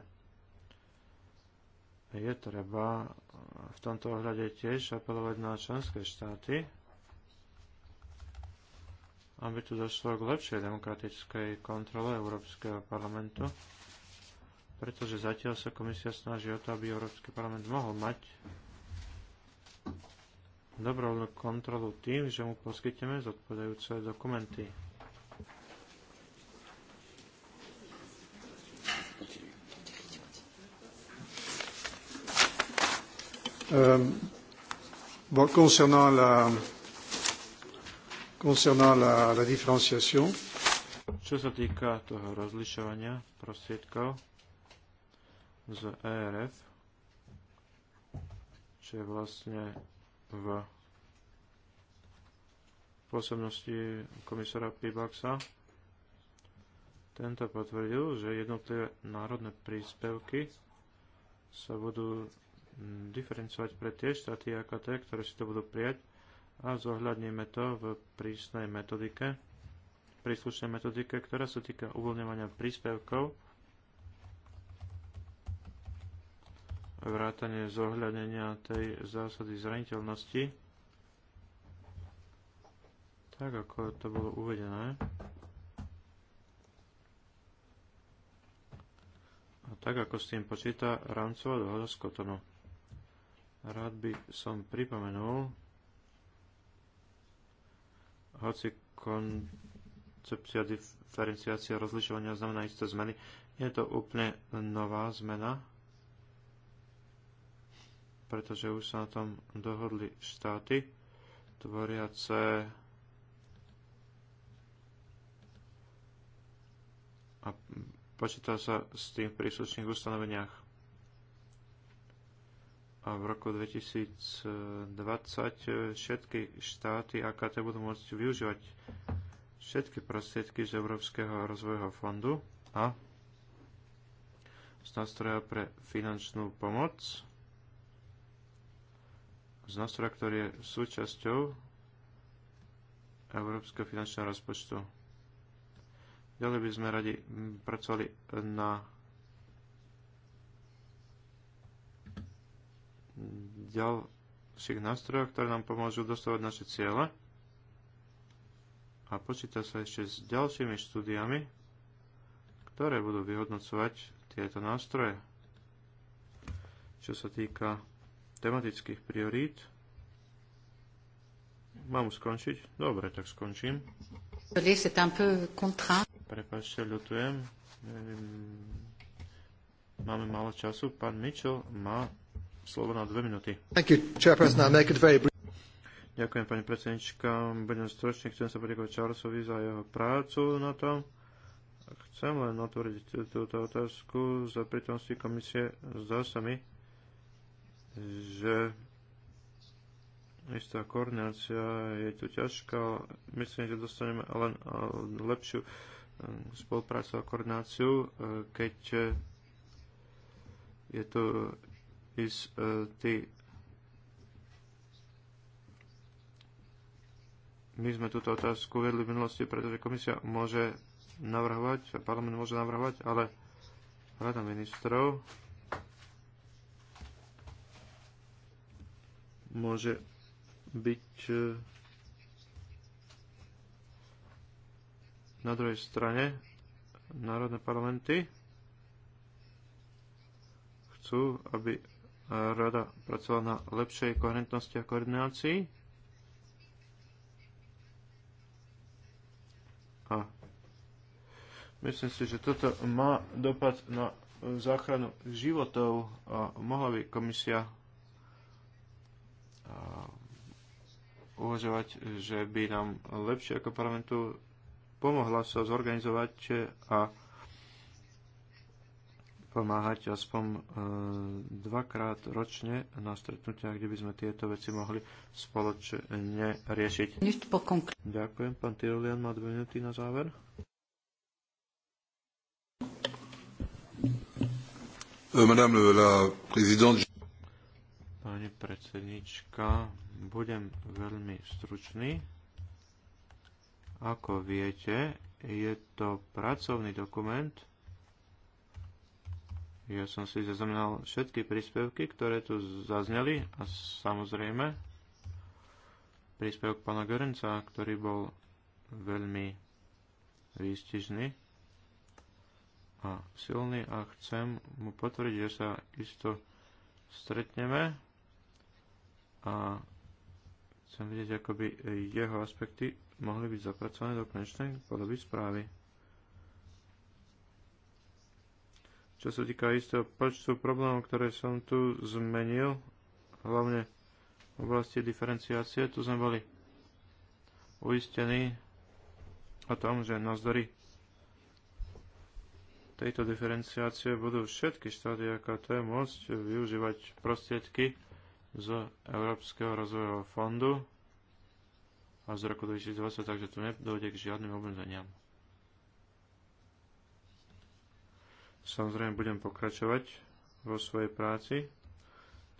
Je treba v tomto ohľade tiež apelovať na členské štáty, aby tu došlo k lepšej demokratickej kontrole Európskeho parlamentu, pretože zatiaľ sa komisia snaží o to, aby Európsky parlament mohol mať dobrovoľnú kontrolu tým, že mu poskytneme zodpovedajúce dokumenty. Euh, bon, concernant la, concernant la, la différenciation. Čo sa týka toho rozlišovania prostriedkov z ERF, čo je vlastne v pôsobnosti komisára Pibaxa, tento potvrdil, že jednotlivé národné príspevky sa budú diferencovať pre tie štáty AKT, ktoré si to budú prijať a zohľadníme to v prísnej metodike, príslušnej metodike, ktorá sa týka uvoľňovania príspevkov, vrátanie zohľadnenia tej zásady zraniteľnosti, tak ako to bolo uvedené. A tak ako s tým počíta rámcová dohoda z Kotonu. Rád by som pripomenul, hoci koncepcia diferenciácia rozlišovania znamená isté zmeny, nie je to úplne nová zmena, pretože už sa na tom dohodli štáty tvoriace a počíta sa s tým v príslušných ustanoveniach a v roku 2020 eh, všetky štáty AKT budú môcť využívať všetky prostriedky z Európskeho rozvojho fondu a z nástroja pre finančnú pomoc, z nástroja, ktorý je súčasťou Európskeho finančného rozpočtu. Ďalej by sme radi pracovali na ďalších nástrojov, ktoré nám pomôžu dostávať naše ciele. A počíta sa ešte s ďalšími štúdiami, ktoré budú vyhodnocovať tieto nástroje. Čo sa týka tematických priorít, mám skončiť? Dobre, tak skončím. Prepačte, ľutujem. Máme málo času. Pán Mitchell má slovo na dve minúty. Ďakujem, pani predsednička. Budem stručný, chcem sa poďakovať Charlesovi za jeho prácu na tom. Chcem len otvoriť túto otázku za prítomnosti komisie. Zdá sa mi, že istá koordinácia je tu ťažká. Myslím, že dostaneme len eh, lepšiu eh, spoluprácu a koordináciu, eh, keď je to is e, ty my sme túto otázku vedli v minulosti, pretože komisia môže navrhovať, parlament môže navrhovať, ale rada ministrov môže byť e, na druhej strane národné parlamenty chcú, aby rada pracovala na lepšej koherentnosti a koordinácii. A myslím si, že toto má dopad na záchranu životov a mohla by komisia uvažovať, že by nám lepšie ako parlamentu pomohla sa zorganizovať a pomáhať aspoň e, dvakrát ročne na stretnutiach, kde by sme tieto veci mohli spoločne riešiť. Ďakujem. Pán Tyrolian má dve minúty na záver. Euh, madame la présidente. Pani predsednička, budem veľmi stručný. Ako viete, je to pracovný dokument, ja som si zaznamenal všetky príspevky, ktoré tu zazneli a samozrejme príspevok pána Görenca, ktorý bol veľmi výstižný a silný a chcem mu potvrdiť, že sa isto stretneme a chcem vidieť, ako by jeho aspekty mohli byť zapracované do konečnej podoby správy. Čo sa týka istého počtu problémov, ktoré som tu zmenil, hlavne v oblasti diferenciácie, tu sme boli uistení o tom, že navzdory tejto diferenciácie budú všetky štáty AKT môcť využívať prostriedky z Európskeho rozvojového fondu a z roku 2020, takže tu nedôjde k žiadnym obmedzeniam. Samozrejme budem pokračovať vo svojej práci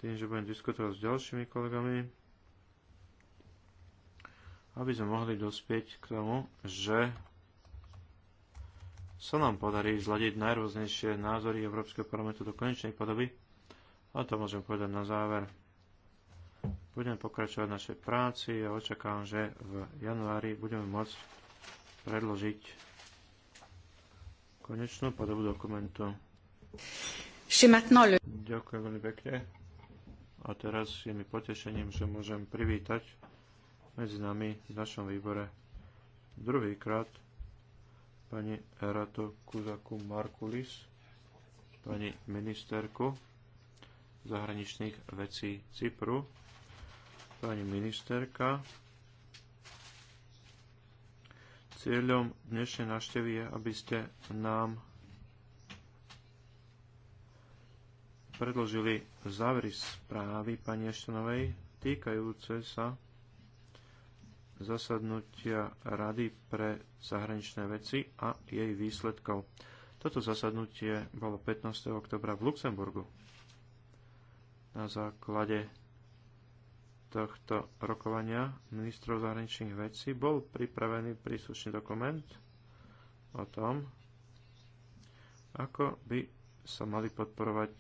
tým, že budem diskutovať s ďalšími kolegami, aby sme mohli dospieť k tomu, že sa nám podarí zladiť najrôznejšie názory Európskeho parlamentu do konečnej podoby. A to môžem povedať na záver. Budem pokračovať v našej práci a očakávam, že v januári budeme môcť predložiť konečnú podobu dokumentu. Ďakujem veľmi pekne. A teraz je mi potešením, že môžem privítať medzi nami v našom výbore druhýkrát pani Erato Kuzaku Markulis, pani ministerku zahraničných vecí Cypru, pani ministerka Cieľom dnešnej návštevy je, aby ste nám predložili závery správy pani Eštonovej týkajúce sa zasadnutia Rady pre zahraničné veci a jej výsledkov. Toto zasadnutie bolo 15. oktobra v Luxemburgu na základe tohto rokovania ministrov zahraničných vecí bol pripravený príslušný dokument o tom, ako by sa mali podporovať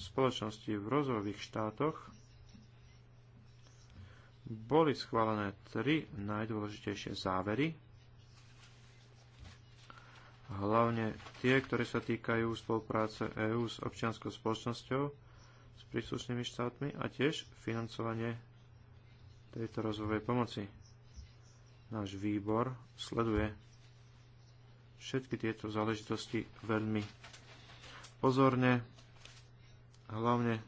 spoločnosti v rozvojových štátoch. Boli schválené tri najdôležitejšie závery, hlavne tie, ktoré sa týkajú spolupráce EÚ s občianskou spoločnosťou, s príslušnými štátmi a tiež financovanie tejto rozvojovej pomoci. Náš výbor sleduje všetky tieto záležitosti veľmi pozorne, hlavne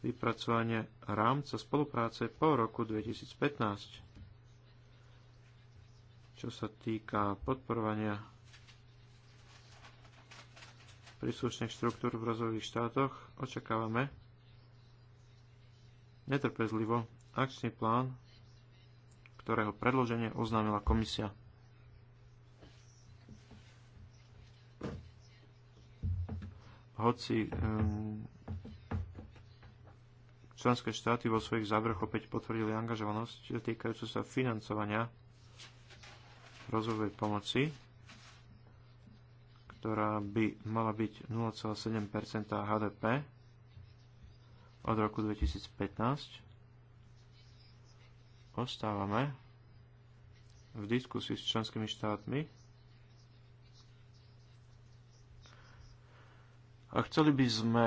vypracovanie rámca spolupráce po roku 2015, čo sa týka podporovania príslušných štruktúr v rozvojových štátoch, očakávame netrpezlivo akčný plán, ktorého predloženie oznámila komisia. Hoci um, členské štáty vo svojich záveroch opäť potvrdili angažovanosť týkajúcu sa financovania rozvojovej pomoci, ktorá by mala byť 0,7 HDP od roku 2015 ostávame v diskusii s členskými štátmi a chceli by sme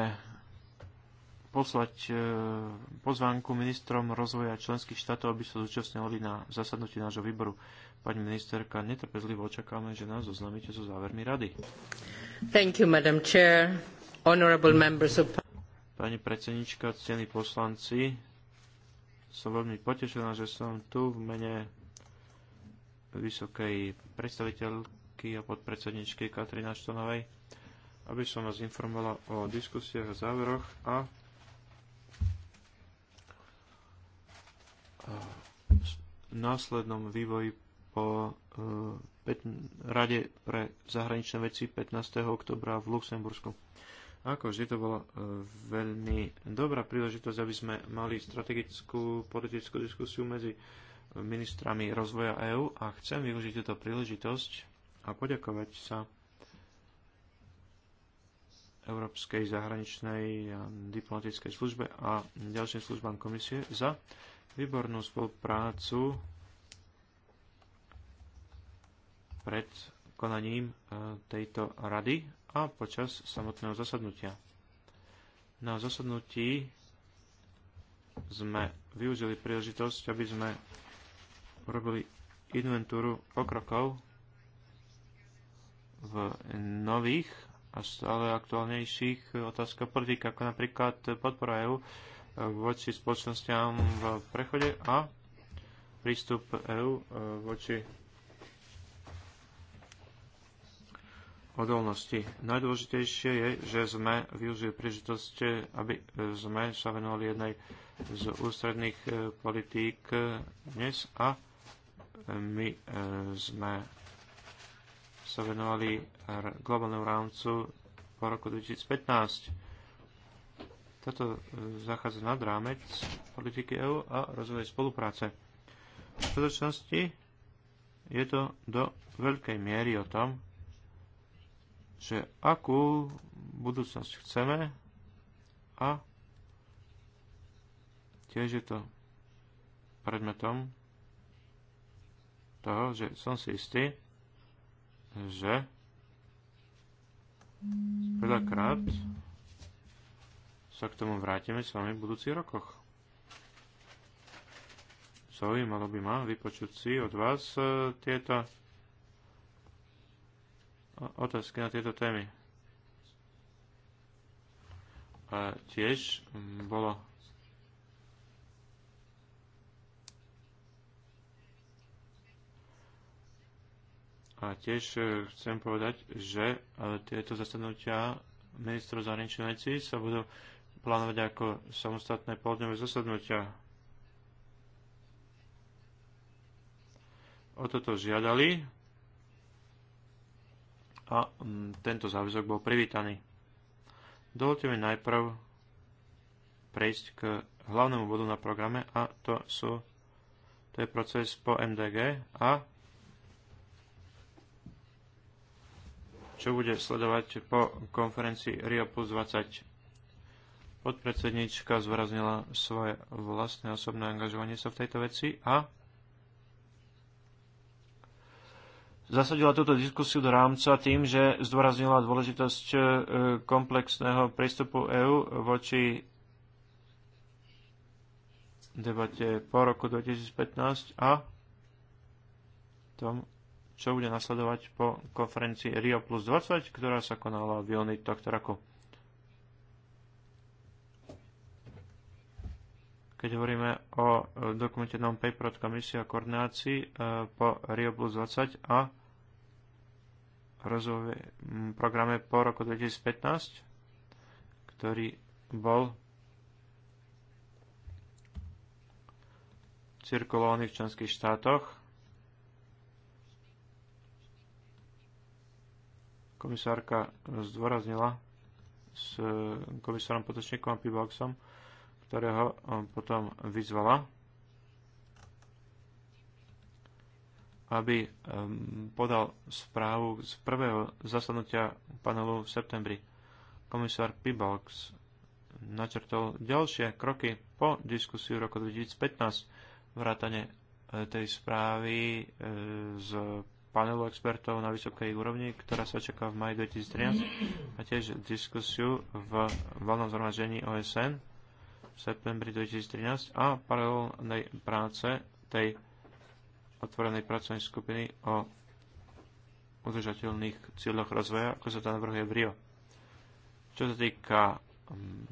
poslať e, pozvánku ministrom rozvoja členských štátov, aby sa zúčastnili na zasadnutí nášho výboru. Pani ministerka, netrpezlivo očakávame, že nás oznámite so závermi rady. Thank you, Madam Chair, honorable mm. members of... Pani predsednička, ctení poslanci, som veľmi potešená, že som tu v mene vysokej predstaviteľky a podpredsedničky Katrina Štonovej, aby som vás informovala o diskusiách a záveroch a následnom vývoji po e, Rade pre zahraničné veci 15. oktobra v Luxembursku. Ako vždy to bola e, veľmi dobrá príležitosť, aby sme mali strategickú politickú diskusiu medzi ministrami rozvoja EÚ a chcem využiť túto príležitosť a poďakovať sa Európskej zahraničnej a diplomatickej službe a ďalším službám komisie za výbornú spoluprácu pred konaním e, tejto rady a počas samotného zasadnutia. Na zasadnutí sme využili príležitosť, aby sme urobili inventúru pokrokov v nových a stále aktuálnejších otázkach politik, ako napríklad podpora EU voči spoločnostiam v prechode a prístup EU voči odolnosti. Najdôležitejšie je, že sme využili príležitosť, aby sme sa venovali jednej z ústredných e, politík e, dnes a e, my sme sa venovali globálnemu rámcu po roku 2015. Toto zachádza nad rámec politiky EÚ a rozvoje spolupráce. V skutočnosti je to do veľkej miery o tom, že akú budúcnosť chceme a tiež je to predmetom toho, že som si istý, že veľakrát sa k tomu vrátime s vami v budúcich rokoch. Zaujímalo by ma vypočuť si od vás eh, tieto otázky na tieto témy. A tiež bolo A tiež e, chcem povedať, že e, tieto zasadnutia ministrov zahraničných vecí sa budú plánovať ako samostatné poludňové zasadnutia. O toto žiadali a mm, tento záväzok bol privítaný. Dovolte mi najprv prejsť k hlavnému bodu na programe a to sú to je proces po MDG a čo bude sledovať po konferencii Rio plus 20. Podpredsednička zvraznila svoje vlastné osobné angažovanie sa v tejto veci a zasadila túto diskusiu do rámca tým, že zdôraznila dôležitosť e, komplexného prístupu EÚ voči debate po roku 2015 a tom, čo bude nasledovať po konferencii Rio plus 20, ktorá sa konala v júni tohto roku. keď hovoríme o e, dokumente non-paper od komisie o koordinácii e, po Rio plus 20 a rozvoje programe po roku 2015, ktorý bol cirkulovaný v členských štátoch. Komisárka zdôraznila s e, komisárom Potočníkom a Piboxom, ktorého eh, potom vyzvala, aby ehm, podal správu z prvého zasadnutia panelu v septembri. Komisár Pibalx načrtol ďalšie kroky po diskusiu roku 2015 vrátane eh, tej správy eh, z panelu expertov na vysokej úrovni, ktorá sa čaká v maji 2013 a tiež diskusiu v valnom zhromaždení OSN v septembri 2013 a paralelnej práce tej otvorenej pracovnej skupiny o udržateľných cieľoch rozvoja, ako sa to navrhuje v Rio. Čo sa týka mm,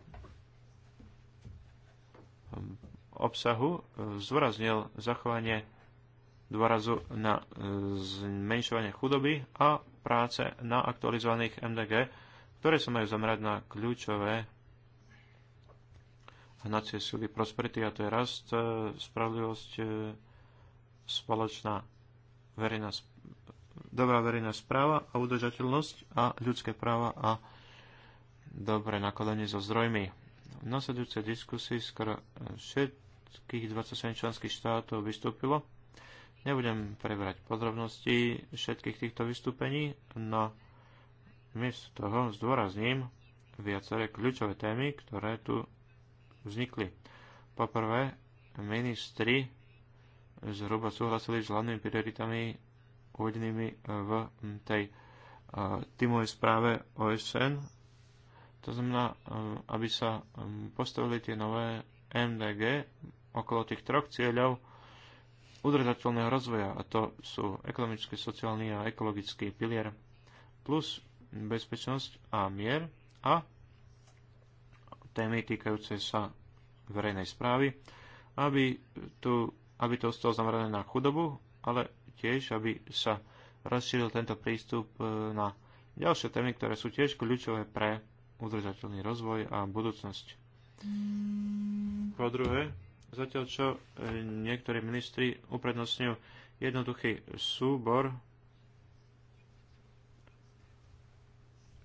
mm, obsahu, zdôraznil zachovanie dôrazu na e, zmenšovanie chudoby a práce na aktualizovaných MDG, ktoré sa majú zamerať na kľúčové hnacie sily prosperity a to je rast, e, spravodlivosť e, spoločná verejná, dobrá verejná správa a udržateľnosť a ľudské práva a dobré nakladanie so zdrojmi. V nasledujúcej diskusii skoro všetkých 27 členských štátov vystúpilo. Nebudem prebrať podrobnosti všetkých týchto vystúpení, no miesto toho zdôrazním viaceré kľúčové témy, ktoré tu vznikli. Poprvé, ministri zhruba súhlasili s hlavnými prioritami uvedenými e, v tej e, týmovej správe OSN. To znamená, e, aby sa postavili tie nové MDG okolo tých troch cieľov udržateľného rozvoja, a to sú ekonomický, sociálny a ekologický pilier, plus bezpečnosť a mier a témy týkajúce sa verejnej správy, aby, tu, aby to ostalo zamerané na chudobu, ale tiež, aby sa rozšíril tento prístup e, na ďalšie témy, ktoré sú tiež kľúčové pre udržateľný rozvoj a budúcnosť. Po druhé, zatiaľ čo e, niektorí ministri uprednostňujú jednoduchý súbor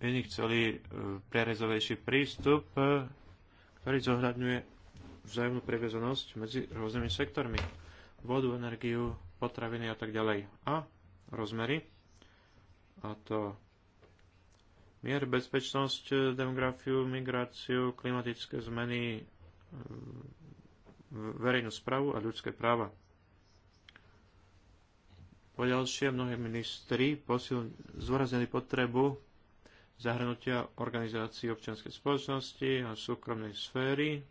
iní chceli e, prerezovejší prístup, e, ktorý zohľadňuje vzájomnú prevezenosť medzi rôznymi sektormi. Vodu, energiu, potraviny a tak ďalej. A rozmery. A to mier, bezpečnosť, e, demografiu, migráciu, klimatické zmeny, verejnú správu a ľudské práva. Poďalšie mnohé ministri posil, zvoraznili potrebu zahrnutia organizácií občianskej spoločnosti a súkromnej sféry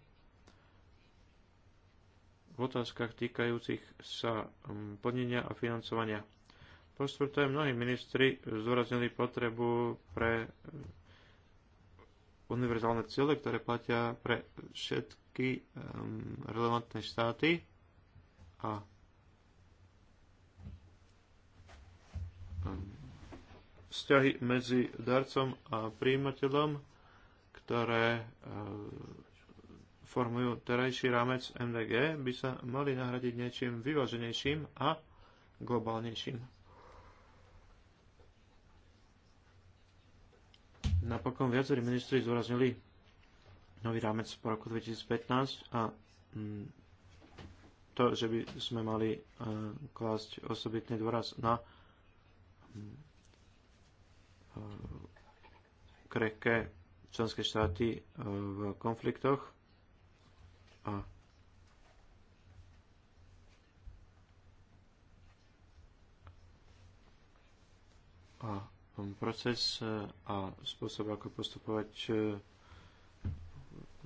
v otázkach týkajúcich sa mm, plnenia a financovania. Po štvrté, mnohí ministri zdôraznili potrebu pre mm, univerzálne ciele, ktoré platia pre všetky mm, relevantné štáty a vzťahy medzi darcom a príjimateľom, ktoré e, formujú terajší rámec MDG, by sa mali nahradiť niečím vyváženejším a globálnejším. Napokon viacerí ministri zúraznili nový rámec po roku 2015 a mm, to, že by sme mali e, klásť osobitný dôraz na mm, Eh, krehké členské štáty eh, v konfliktoch a a proces eh, a spôsob, ako postupovať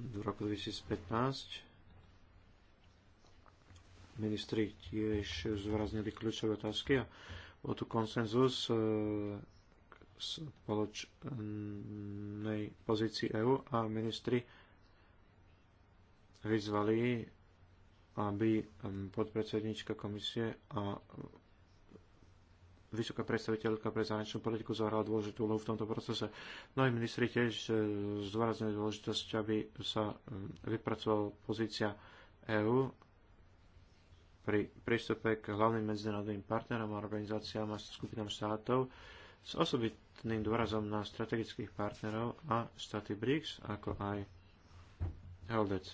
v roku 2015. Ministri tiež zvraznili kľúčové otázky a bol tu konsenzus spoločnej pozícii EÚ a ministri vyzvali, aby um, podpredsednička komisie a vysoká predstaviteľka pre zahraničnú politiku zahrala dôležitú úlohu v tomto procese. No aj ministri tiež e, zdôrazňujú dôležitosť, aby sa um, vypracovala pozícia EÚ pri prístupe k hlavným medzinárodným partnerom a organizáciám a skupinám štátov, s osobitným dôrazom na strategických partnerov a štáty BRICS, ako aj LDC,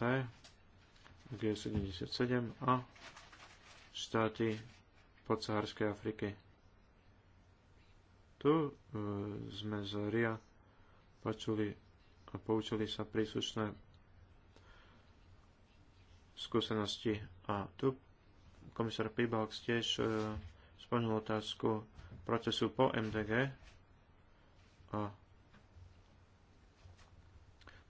G77 a štáty podsaharskej Afriky. Tu e, sme z RIA počuli a poučili sa príslušné skúsenosti. A tu komisár Pibalks tiež e, spomenul otázku procesu po MDG a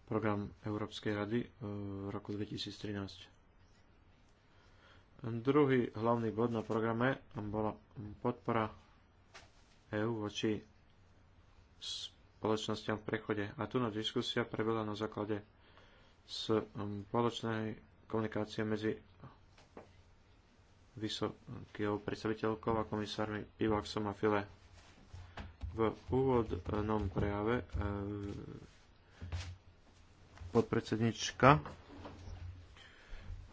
program Európskej rady e, v roku 2013. Druhý hlavný bod na programe bola podpora EÚ voči spoločnosťam v prechode. A tu na diskusia prebehla na základe spoločnej komunikácie medzi vysokého predstaviteľkou a komisármi Pivaxom a File. V úvodnom prejave eh, podpredsednička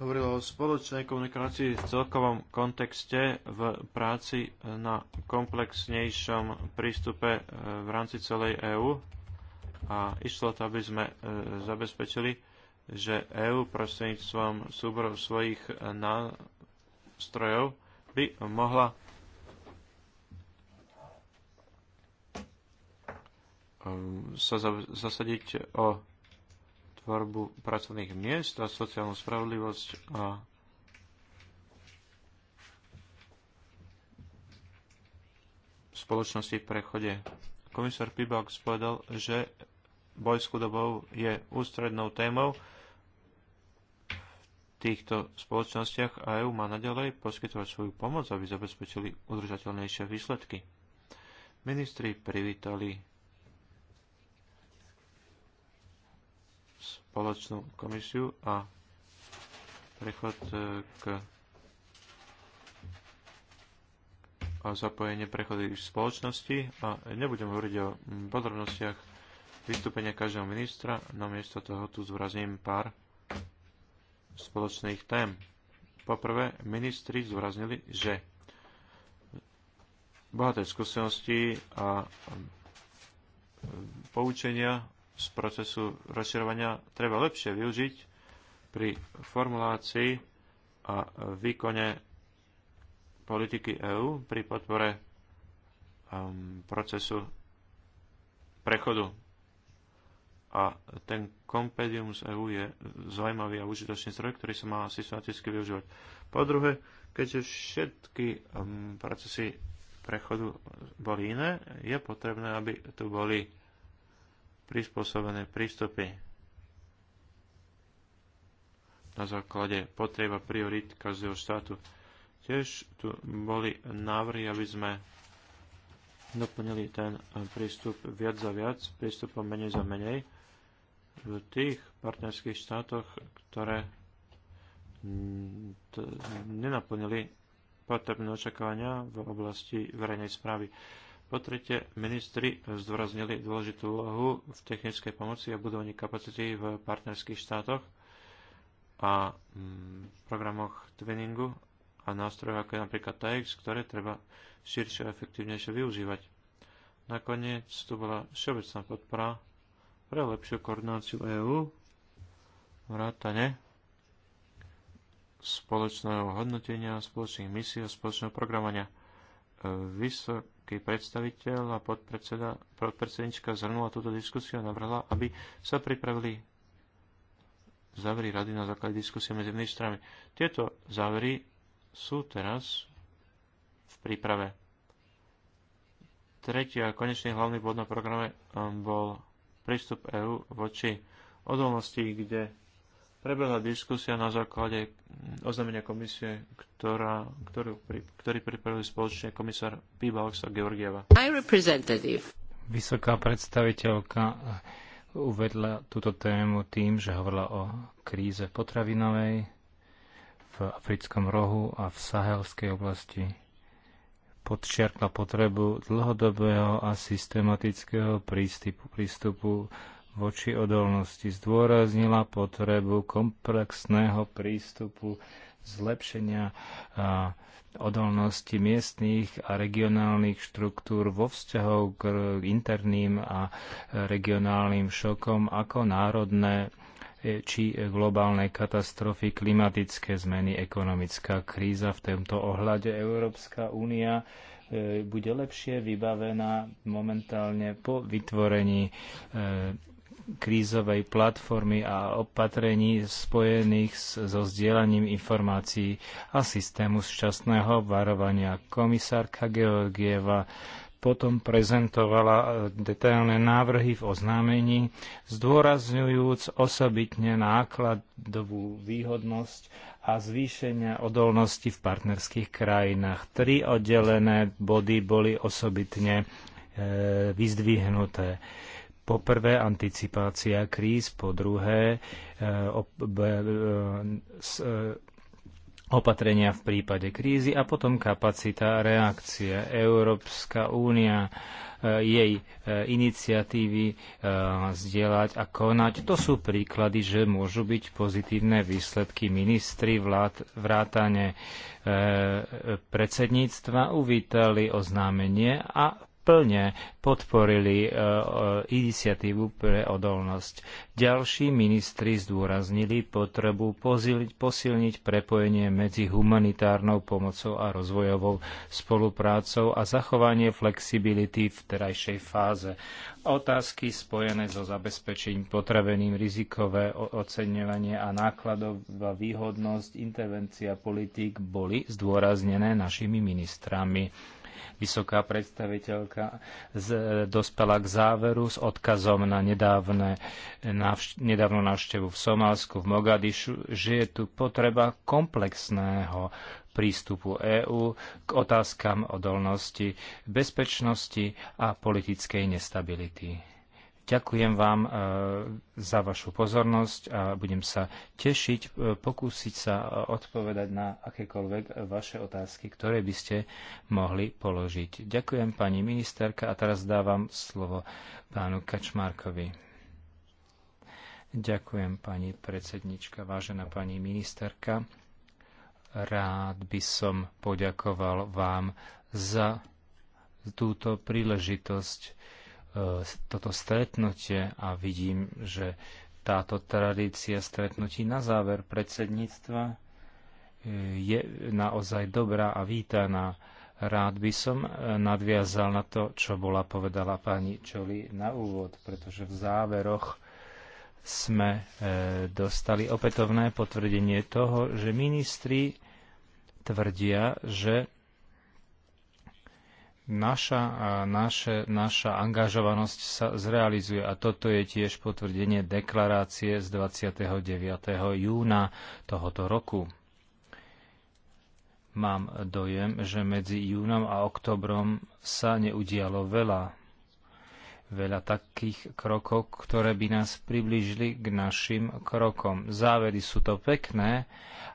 hovorila o spoločnej komunikácii v celkovom kontexte v práci na komplexnejšom prístupe eh, v rámci celej EÚ a išlo to, aby sme eh, zabezpečili, že EÚ prostredníctvom súborov svojich na strojov by mohla sa zasadiť o tvorbu pracovných miest a sociálnu spravodlivosť a spoločnosti v prechode. Komisár Pibox povedal, že boj s chudobou je ústrednou témou týchto spoločnostiach a EU má naďalej poskytovať svoju pomoc, aby zabezpečili udržateľnejšie výsledky. Ministri privítali spoločnú komisiu a prechod e, k a zapojenie prechody spoločnosti a nebudem hovoriť o podrobnostiach vystúpenia každého ministra, namiesto toho tu zvrazním pár spoločných tém. Poprvé, ministri zdôraznili, že bohaté skúsenosti a poučenia z procesu rozširovania treba lepšie využiť pri formulácii a výkone politiky EÚ pri podpore um, procesu prechodu a ten kompendium z EU je zaujímavý a užitočný zdroj, ktorý sa má systematicky využívať. Po druhé, keďže všetky um, procesy prechodu boli iné, je potrebné, aby tu boli prispôsobené prístupy na základe potreba priorit každého štátu. Tiež tu boli návrhy, aby sme doplnili ten prístup viac za viac, prístupom menej za menej, v tých partnerských štátoch, ktoré nenaplnili potrebné očakávania v oblasti verejnej správy. Po tretie, ministri zdôraznili dôležitú úlohu v technickej pomoci a budovaní kapacity v partnerských štátoch a mm, programoch twinningu a nástrojov ako je napríklad TAEX, ktoré treba širšie a efektívnejšie využívať. Nakoniec tu bola všeobecná podpora pre lepšiu koordináciu EÚ, vrátane spoločného hodnotenia, spoločných misií a spoločného programovania. E, vysoký predstaviteľ a podpredseda, podpredsednička zhrnula túto diskusiu a navrhla, aby sa pripravili závery rady na základe diskusie medzi ministrami. Tieto závery sú teraz v príprave. Tretí a konečný hlavný bod na programe ehm, bol prístup EÚ voči odolnosti, kde prebehla diskusia na základe oznámenia komisie, ktorá, ktorú, ktorý pripravil spoločne komisár Pibalx a Georgieva. Vysoká predstaviteľka eh, uvedla túto tému tým, že hovorila o kríze potravinovej v africkom rohu a v sahelskej oblasti podčiarkla potrebu dlhodobého a systematického prístupu, prístupu voči odolnosti. Zdôraznila potrebu komplexného prístupu zlepšenia a, odolnosti miestných a regionálnych štruktúr vo vzťahu k interným a regionálnym šokom ako národné E, či globálne katastrofy, klimatické zmeny, ekonomická kríza. V tomto ohľade Európska únia e, bude lepšie vybavená momentálne po vytvorení e, krízovej platformy a opatrení spojených so zdieľaním informácií a systému včasného varovania. Komisárka Georgieva potom prezentovala e, detailné návrhy v oznámení, zdôrazňujúc osobitne nákladovú výhodnosť a zvýšenia odolnosti v partnerských krajinách. Tri oddelené body boli osobitne e, vyzdvihnuté po prvé anticipácia kríz, po druhé e, ob, e, s, e, opatrenia v prípade krízy a potom kapacita reakcie. Európska únia, e, jej e, iniciatívy e, zdieľať a konať. To sú príklady, že môžu byť pozitívne výsledky ministri vlád, vrátane predsedníctva uvítali oznámenie a plne podporili e, e, iniciatívu pre odolnosť. Ďalší ministri zdôraznili potrebu posilniť prepojenie medzi humanitárnou pomocou a rozvojovou spoluprácou a zachovanie flexibility v terajšej fáze. Otázky spojené so zabezpečením potraveným rizikové oceňovanie a nákladová výhodnosť intervencia politík boli zdôraznené našimi ministrami vysoká predstaviteľka z, dospela k záveru s odkazom na nedávne, nedávnu návštevu v Somálsku, v Mogadišu, že je tu potreba komplexného prístupu EÚ k otázkam odolnosti, bezpečnosti a politickej nestability. Ďakujem vám e, za vašu pozornosť a budem sa tešiť, e, pokúsiť sa e, odpovedať na akékoľvek vaše otázky, ktoré by ste mohli položiť. Ďakujem pani ministerka a teraz dávam slovo pánu Kačmárkovi. Ďakujem pani predsednička, vážená pani ministerka. Rád by som poďakoval vám za túto príležitosť E, toto stretnutie a vidím, že táto tradícia stretnutí na záver predsedníctva e, je naozaj dobrá a vítaná. Rád by som e, nadviazal na to, čo bola povedala pani Čoli na úvod, pretože v záveroch sme dostali opätovné potvrdenie toho, že ministri tvrdia, že naša, a naše, naša angažovanosť sa zrealizuje. A toto je tiež potvrdenie deklarácie z 29. júna tohoto roku. Mám dojem, že medzi júnom a oktobrom sa neudialo veľa. Veľa takých krokov, ktoré by nás priblížili k našim krokom. Závery sú to pekné,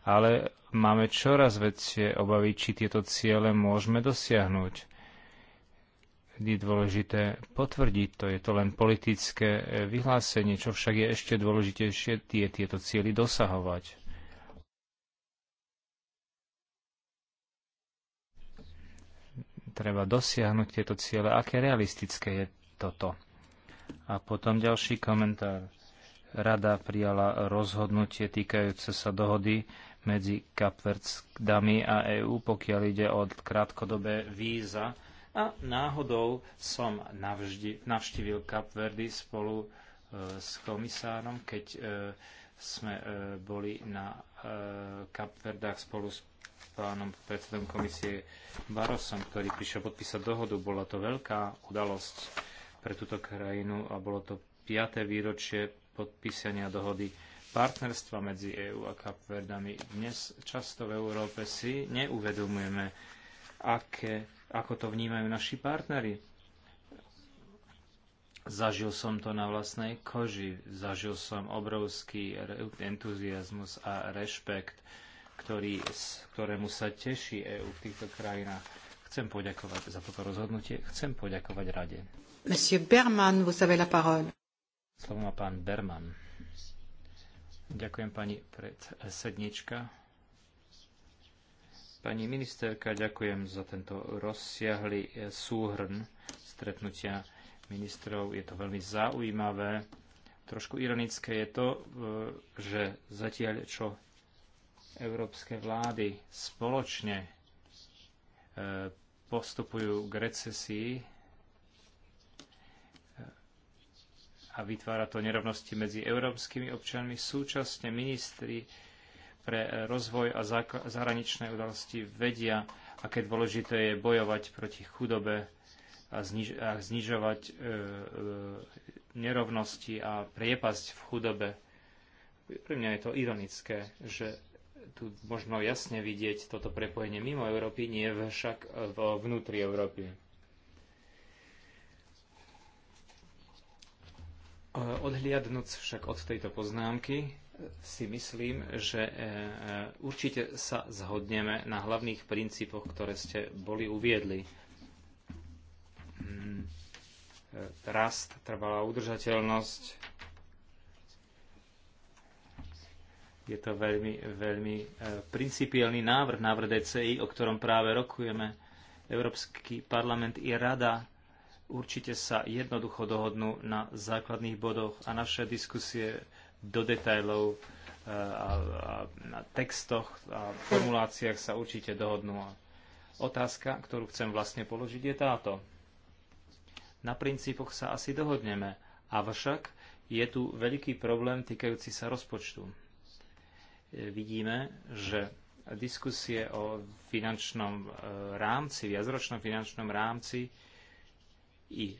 ale máme čoraz väčšie obavy, či tieto ciele môžeme dosiahnuť je dôležité potvrdiť, to je to len politické e, vyhlásenie, čo však je ešte dôležitejšie tie tieto cieľy dosahovať. Treba dosiahnuť tieto ciele, aké realistické je toto. A potom ďalší komentár. Rada prijala rozhodnutie týkajúce sa dohody medzi Kapverdskdami a EÚ, pokiaľ ide o krátkodobé víza a náhodou som navždy, navštívil Cap Verdy spolu e, s komisárom, keď e, sme e, boli na Cap Verdách spolu s pánom predsedom komisie Barosom, ktorý prišiel podpísať dohodu. Bola to veľká udalosť pre túto krajinu a bolo to 5. výročie podpísania dohody partnerstva medzi EÚ a Kapverdami. Dnes často v Európe si neuvedomujeme, aké ako to vnímajú naši partnery. Zažil som to na vlastnej koži, zažil som obrovský entuziasmus a rešpekt, ktorý, ktorému sa teší EÚ v týchto krajinách. Chcem poďakovať za toto rozhodnutie, chcem poďakovať Rade. Monsieur Berman, vous avez la parole. Slovo má pán Berman. Ďakujem pani predsednička. Pani ministerka, ďakujem za tento rozsiahly e, súhrn stretnutia ministrov. Je to veľmi zaujímavé. Trošku ironické je to, e, že zatiaľ čo európske vlády spoločne e, postupujú k recesii a vytvára to nerovnosti medzi európskymi občanmi, súčasne ministri pre rozvoj a zahraničné udalosti vedia, aké dôležité je bojovať proti chudobe a, zniž- a znižovať e, e, nerovnosti a priepasť v chudobe. Pre mňa je to ironické, že tu možno jasne vidieť toto prepojenie mimo Európy, nie však vo vnútri Európy. E, odhliadnúc však od tejto poznámky, si myslím, že e, e, určite sa zhodneme na hlavných princípoch, ktoré ste boli uviedli. Mm, e, rast, trvalá udržateľnosť. Je to veľmi, veľmi principiálny návrh, návrh DCI, o ktorom práve rokujeme. Európsky parlament i rada určite sa jednoducho dohodnú na základných bodoch a naše diskusie do detajlov eh, a, na textoch a formuláciách sa určite dohodnú. Otázka, ktorú chcem vlastne položiť, je táto. Na princípoch sa asi dohodneme, avšak je tu veľký problém týkajúci sa rozpočtu. Eh, vidíme, že diskusie o finančnom eh, rámci, viacročnom finančnom rámci i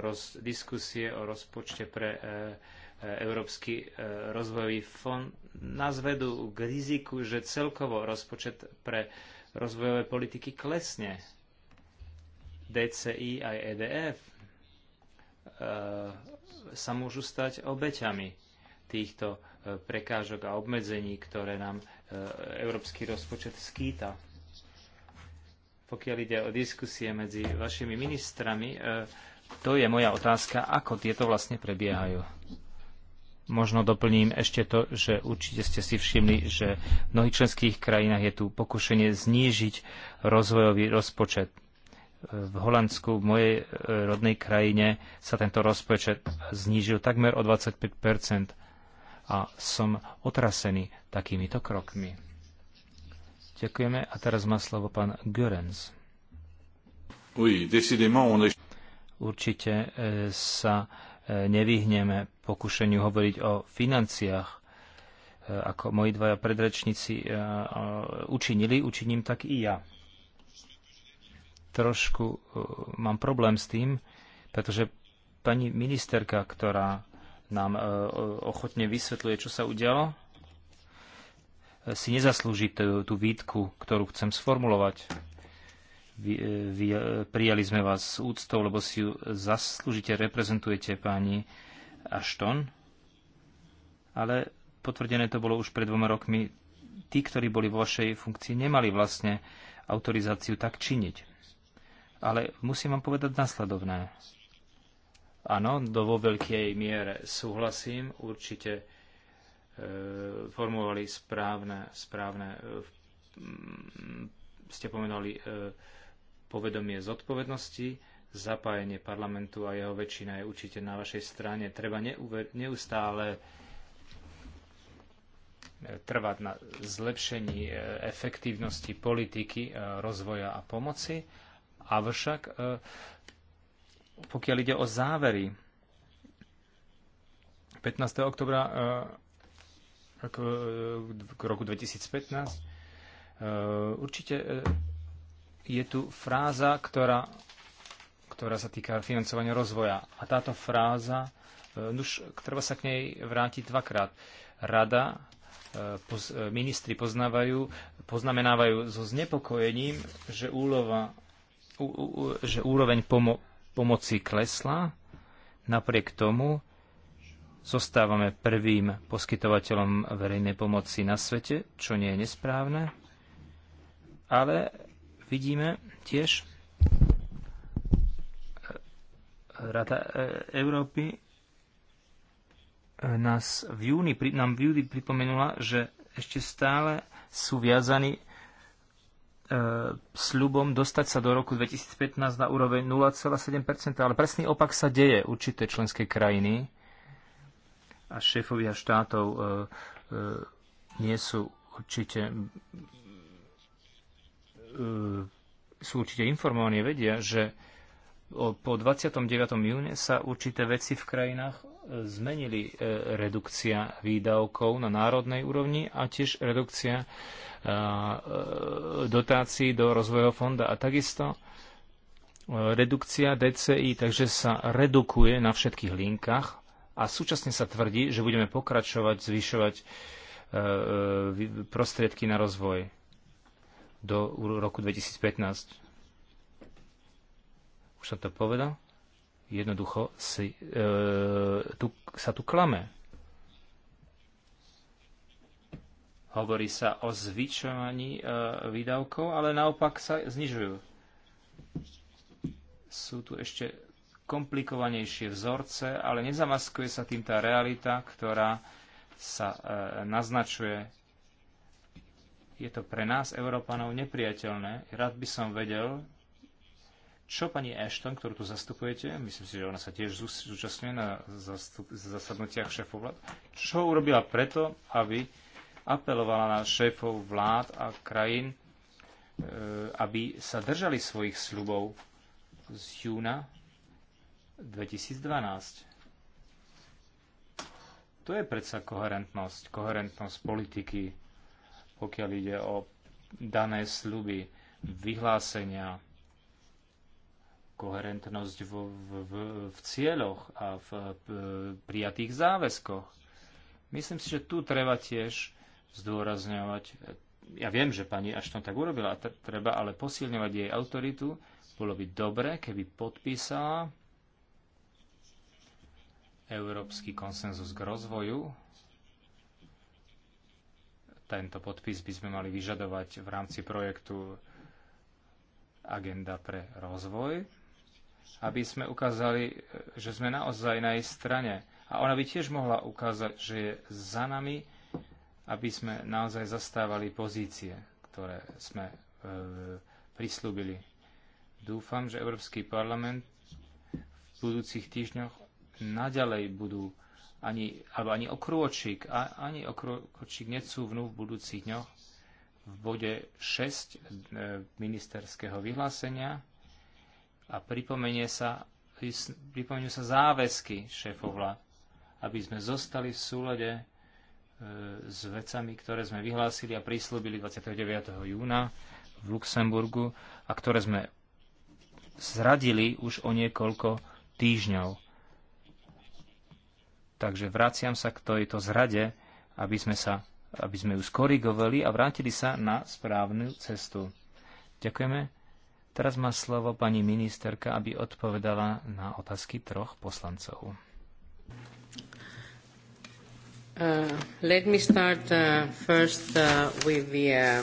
roz, diskusie o rozpočte pre e, Európsky e, rozvojový fond nás vedú k riziku, že celkovo rozpočet pre rozvojové politiky klesne. DCI aj EDF e, sa môžu stať obeťami týchto e, prekážok a obmedzení, ktoré nám európsky rozpočet skýta. Pokiaľ ide o diskusie medzi vašimi ministrami, to je moja otázka, ako tieto vlastne prebiehajú. Možno doplním ešte to, že určite ste si všimli, že v mnohých členských krajinách je tu pokušenie znížiť rozvojový rozpočet. V Holandsku, v mojej e, rodnej krajine, sa tento rozpočet znížil takmer o 25 a som otrasený takýmito krokmi. Ďakujeme a teraz má slovo pán Görens. Určite e, sa nevyhneme pokušeniu hovoriť o financiách, e, ako moji dvaja predrečníci e, e, učinili, učiním tak i ja. Trošku mám problém s tým, pretože pani ministerka, ktorá nám ochotne vysvetľuje, čo sa udialo, si nezaslúži tú, tú výtku, ktorú chcem sformulovať vy, e, vy, e, prijali sme vás s úctou, lebo si ju zaslúžite, reprezentujete páni Ashton. Ale potvrdené to bolo už pred dvoma rokmi. Tí, ktorí boli vo vašej funkcii, nemali vlastne autorizáciu tak činiť. Ale musím vám povedať nasledovné. Áno, do vo veľkej miere súhlasím, určite e, formulovali správne, správne e, ste pomenovali e, povedomie zodpovednosti, zapájenie parlamentu a jeho väčšina je určite na vašej strane. Treba neustále e, trvať na zlepšení e, efektívnosti politiky e, rozvoja a pomoci. Avšak, pokiaľ ide o závery, 15. oktobra k roku 2015 určite je tu fráza, ktorá, ktorá sa týka financovania rozvoja. A táto fráza, e, už treba sa k nej vrátiť dvakrát. Rada, e, poz, e, ministri poznávajú, poznamenávajú so znepokojením, že, úlova, u, u, že úroveň pomo, pomoci klesla. Napriek tomu zostávame prvým poskytovateľom verejnej pomoci na svete, čo nie je nesprávne ale vidíme tiež e, Rada e, Európy e, nás v júni, nám v júni pripomenula, že ešte stále sú viazaní s ľubom dostať sa do roku 2015 na úroveň 0,7%, ale presný opak sa deje určité členské krajiny a šéfovia štátov e, e, nie sú určite E, sú určite informovaní, vedia, že po 29. júne sa určité veci v krajinách e, zmenili e, redukcia výdavkov na národnej úrovni a tiež redukcia dotácií do rozvojového fonda a takisto redukcia DCI, takže sa redukuje na všetkých linkách a súčasne sa tvrdí, že budeme pokračovať zvyšovať prostriedky na rozvoj do roku 2015. Už som to povedal. Jednoducho si, e, tu, sa tu klame. Hovorí sa o zvyšovaní e, výdavkov, ale naopak sa znižujú. Sú tu ešte komplikovanejšie vzorce, ale nezamaskuje sa tým tá realita, ktorá sa e, naznačuje je to pre nás, Európanov, nepriateľné. Rád by som vedel, čo pani Ashton, ktorú tu zastupujete, myslím si, že ona sa tiež zúčastňuje na zastup, zasadnutiach šéfov vlád, čo urobila preto, aby apelovala na šéfov vlád a krajín, e, aby sa držali svojich sľubov z júna 2012. To je predsa koherentnosť, koherentnosť politiky pokiaľ ide o dané sľuby, vyhlásenia, koherentnosť v, v, v, v cieľoch a v, v e, prijatých záväzkoch. Myslím si, že tu treba tiež zdôrazňovať, ja viem, že pani Ashton tak urobila, treba ale posilňovať jej autoritu. Bolo by dobre, keby podpísala Európsky konsenzus k rozvoju tento podpis by sme mali vyžadovať v rámci projektu Agenda pre rozvoj, aby sme ukázali, že sme naozaj na jej strane. A ona by tiež mohla ukázať, že je za nami, aby sme naozaj zastávali pozície, ktoré sme e, prislúbili. Dúfam, že Európsky parlament v budúcich týždňoch naďalej budú ani, alebo ani okrôčik, a, ani okrôčik necúvnú v budúcich dňoch v bode 6 e, ministerského vyhlásenia a pripomenie sa, pripomenú sa záväzky šéfovla, aby sme zostali v súlade e, s vecami, ktoré sme vyhlásili a prislúbili 29. júna v Luxemburgu a ktoré sme zradili už o niekoľko týždňov. Takže vraciam sa k tejto zrade, aby sme, sa, aby sme ju skorigovali a vrátili sa na správnu cestu. Ďakujeme. Teraz má slovo pani ministerka, aby odpovedala na otázky troch poslancov. Uh, let me start uh, first uh, with the uh,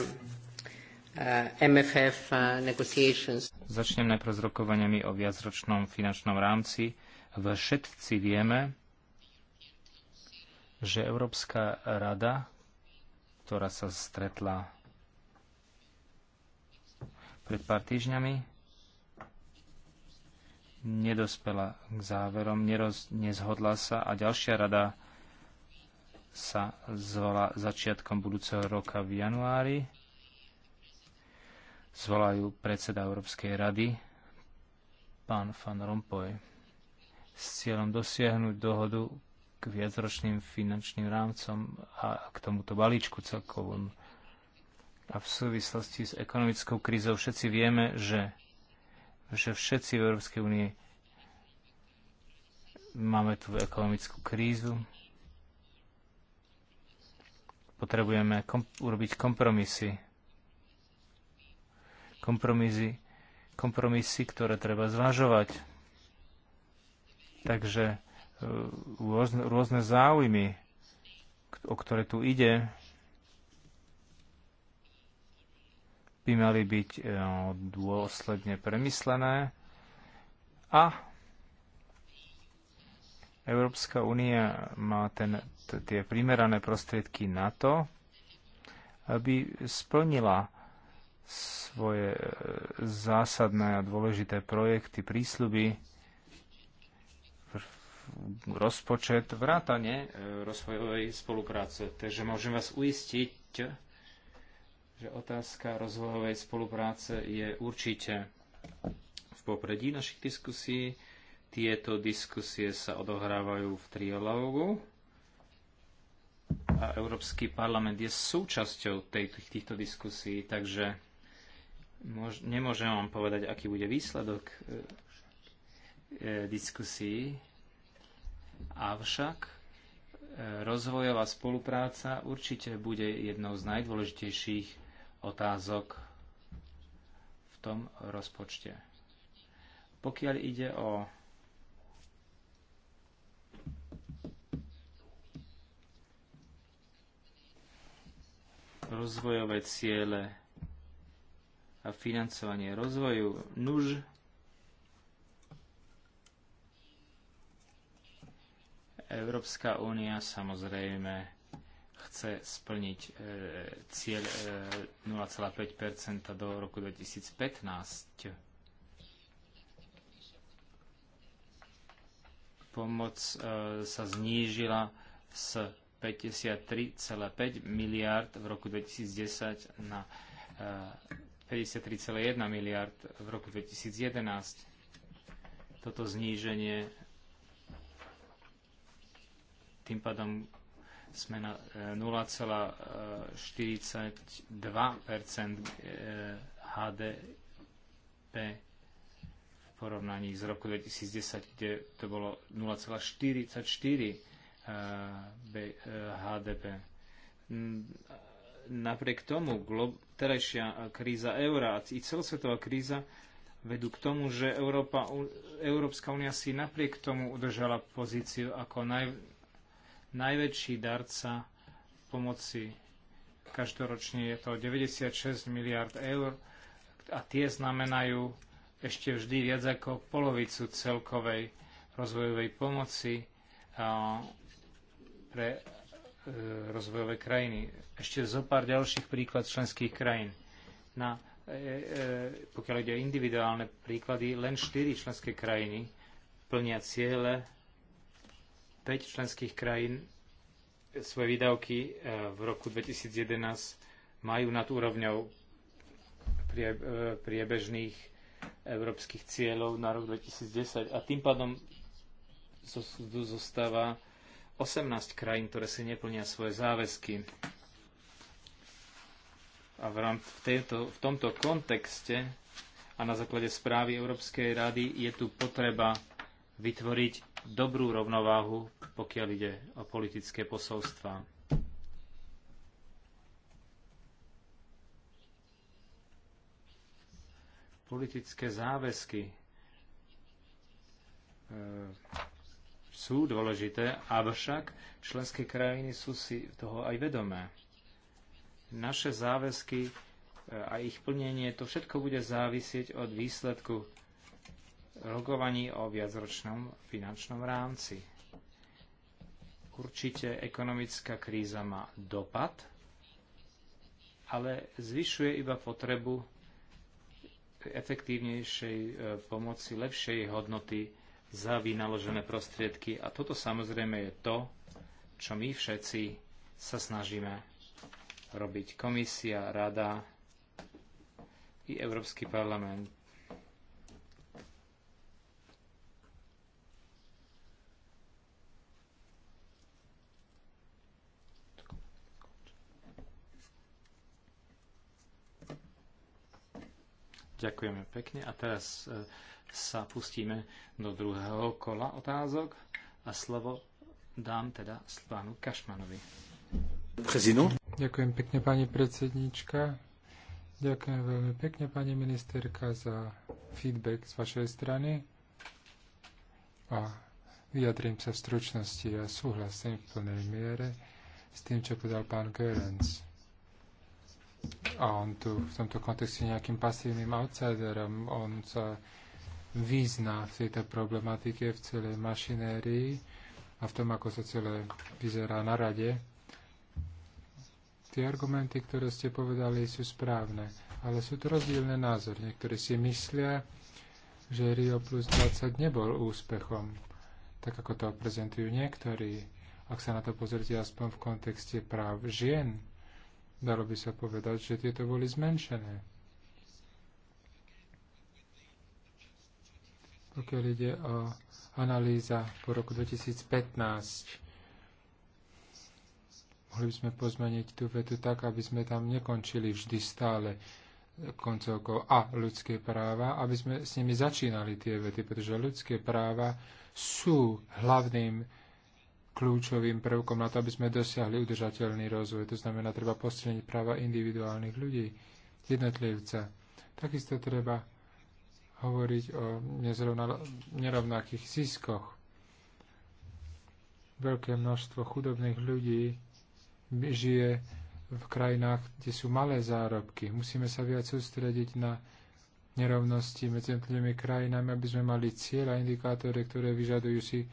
MFF uh, negotiations. Začnem najprv s rokovaniami o viacročnom finančnom rámci. Všetci vieme, že Európska rada, ktorá sa stretla pred pár týždňami, nedospela k záverom, neroz, nezhodla sa a ďalšia rada sa zvolá začiatkom budúceho roka v januári. Zvolajú predseda Európskej rady, pán Van Rompuy, s cieľom dosiahnuť dohodu k viacročným finančným rámcom a k tomuto balíčku celkovom. A v súvislosti s ekonomickou krízou všetci vieme, že, že všetci v Európskej únie máme tú ekonomickú krízu. Potrebujeme kom- urobiť kompromisy. Kompromisy, kompromisy, ktoré treba zvažovať. Takže rôzne, rôzne záujmy, o ktoré tu ide, by mali byť e, dôsledne premyslené a Európska únia má ten, tie primerané prostriedky na to, aby splnila svoje e, zásadné a dôležité projekty, prísľuby, rozpočet vrátane e, rozvojovej spolupráce. Takže môžem vás uistiť, že otázka rozvojovej spolupráce je určite v popredí našich diskusí. Tieto diskusie sa odohrávajú v trialógu a Európsky parlament je súčasťou tejto, týchto diskusí, takže nemôžem vám povedať, aký bude výsledok e, e diskusí. Avšak e, rozvojová spolupráca určite bude jednou z najdôležitejších otázok v tom rozpočte. Pokiaľ ide o rozvojové ciele a financovanie rozvoju. Nuž Európska únia samozrejme chce splniť e, cieľ e, 0,5 do roku 2015. Pomoc e, sa znížila z 53,5 miliard v roku 2010 na 53,1 e, miliard v roku 2011. Toto zníženie tým pádom sme na 0,42 e, e, e, HDP v porovnaní z roku 2010, kde to bolo 0,44 HDP. Mm, napriek tomu terajšia kríza eura a celosvetová kríza vedú k tomu, že Európa, Európska únia si napriek tomu udržala pozíciu ako naj, najväčší darca pomoci. Každoročne je to 96 miliard eur a tie znamenajú ešte vždy viac ako polovicu celkovej rozvojovej pomoci pre e, rozvojové krajiny. Ešte zo pár ďalších príklad členských krajín. Na, e, e, pokiaľ ide o individuálne príklady, len štyri členské krajiny plnia ciele 5 členských krajín svoje výdavky e, v roku 2011 majú nad úrovňou e, priebežných európskych cieľov na rok 2010 a tým pádom zostáva 18 krajín, ktoré si neplnia svoje záväzky. A v, rám, v, tejto, v tomto kontexte a na základe správy Európskej rady je tu potreba vytvoriť dobrú rovnováhu, pokiaľ ide o politické posolstva. Politické záväzky e, sú dôležité, avšak členské krajiny sú si toho aj vedomé. Naše záväzky e, a ich plnenie, to všetko bude závisieť od výsledku rokovaní o viacročnom finančnom rámci. Určite ekonomická kríza má dopad, ale zvyšuje iba potrebu efektívnejšej e, pomoci, lepšej hodnoty za vynaložené prostriedky. A toto samozrejme je to, čo my všetci sa snažíme robiť. Komisia, rada i Európsky parlament Ďakujeme pekne a teraz e, sa pustíme do druhého kola otázok a slovo dám teda pánu Kašmanovi. Prezino. Ďakujem pekne, pani predsednička. Ďakujem veľmi pekne, pani ministerka, za feedback z vašej strany. A vyjadrím sa v stručnosti. Ja súhlasím v plnej miere s tým, čo povedal pán Görens a on tu v tomto kontexte nejakým pasívnym outsiderom, on sa význa v tejto problematike, v celej mašinérii a v tom, ako sa celé vyzerá na rade. Tie argumenty, ktoré ste povedali, sú správne, ale sú to rozdielne názory. Niektorí si myslia, že Rio plus 20 nebol úspechom, tak ako to prezentujú niektorí. Ak sa na to pozrite aspoň v kontexte práv žien, Dalo by sa povedať, že tieto boli zmenšené. Pokiaľ ide o analýza po roku 2015, mohli by sme pozmeniť tú vetu tak, aby sme tam nekončili vždy stále koncovkou a ľudské práva, aby sme s nimi začínali tie vety, pretože ľudské práva sú hlavným kľúčovým prvkom na to, aby sme dosiahli udržateľný rozvoj. To znamená, treba posilniť práva individuálnych ľudí, jednotlivca. Takisto treba hovoriť o nerovnakých ziskoch. Veľké množstvo chudobných ľudí žije v krajinách, kde sú malé zárobky. Musíme sa viac sústrediť na nerovnosti medzi jednotlivými krajinami, aby sme mali cieľ a indikátory, ktoré vyžadujú si e,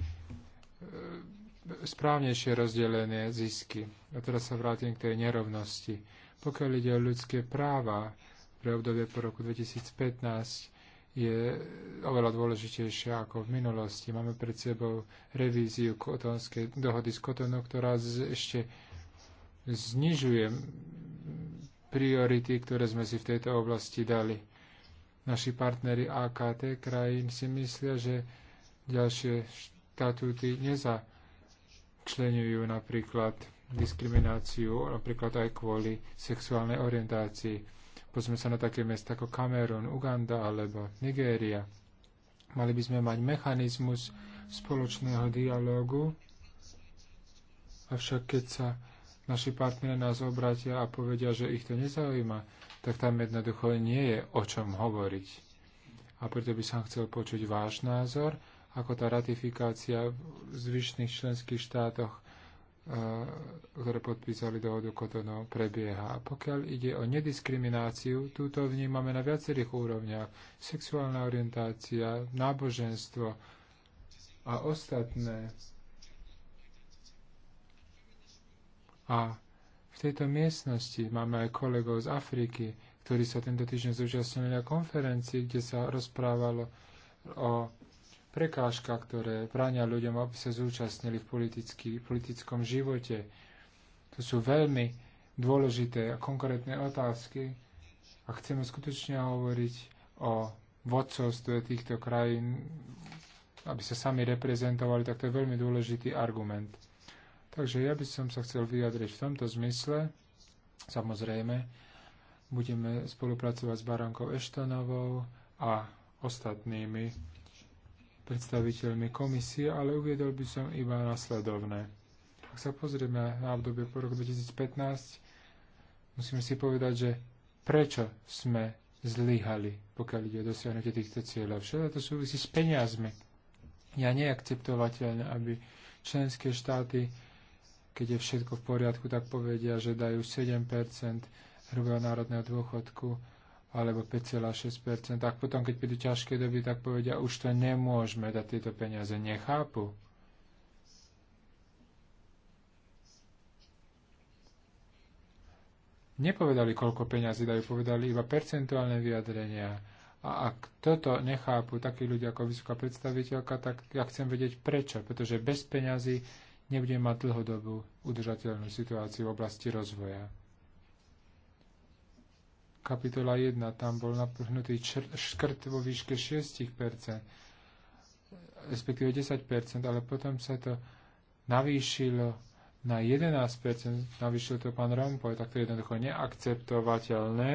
správnejšie rozdelené zisky. A teraz sa vrátim k tej nerovnosti. Pokiaľ ide o ľudské práva pre obdobie po roku 2015, je oveľa dôležitejšia ako v minulosti. Máme pred sebou revíziu kotonskej dohody s Kotonu, ktorá z, ešte znižuje priority, ktoré sme si v tejto oblasti dali. Naši partnery AKT krajín si myslia, že ďalšie štatúty neza vyčlenujú napríklad diskrimináciu, napríklad aj kvôli sexuálnej orientácii. Pozme sa na také miesta ako Kamerun, Uganda alebo Nigéria. Mali by sme mať mechanizmus spoločného dialógu, avšak keď sa naši partneri nás obratia a povedia, že ich to nezaujíma, tak tam jednoducho nie je o čom hovoriť. A preto by som chcel počuť váš názor ako tá ratifikácia v zvyšných členských štátoch, e, ktoré podpísali dohodu Kotono, prebieha. A pokiaľ ide o nediskrimináciu, túto vnímame na viacerých úrovniach. Sexuálna orientácia, náboženstvo a ostatné. A v tejto miestnosti máme aj kolegov z Afriky, ktorí sa tento týždeň zúčastnili na konferencii, kde sa rozprávalo o prekážka, ktoré bránia ľuďom, aby sa zúčastnili v politickom živote. To sú veľmi dôležité a konkrétne otázky a chceme skutočne hovoriť o vodcovstve týchto krajín, aby sa sami reprezentovali, tak to je veľmi dôležitý argument. Takže ja by som sa chcel vyjadriť v tomto zmysle. Samozrejme, budeme spolupracovať s Barankou Eštonovou a ostatnými predstaviteľmi komisie, ale uviedol by som iba nasledovné. Ak sa pozrieme na obdobie po roku 2015, musíme si povedať, že prečo sme zlyhali, pokiaľ ide o dosiahnutie týchto cieľov. Všetko to súvisí s peniazmi. Ja neakceptovateľné, aby členské štáty, keď je všetko v poriadku, tak povedia, že dajú 7 hrubého národného dôchodku alebo 5,6%, tak potom, keď prídu ťažké doby, tak povedia, už to nemôžeme dať tieto peniaze. Nechápu. Nepovedali, koľko peniazy dajú, povedali iba percentuálne vyjadrenia. A ak toto nechápu takí ľudia ako vysoká predstaviteľka, tak ja chcem vedieť prečo. Pretože bez peňazí nebudeme mať dlhodobú udržateľnú situáciu v oblasti rozvoja kapitola 1, tam bol naprhnutý škrt vo výške 6%, respektíve 10%, ale potom sa to navýšilo na 11%, navýšil to pán Rompoy, tak to je jednoducho neakceptovateľné.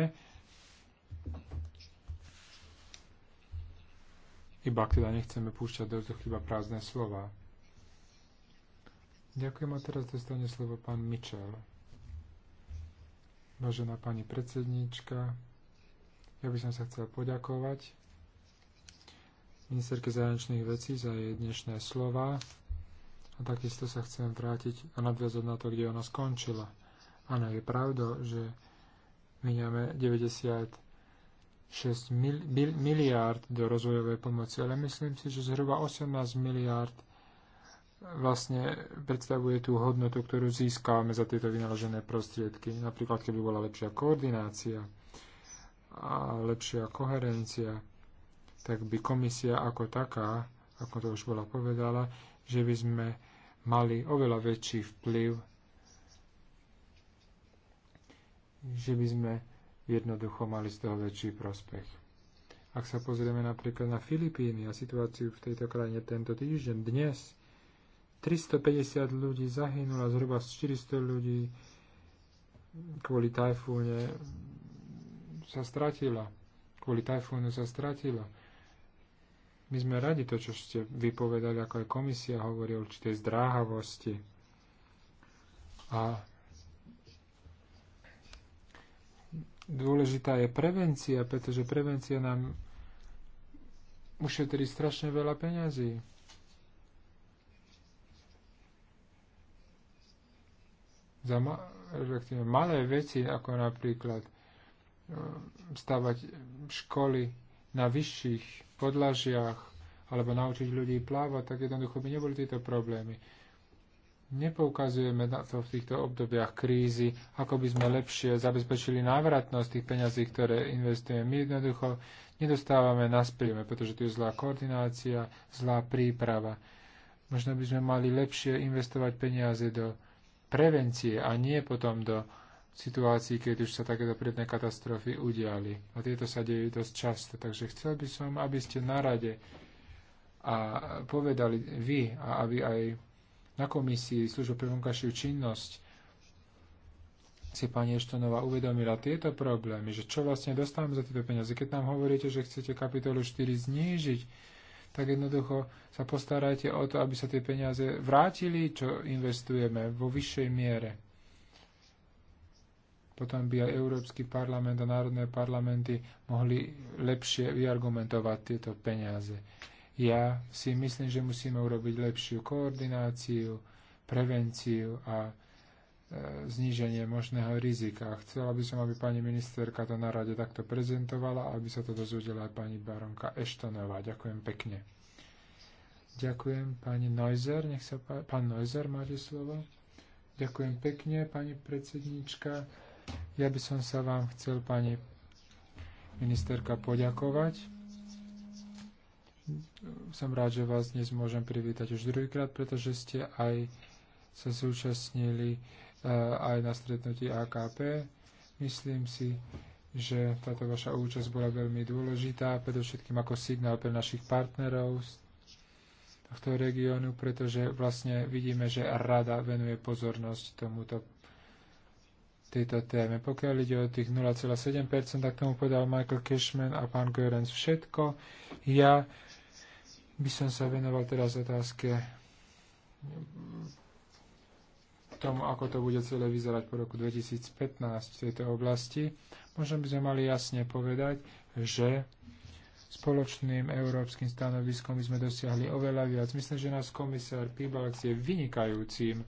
Iba ak teda nechceme púšťať do vzduchu iba prázdne slova. Ďakujem a teraz dostane slovo pán Mitchell. Vážená pani predsedníčka, ja by som sa chcel poďakovať ministerke zahraničných vecí za jej dnešné slova a takisto sa chcem vrátiť a nadviazať na to, kde ona skončila. Áno, je pravda, že míňame 96 mil, mil, miliárd do rozvojovej pomoci, ale myslím si, že zhruba 18 miliárd vlastne predstavuje tú hodnotu, ktorú získame za tieto vynaložené prostriedky. Napríklad, keby bola lepšia koordinácia a lepšia koherencia, tak by komisia ako taká, ako to už bola povedala, že by sme mali oveľa väčší vplyv, že by sme jednoducho mali z toho väčší prospech. Ak sa pozrieme napríklad na Filipíny a situáciu v tejto krajine tento týždeň, dnes, 350 ľudí zahynulo, zhruba 400 ľudí kvôli tajfúne sa stratila. Kvôli tajfúne sa stratila. My sme radi to, čo ste vypovedali, ako aj komisia hovorí o určitej zdráhavosti. A dôležitá je prevencia, pretože prevencia nám ušetrí strašne veľa peňazí za ma, malé veci, ako napríklad e, stavať školy na vyšších podlažiach alebo naučiť ľudí plávať, tak jednoducho by neboli tieto problémy. Nepoukazujeme na to v týchto obdobiach krízy, ako by sme lepšie zabezpečili návratnosť tých peňazí, ktoré investujeme. My jednoducho nedostávame na pretože tu je zlá koordinácia, zlá príprava. Možno by sme mali lepšie investovať peniaze do prevencie a nie potom do situácií, keď už sa takéto prírodné katastrofy udiali. A tieto sa dejú dosť často. Takže chcel by som, aby ste na rade a povedali vy a aby aj na komisii služba pre vonkajšiu činnosť si pani Eštonová uvedomila tieto problémy, že čo vlastne dostávame za tieto peniaze. Keď nám hovoríte, že chcete kapitolu 4 znížiť, tak jednoducho sa postarajte o to, aby sa tie peniaze vrátili, čo investujeme vo vyššej miere. Potom by aj Európsky parlament a národné parlamenty mohli lepšie vyargumentovať tieto peniaze. Ja si myslím, že musíme urobiť lepšiu koordináciu, prevenciu a E, zníženie možného rizika. Chcela by som, aby pani ministerka to na rade takto prezentovala a aby sa to dozvedela aj pani baronka Eštonová. Ďakujem pekne. Ďakujem pani Neuser. Nech sa pá... Pán Neuser, máte slovo? Ďakujem pekne, pani predsednička. Ja by som sa vám chcel, pani ministerka, poďakovať. Som rád, že vás dnes môžem privítať už druhýkrát, pretože ste aj sa zúčastnili aj na stretnutí AKP. Myslím si, že táto vaša účasť bola veľmi dôležitá, predovšetkým ako signál pre našich partnerov z tohto regiónu, pretože vlastne vidíme, že rada venuje pozornosť tomuto tejto téme. Pokiaľ ide o tých 0,7%, tak tomu povedal Michael Cashman a pán Görens všetko. Ja by som sa venoval teraz otázke tomu, ako to bude celé vyzerať po roku 2015 v tejto oblasti, možno by sme mali jasne povedať, že spoločným európskym stanoviskom by sme dosiahli oveľa viac. Myslím, že nás komisár Pibalx je vynikajúcim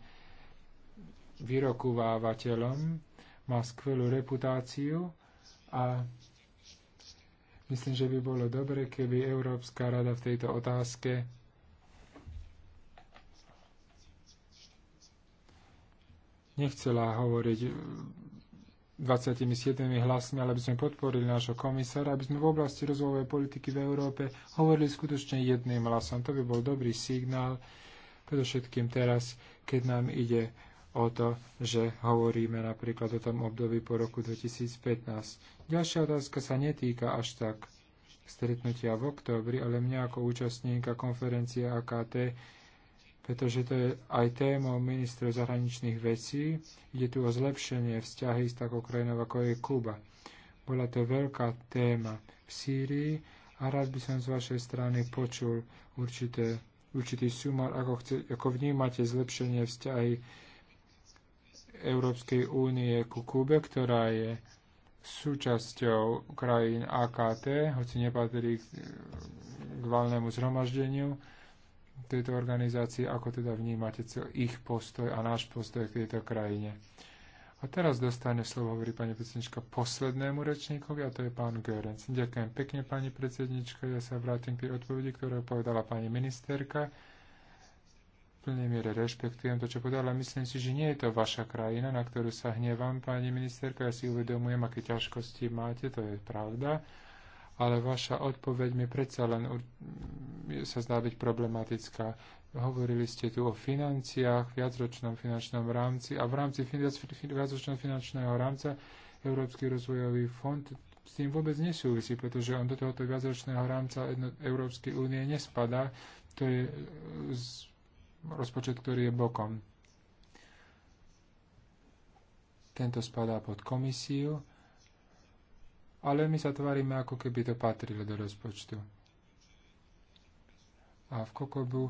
vyrokovávateľom, má skvelú reputáciu a myslím, že by bolo dobre, keby Európska rada v tejto otázke nechcela hovoriť 27 e, hlasmi, ale aby sme podporili nášho komisára, aby sme v oblasti rozvojovej politiky v Európe hovorili skutočne jedným hlasom. To by bol dobrý signál, predovšetkým teraz, keď nám ide o to, že hovoríme napríklad o tom období po roku 2015. Ďalšia otázka sa netýka až tak stretnutia v oktobri, ale mňa ako účastníka konferencie AKT pretože to je aj téma ministra zahraničných vecí. Ide tu o zlepšenie vzťahy s takou krajinou, ako je Kuba. Bola to veľká téma v Sýrii a rád by som z vašej strany počul určité, určitý sumar, ako, chce, ako vnímate zlepšenie vzťahy Európskej únie ku Kube, ktorá je súčasťou krajín AKT, hoci nepatrí k valnému zhromaždeniu tejto organizácie, ako teda vnímate ich postoj a náš postoj k tejto krajine. A teraz dostane slovo, hovorí pani predsednička, poslednému rečníkovi, a to je pán Görenc. Ďakujem pekne, pani predsednička. Ja sa vrátim k tej odpovedi, ktorú povedala pani ministerka. V plnej miere rešpektujem to, čo povedala. Myslím si, že nie je to vaša krajina, na ktorú sa hnevám, pani ministerka. Ja si uvedomujem, aké ťažkosti máte, to je pravda ale vaša odpoveď mi predsa len sa zdá byť problematická. Hovorili ste tu o financiách, viacročnom finančnom rámci a v rámci viacročného finančného rámca Európsky rozvojový fond s tým vôbec nesúvisí, pretože on do tohoto viacročného rámca Európskej únie nespadá. To je e, rozpočet, ktorý je bokom. Tento spadá pod komisiu ale my sa tvárime, ako keby to patrilo do rozpočtu. A v Kokobu,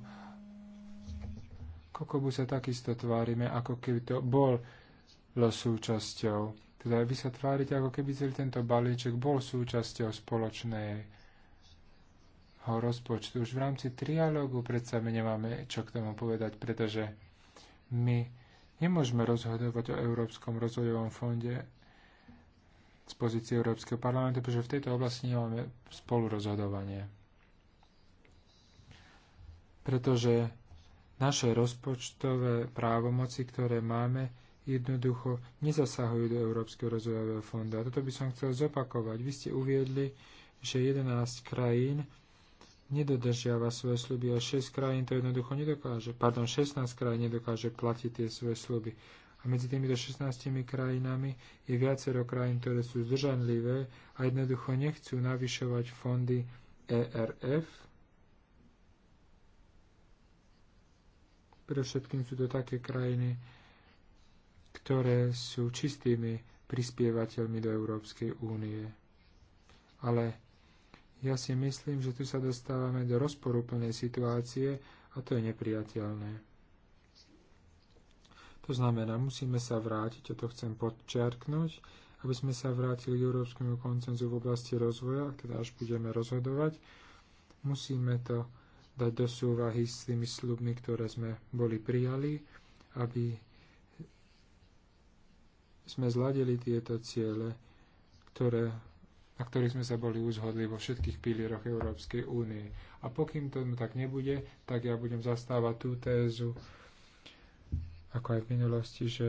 Kokobu sa takisto tvárime, ako keby to bol súčasťou. Teda vy sa tvárite, ako keby celý tento balíček bol súčasťou spoločného rozpočtu. Už v rámci trialógu predsa my nemáme čo k tomu povedať, pretože my nemôžeme rozhodovať o Európskom rozvojovom fonde z pozície Európskeho parlamentu, pretože v tejto oblasti nemáme spolurozhodovanie. Pretože naše rozpočtové právomoci, ktoré máme, jednoducho nezasahujú do Európskeho rozvojového fondu. A toto by som chcel zopakovať. Vy ste uviedli, že 11 krajín nedodržiava svoje sluby a 6 krajín to jednoducho nedokáže, pardon, 16 krajín nedokáže platiť tie svoje sluby. A medzi týmito 16 krajinami je viacero krajín, ktoré sú zdržanlivé a jednoducho nechcú navyšovať fondy ERF. Pre všetkým sú to také krajiny, ktoré sú čistými prispievateľmi do Európskej únie. Ale ja si myslím, že tu sa dostávame do rozporúplnej situácie a to je nepriateľné. To znamená, musíme sa vrátiť, a to chcem podčiarknúť, aby sme sa vrátili k európskemu koncenzu v oblasti rozvoja, teda až budeme rozhodovať, musíme to dať do súvahy s tými slubmi, ktoré sme boli prijali, aby sme zladili tieto ciele, ktoré, na ktorých sme sa boli uzhodli vo všetkých pilieroch Európskej únie. A pokým to tak nebude, tak ja budem zastávať tú tézu, ako aj v minulosti, že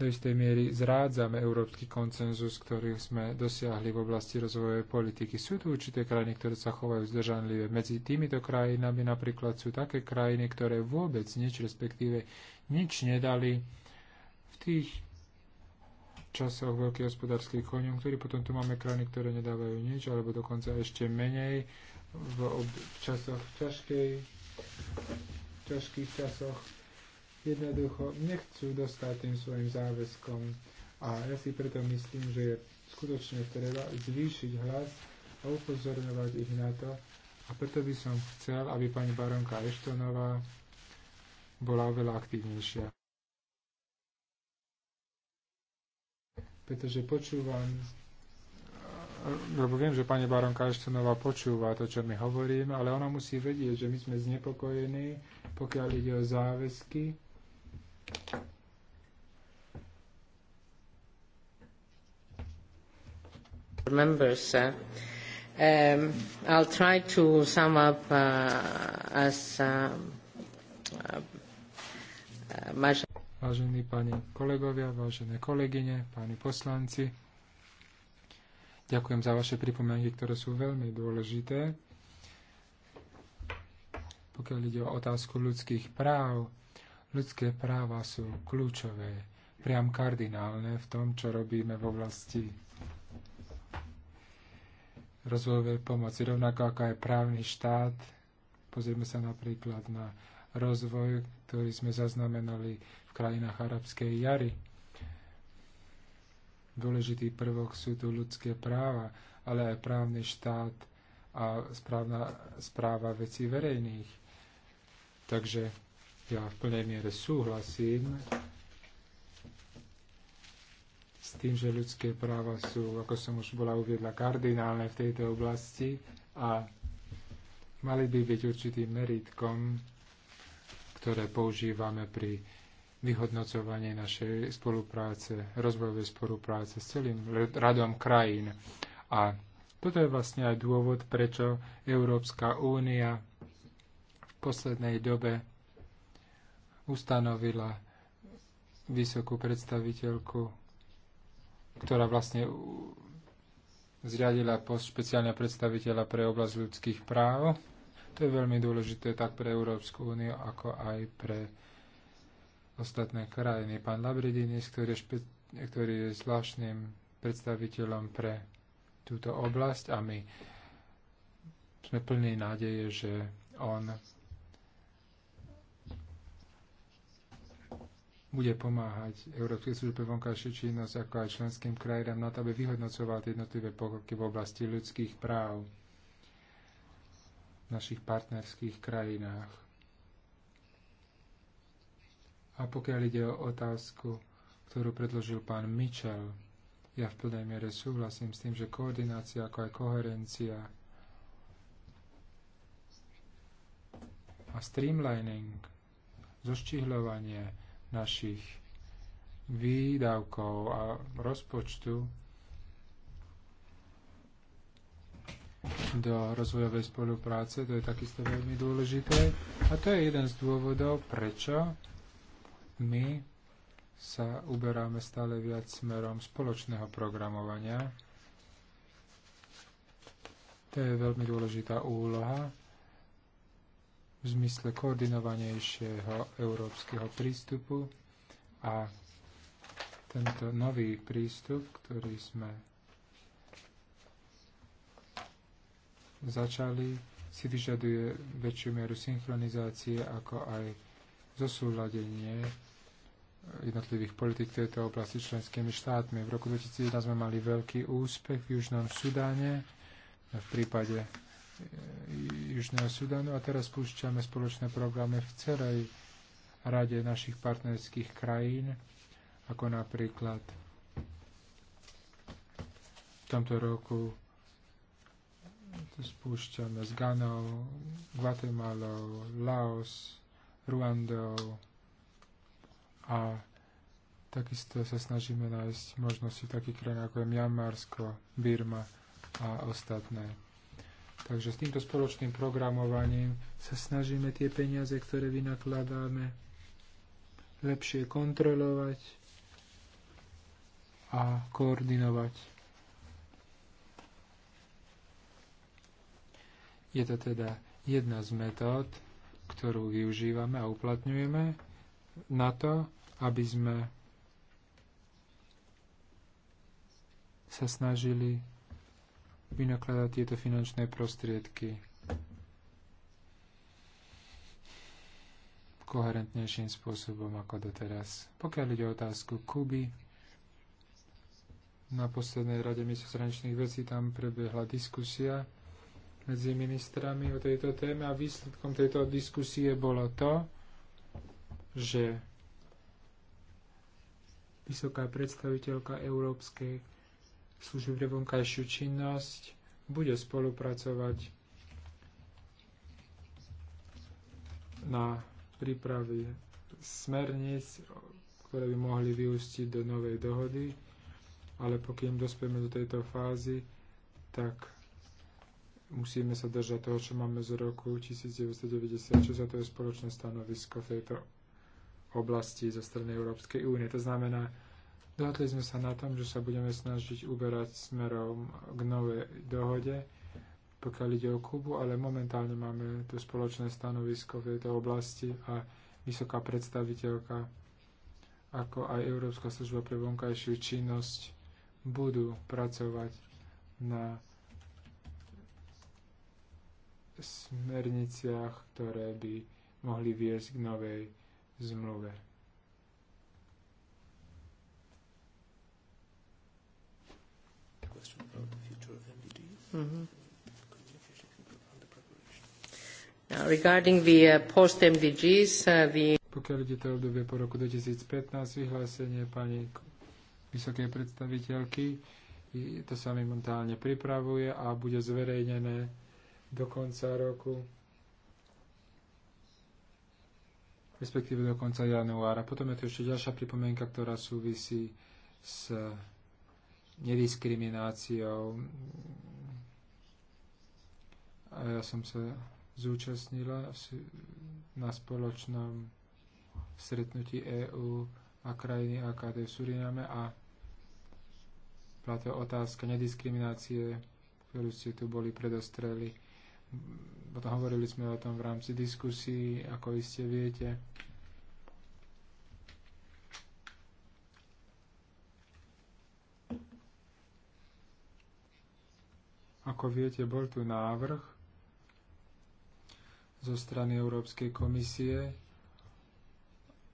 do istej miery zrádzame európsky koncenzus, ktorý sme dosiahli v oblasti rozvojovej politiky. Sú tu určité krajiny, ktoré sa chovajú zdržanlivé. Medzi týmito krajinami napríklad sú také krajiny, ktoré vôbec nič, respektíve nič nedali v tých časoch veľkých hospodárskej konjunktúry. Potom tu máme krajiny, ktoré nedávajú nič, alebo dokonca ešte menej v, ob- v časoch ťažkej, ťažkých časoch jednoducho nechcú dostať tým svojim záväzkom. A ja si preto myslím, že je skutočne treba zvýšiť hlas a upozorňovať ich na to. A preto by som chcel, aby pani baronka Eštonová bola oveľa aktívnejšia. Pretože počúvam, lebo viem, že pani baronka Eštonová počúva to, čo my hovoríme, ale ona musí vedieť, že my sme znepokojení, pokiaľ ide o záväzky Members, uh, um, I'll try to sum up uh, as um, uh, much. Vážení páni kolegovia, vážené kolegyne, páni poslanci, ďakujem za vaše pripomienky, ktoré sú veľmi dôležité. Pokiaľ ide o otázku ľudských práv, Ľudské práva sú kľúčové, priam kardinálne v tom, čo robíme v oblasti rozvojovej pomoci, rovnako ako aj právny štát. Pozrieme sa napríklad na rozvoj, ktorý sme zaznamenali v krajinách arabskej jary. Dôležitý prvok sú tu ľudské práva, ale aj právny štát a správna správa vecí verejných. Takže ja v plnej miere súhlasím s tým, že ľudské práva sú, ako som už bola uviedla, kardinálne v tejto oblasti a mali by byť určitým meritkom, ktoré používame pri vyhodnocovaní našej spolupráce, rozvojovej spolupráce s celým radom krajín. A toto je vlastne aj dôvod, prečo Európska únia v poslednej dobe ustanovila vysokú predstaviteľku, ktorá vlastne zriadila post špeciálne predstaviteľa pre oblasť ľudských práv. To je veľmi dôležité tak pre Európsku úniu, ako aj pre ostatné krajiny. Pán Labridinis, ktorý je, špe- ktorý je zvláštnym predstaviteľom pre túto oblasť a my sme plní nádeje, že on bude pomáhať Európskej službe vonkajšej činnosť ako aj členským krajinám na to, aby vyhodnocovali jednotlivé pokroky v oblasti ľudských práv v našich partnerských krajinách. A pokiaľ ide o otázku, ktorú predložil pán Mitchell, ja v plnej miere súhlasím s tým, že koordinácia ako aj koherencia a streamlining, zoštihľovanie, našich výdavkov a rozpočtu do rozvojovej spolupráce, to je takisto veľmi dôležité. A to je jeden z dôvodov, prečo my sa uberáme stále viac smerom spoločného programovania. To je veľmi dôležitá úloha v zmysle koordinovanejšieho európskeho prístupu a tento nový prístup, ktorý sme začali, si vyžaduje väčšiu mieru synchronizácie ako aj zosúladenie jednotlivých politik tejto oblasti členskými štátmi. V roku 2011 sme mali veľký úspech v Južnom Sudáne v prípade E, Južného Sudanu a teraz spúšťame spoločné programy v celej rade našich partnerských krajín, ako napríklad v tomto roku to spúšťame s Ganou, Guatemalou, Laos, Ruandou a takisto sa snažíme nájsť možnosti v takých krajinách ako je Myanmarsko, Birma a ostatné. Takže s týmto spoločným programovaním sa snažíme tie peniaze, ktoré vynakladáme, lepšie kontrolovať a koordinovať. Je to teda jedna z metód, ktorú využívame a uplatňujeme na to, aby sme sa snažili vynakladá tieto finančné prostriedky koherentnejším spôsobom ako doteraz. Pokiaľ ide o otázku Kuby, na poslednej rade ministrov zahraničných vecí tam prebehla diskusia medzi ministrami o tejto téme a výsledkom tejto diskusie bolo to, že vysoká predstaviteľka Európskej služby pre vonkajšiu činnosť bude spolupracovať na prípravy smerníc, ktoré by mohli vyústiť do novej dohody, ale pokým dospieme do tejto fázy, tak musíme sa držať toho, čo máme z roku 1996 a to je spoločné stanovisko v tejto oblasti zo strany Európskej únie. To znamená, Dohodli sme sa na tom, že sa budeme snažiť uberať smerom k novej dohode, pokiaľ ide o Kubu, ale momentálne máme to spoločné stanovisko v tejto oblasti a vysoká predstaviteľka, ako aj Európska služba pre vonkajšiu činnosť, budú pracovať na smerniciach, ktoré by mohli viesť k novej zmluve. question about the future of MDD. Mm-hmm. Now, regarding the uh, post-MDGs, uh, the... Pokiaľ ide to obdobie po roku 2015, vyhlásenie pani vysokej predstaviteľky, to sa mi momentálne pripravuje a bude zverejnené do konca roku, respektíve do konca januára. Potom je tu ešte ďalšia pripomienka, ktorá súvisí s nediskrimináciou. A ja som sa zúčastnila na spoločnom stretnutí EÚ a krajiny AKD v Suriname a bola to otázka nediskriminácie, ktorú ste tu boli predostreli. Potom hovorili sme o tom v rámci diskusí, ako iste viete. Ako viete, bol tu návrh zo strany Európskej komisie,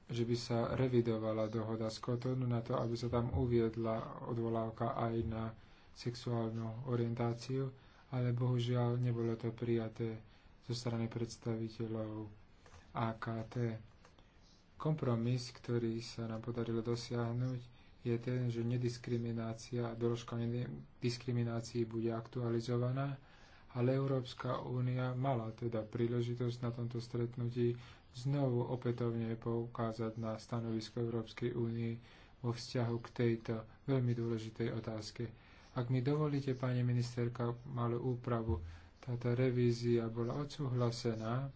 že by sa revidovala dohoda z Kotonu na to, aby sa tam uviedla odvolávka aj na sexuálnu orientáciu, ale bohužiaľ nebolo to prijaté zo strany predstaviteľov AKT. Kompromis, ktorý sa nám podarilo dosiahnuť, je ten, že nediskriminácia, doložka diskriminácii bude aktualizovaná, ale Európska únia mala teda príležitosť na tomto stretnutí znovu opätovne poukázať na stanovisko Európskej únie vo vzťahu k tejto veľmi dôležitej otázke. Ak mi dovolíte, pani ministerka, malú úpravu, táto revízia bola odsúhlasená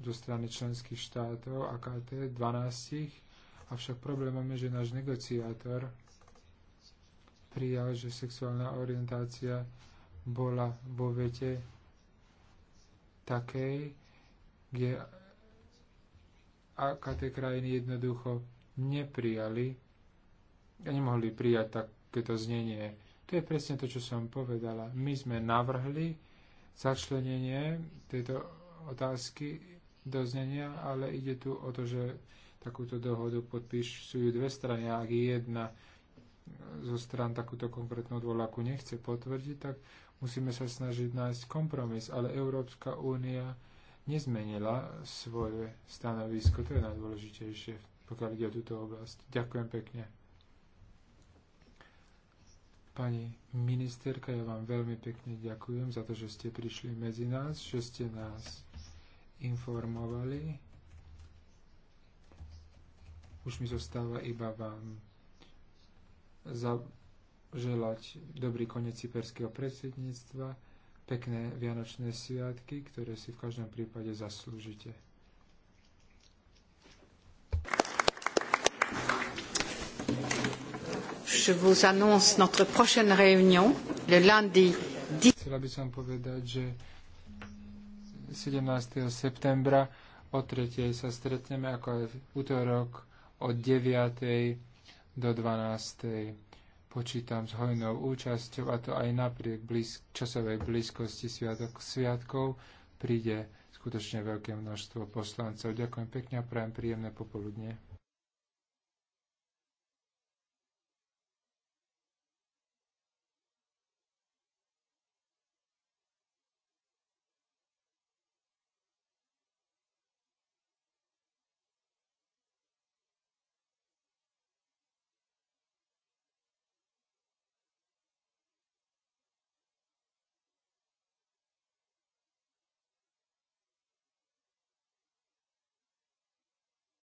zo strany členských štátov AKT 12 Avšak problémom je, že náš negociátor prijal, že sexuálna orientácia bola vo vete takej, kde aká tie krajiny jednoducho neprijali a nemohli prijať takéto znenie. To je presne to, čo som povedala. My sme navrhli začlenenie tejto otázky do znenia, ale ide tu o to, že takúto dohodu podpíšu dve strany. Ak jedna zo stran takúto konkrétnu odvoláku nechce potvrdiť, tak musíme sa snažiť nájsť kompromis. Ale Európska únia nezmenila svoje stanovisko. To je najdôležitejšie, pokiaľ ide o túto oblasť. Ďakujem pekne. Pani ministerka, ja vám veľmi pekne ďakujem za to, že ste prišli medzi nás, že ste nás informovali už mi zostáva iba vám zaželať dobrý koniec cyperského predsedníctva, pekné vianočné sviatky, ktoré si v každom prípade zaslúžite. Je vous annonce notre prochaine réunion le lundi Chcela by som povedať, že 17. septembra o 3. sa stretneme ako aj v útorok od 9. do 12. Počítam s hojnou účasťou a to aj napriek blízk- časovej blízkosti sviatok- sviatkov príde skutočne veľké množstvo poslancov. Ďakujem pekne a prajem príjemné popoludne.